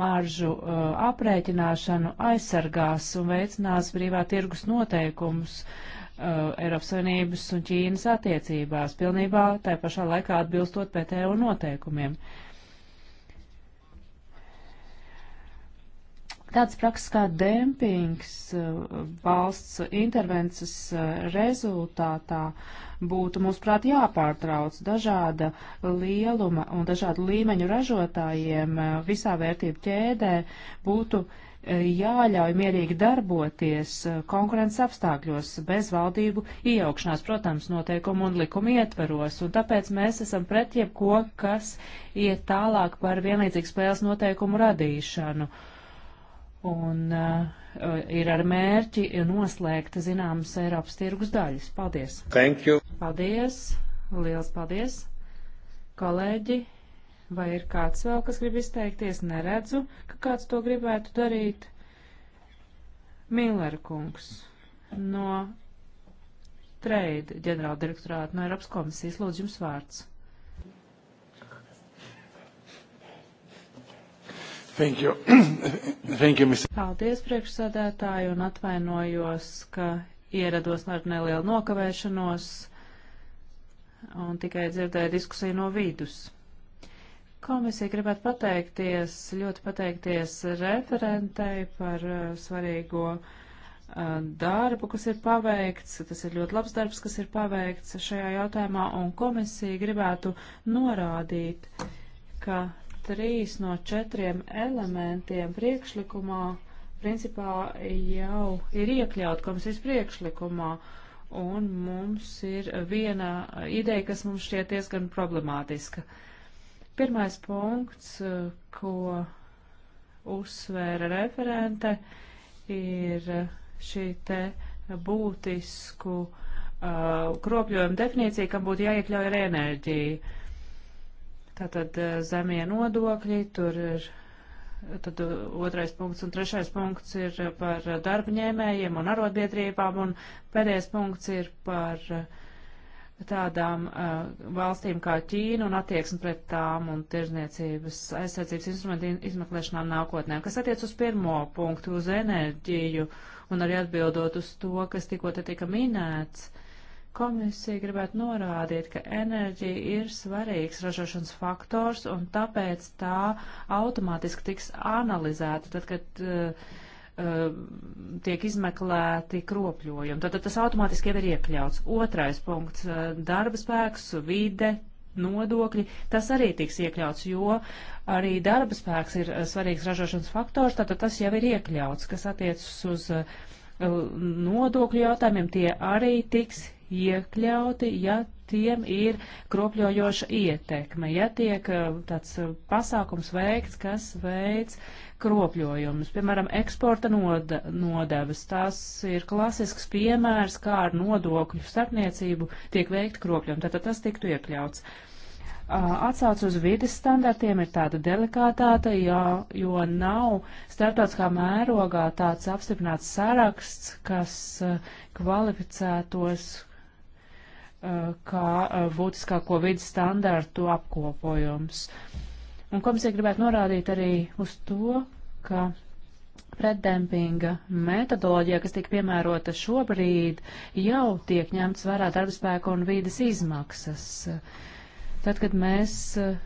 maržu uh, aprēķināšanu aizsargās un veicinās brīvā tirgus noteikumus. Uh, Eiropas Savienības un Ķīnas attiecībās, pilnībā tā pašā laikā atbilstot PTO noteikumiem. Uh, Tāds prakses kā dempings uh, valsts intervences uh, rezultātā būtu, mūsuprāt, jāpārtrauc dažāda lieluma un dažādu līmeņu ražotājiem uh, visā vērtību ķēdē būtu jāļauj mierīgi darboties konkurences apstākļos bez valdību iejaukšanās, protams, noteikumu un likumu ietveros. Un tāpēc mēs esam pret jebko, kas iet tālāk par vienlīdzīgu spēles noteikumu radīšanu. Uh, un uh, ir ar mērķi noslēgt zināmas Eiropas tirgus daļas. Paldies! Thank you! Paldies! Liels paldies! Kolēģi, vai ir kāds vēl, kas grib izteikties? Neredzu, ka kāds to gribētu darīt. Miller kungs no Trade ģenerāldirektorāta no Eiropas komisijas. Lūdzu, jums vārds. Thank you. (coughs) Thank you, Mr. Paldies, priekšsēdētāji, un atvainojos, ka ierados ar nelielu nokavēšanos un tikai dzirdēju diskusiju no vidus. Komisija gribētu pateikties, ļoti pateikties referentei par uh, svarīgo uh, darbu, kas ir paveikts. Tas ir ļoti labs darbs, kas ir paveikts šajā jautājumā, un komisija gribētu norādīt, ka trīs no četriem elementiem priekšlikumā principā jau ir iekļaut komisijas priekšlikumā, un mums ir viena ideja, kas mums šķiet diezgan problemātiska. Pirmais punkts, ko uzsvēra referente, ir šī te būtisku uh, kropļojumu definīcija, kam būtu jāiekļauj ar enerģiju. Tātad eh, zemie nodokļi, tur ir tad eh, otrais punkts un trešais punkts ir eh, par darbņēmējiem un arotbiedrībām un pēdējais punkts ir par tādām uh, valstīm kā Ķīna un attieksmi pret tām un tirzniecības aizsardzības instrumentu izmeklēšanām nākotnē. Kas attiec uz pirmo punktu, uz enerģiju un arī atbildot uz to, kas tikko te tika minēts, Komisija gribētu norādīt, ka enerģija ir svarīgs ražošanas faktors, un tāpēc tā automātiski tiks analizēta, tad, kad uh, uh, tiek izmeklēti kropļojumi. Tad, tad tas automātiski jau ir iekļauts. Otrais punkts eh, - darba spēks, vide, nodokļi. Tas arī tiks iekļauts, jo arī darba spēks ir svarīgs ražošanas faktors, tad tas jau ir iekļauts, kas attiecas uz nodokļu jautājumiem, tie arī tiks iekļauti, ja tiem ir kropļojoša ietekme, ja tiek eh, tāds eh, pasākums veikts, kas veids kropļojumus. Piemēram, eksporta noda, nodevas, tas ir klasisks piemērs, kā ar nodokļu starpniecību tiek veikt kropļojumi, tātad tas tiktu iekļauts. Atsauc uz vides standartiem ir tāda delikātāta, jo, jo nav starptautiskā mērogā tāds apstiprināts saraksts, kas eh, kvalificētos Eh, kā eh, būtiskāko vidas standārtu apkopojums. Un komisija gribētu norādīt arī uz to, ka pretdempinga metodoloģija, kas tiek piemērota šobrīd, jau tiek ņemts vērā darbspēka un vīdes izmaksas. Tad, kad mēs uh,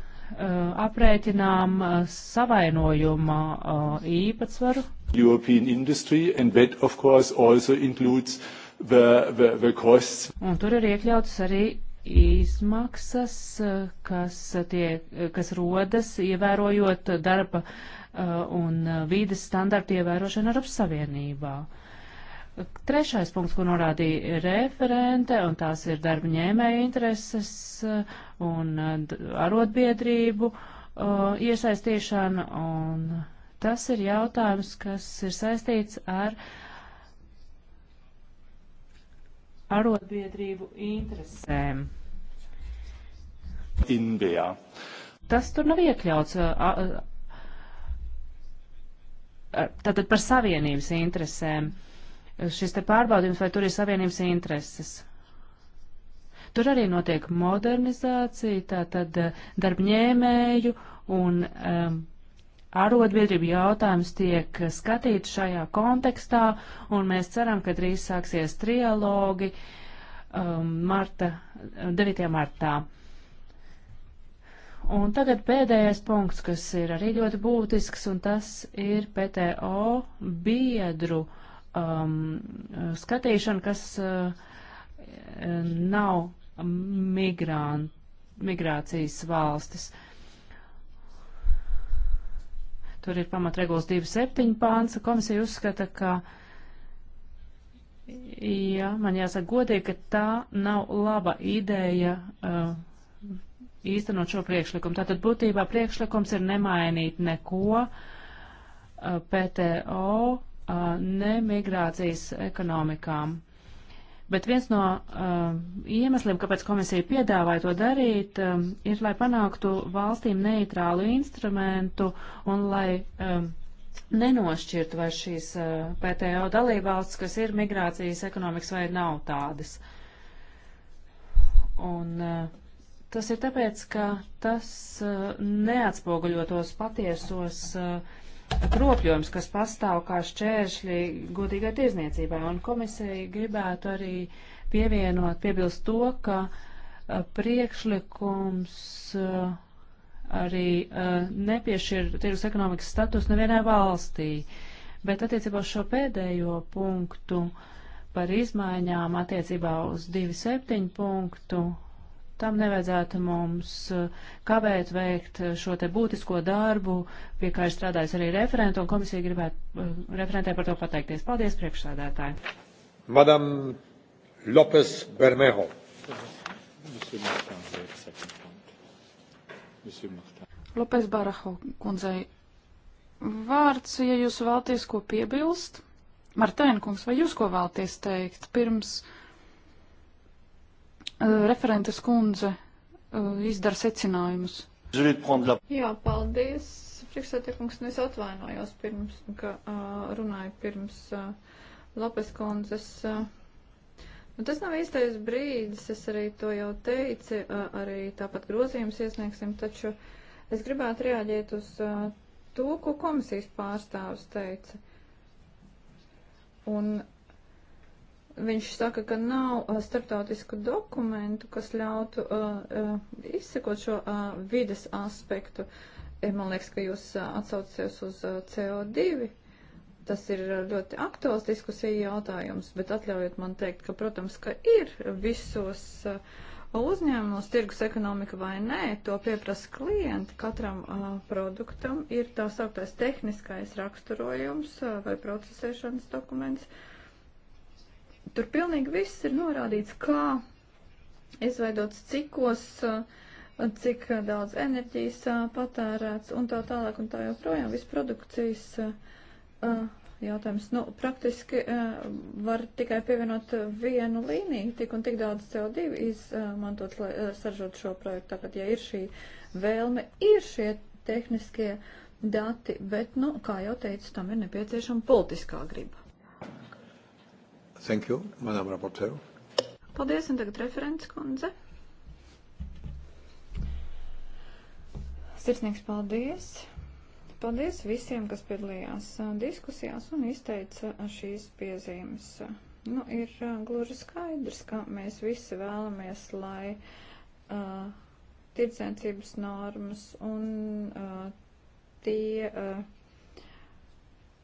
aprēķinām uh, savainojuma uh, īpatsvaru. European industry and that of course also includes uh, the, the, the costs. Un tur ir iekļautas arī izmaksas, kas, tie, kas rodas ievērojot darba uh, un uh, vīdes standartu ievērošanu Eiropas Savienībā. Trešais punkts, ko norādīja referente, un tās ir darba ņēmēja intereses uh, un arotbiedrību iesaistīšana, un tas ir jautājums, kas ir saistīts ar uh, arotbiedrību interesēm. Indijā. Tas tur nav iekļauts. Uh, tātad par savienības interesēm. Šis te pārbaudījums, vai tur ir savienības intereses. Tur arī notiek modernizācija, tātad uh, darbņēmēju un um, arotbiedrību jautājums tiek skatīts šajā kontekstā, un mēs ceram, ka drīz sāksies trialogi um, marta, 9. martā. Un tagad pēdējais punkts, kas ir arī ļoti būtisks, un tas ir PTO biedru um, skatīšana, kas uh, nav migrān, migrācijas valstis. Uh, Tur ir pamatregulas 2.7 pāns. Komisija uzskata, ka, ja man jāsaka godīgi, ka tā nav laba ideja uh, īstenot šo priekšlikumu. Tātad būtībā priekšlikums ir nemainīt neko uh, PTO uh, ne migrācijas ekonomikām. Uh, Bet viens no uh, iemesliem, kāpēc komisija piedāvāja to darīt, um, ir, lai panāktu valstīm neitrālu instrumentu un lai um, nenošķirtu vai šīs uh, PTO dalībvalsts, kas ir migrācijas ekonomikas vai nav tādas. Un uh, tas ir tāpēc, ka tas uh, neatspoguļo tos patiesos uh, kropļojums, kas pastāv kā šķēršļi godīgai tirzniecībai. Un komisija gribētu arī pievienot, piebilst to, ka priekšlikums arī nepiešķir tirgus ekonomikas status nevienai valstī. Bet attiecībā uz šo pēdējo punktu par izmaiņām attiecībā uz 2,7 punktu tam nevajadzētu mums eh, kavēt veikt eh, šo te būtisko darbu, pie kā ir strādājis arī referenta, un komisija gribētu eh, referentē par to pateikties. Paldies, priekšsēdētāji. Madam Lopes Bermejo. Lopes Baraho kundzei vārds, ja jūs vēlties ko piebilst. Martēna kungs, vai jūs ko vēlties teikt pirms? Uh, Eh, referentes kundze eh, izdara secinājumus. Jā, paldies, priekšsētiekums, un es atvainojos pirms, ka uh, runāju pirms uh, Lopes kundzes. Uh, nu, tas nav īstais brīdis, es arī to jau teicu, uh, arī tāpat grozījums iesniegsim, taču es gribētu reaģēt uz uh, to, ko komisijas pārstāvs teica. Un Viņš saka, ka nav uh, starptautisku dokumentu, kas ļautu uh, uh, izsekot šo uh, vides aspektu. Man liekas, ka jūs uh, atsaucaties uz uh, CO2. Tas ir ļoti aktuāls diskusija jautājums, bet atļaujiet man teikt, ka, protams, ka ir visos uzņēmumos tirgus ekonomika vai nē, to pieprasa klienti. Katram uh, produktam ir tā sauktais tehniskais raksturojums uh, vai procesēšanas dokuments. Uh, tur pilnīgi viss ir norādīts, kā izveidots cikos, uh, cik daudz enerģijas uh, patērēts un tā tālāk un tā joprojām. Viss produkcijas uh, jautājums. Nu, praktiski var tikai pievienot vienu līniju, tik un tik daudz CO2 izmantot, lai saržot šo projektu. Tātad, ja ir šī vēlme, ir šie tehniskie dati, bet, nu, kā jau teicu, tam ir nepieciešama politiskā griba. Thank you, Madam Rapporteur. Paldies, un tagad referents kundze. Sirsnīgs paldies. Paldies visiem, kas piedalījās uh, diskusijās un izteica uh, šīs piezīmes. Nu, ir uh, gluži skaidrs, ka mēs visi vēlamies, lai uh, tirdzniecības normas un uh, tie. Uh,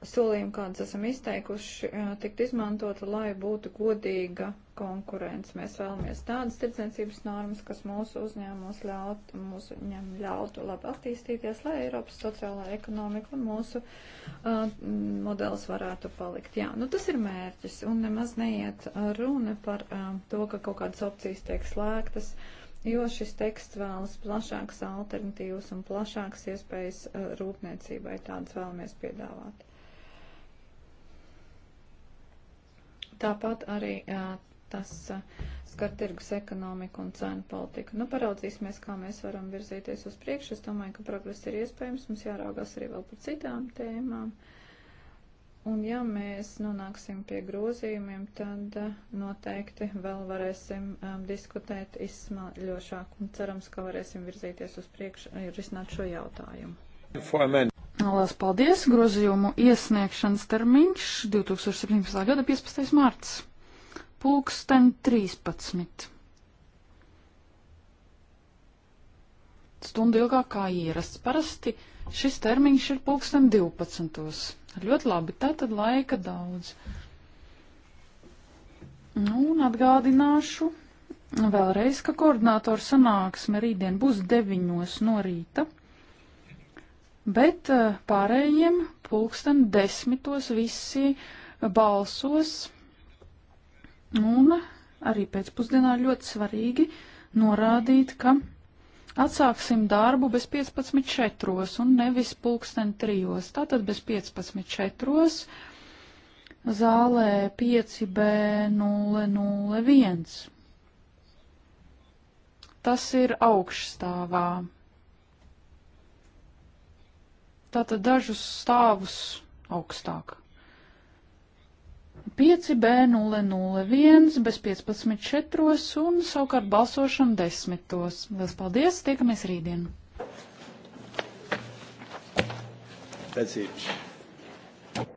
solījumi, kādas esam izteikuši, tikt izmantota, lai būtu godīga konkurence. Mēs vēlamies tādas tirdzniecības normas, kas mūsu uzņēmumos ļaut, mūsu ņem ļautu labi attīstīties, lai Eiropas sociālā ekonomika un mūsu uh, modelis varētu palikt. Jā, nu tas ir mērķis un nemaz neiet runa par uh, to, ka kaut kādas opcijas tiek slēgtas. Jo šis teksts vēlas plašākas alternatīvas un plašākas iespējas uh, rūpniecībai, tādas vēlamies piedāvāt. Tāpat arī tas skar tirgus ekonomiku un cenu politiku. Nu, paraudzīsimies, kā mēs varam virzīties uz priekšu. Es domāju, ka progress ir iespējams. Mums jāraugās arī vēl par citām tēmām. Un ja mēs nonāksim pie grozījumiem, tad noteikti vēl varēsim um, diskutēt izsmaļošāk un cerams, ka varēsim virzīties uz priekšu un risināt šo jautājumu. Lielas paldies! Grozījumu iesniegšanas termiņš 2017. gada 15. marts. Pulksten 13. Stundu ilgāk kā ierasts. Parasti šis termiņš ir pulksten 12. Ļoti labi, tā tad laika daudz. Nu, un atgādināšu vēlreiz, ka koordinātoru sanāksme rītdien būs 9 no rīta bet eh, pārējiem pulksten desmitos visi balsos, un arī pēcpusdienā ļoti svarīgi norādīt, ka atsāksim darbu bez 15.4 un nevis pulksten 3. Tātad bez 15.4 zālē 5B001. Tas ir augšstāvā tātad dažus stāvus augstāk. 5B001 bez 15.4 un savukārt balsošana 10. Lielas paldies, tiekamies rītdien! That's it.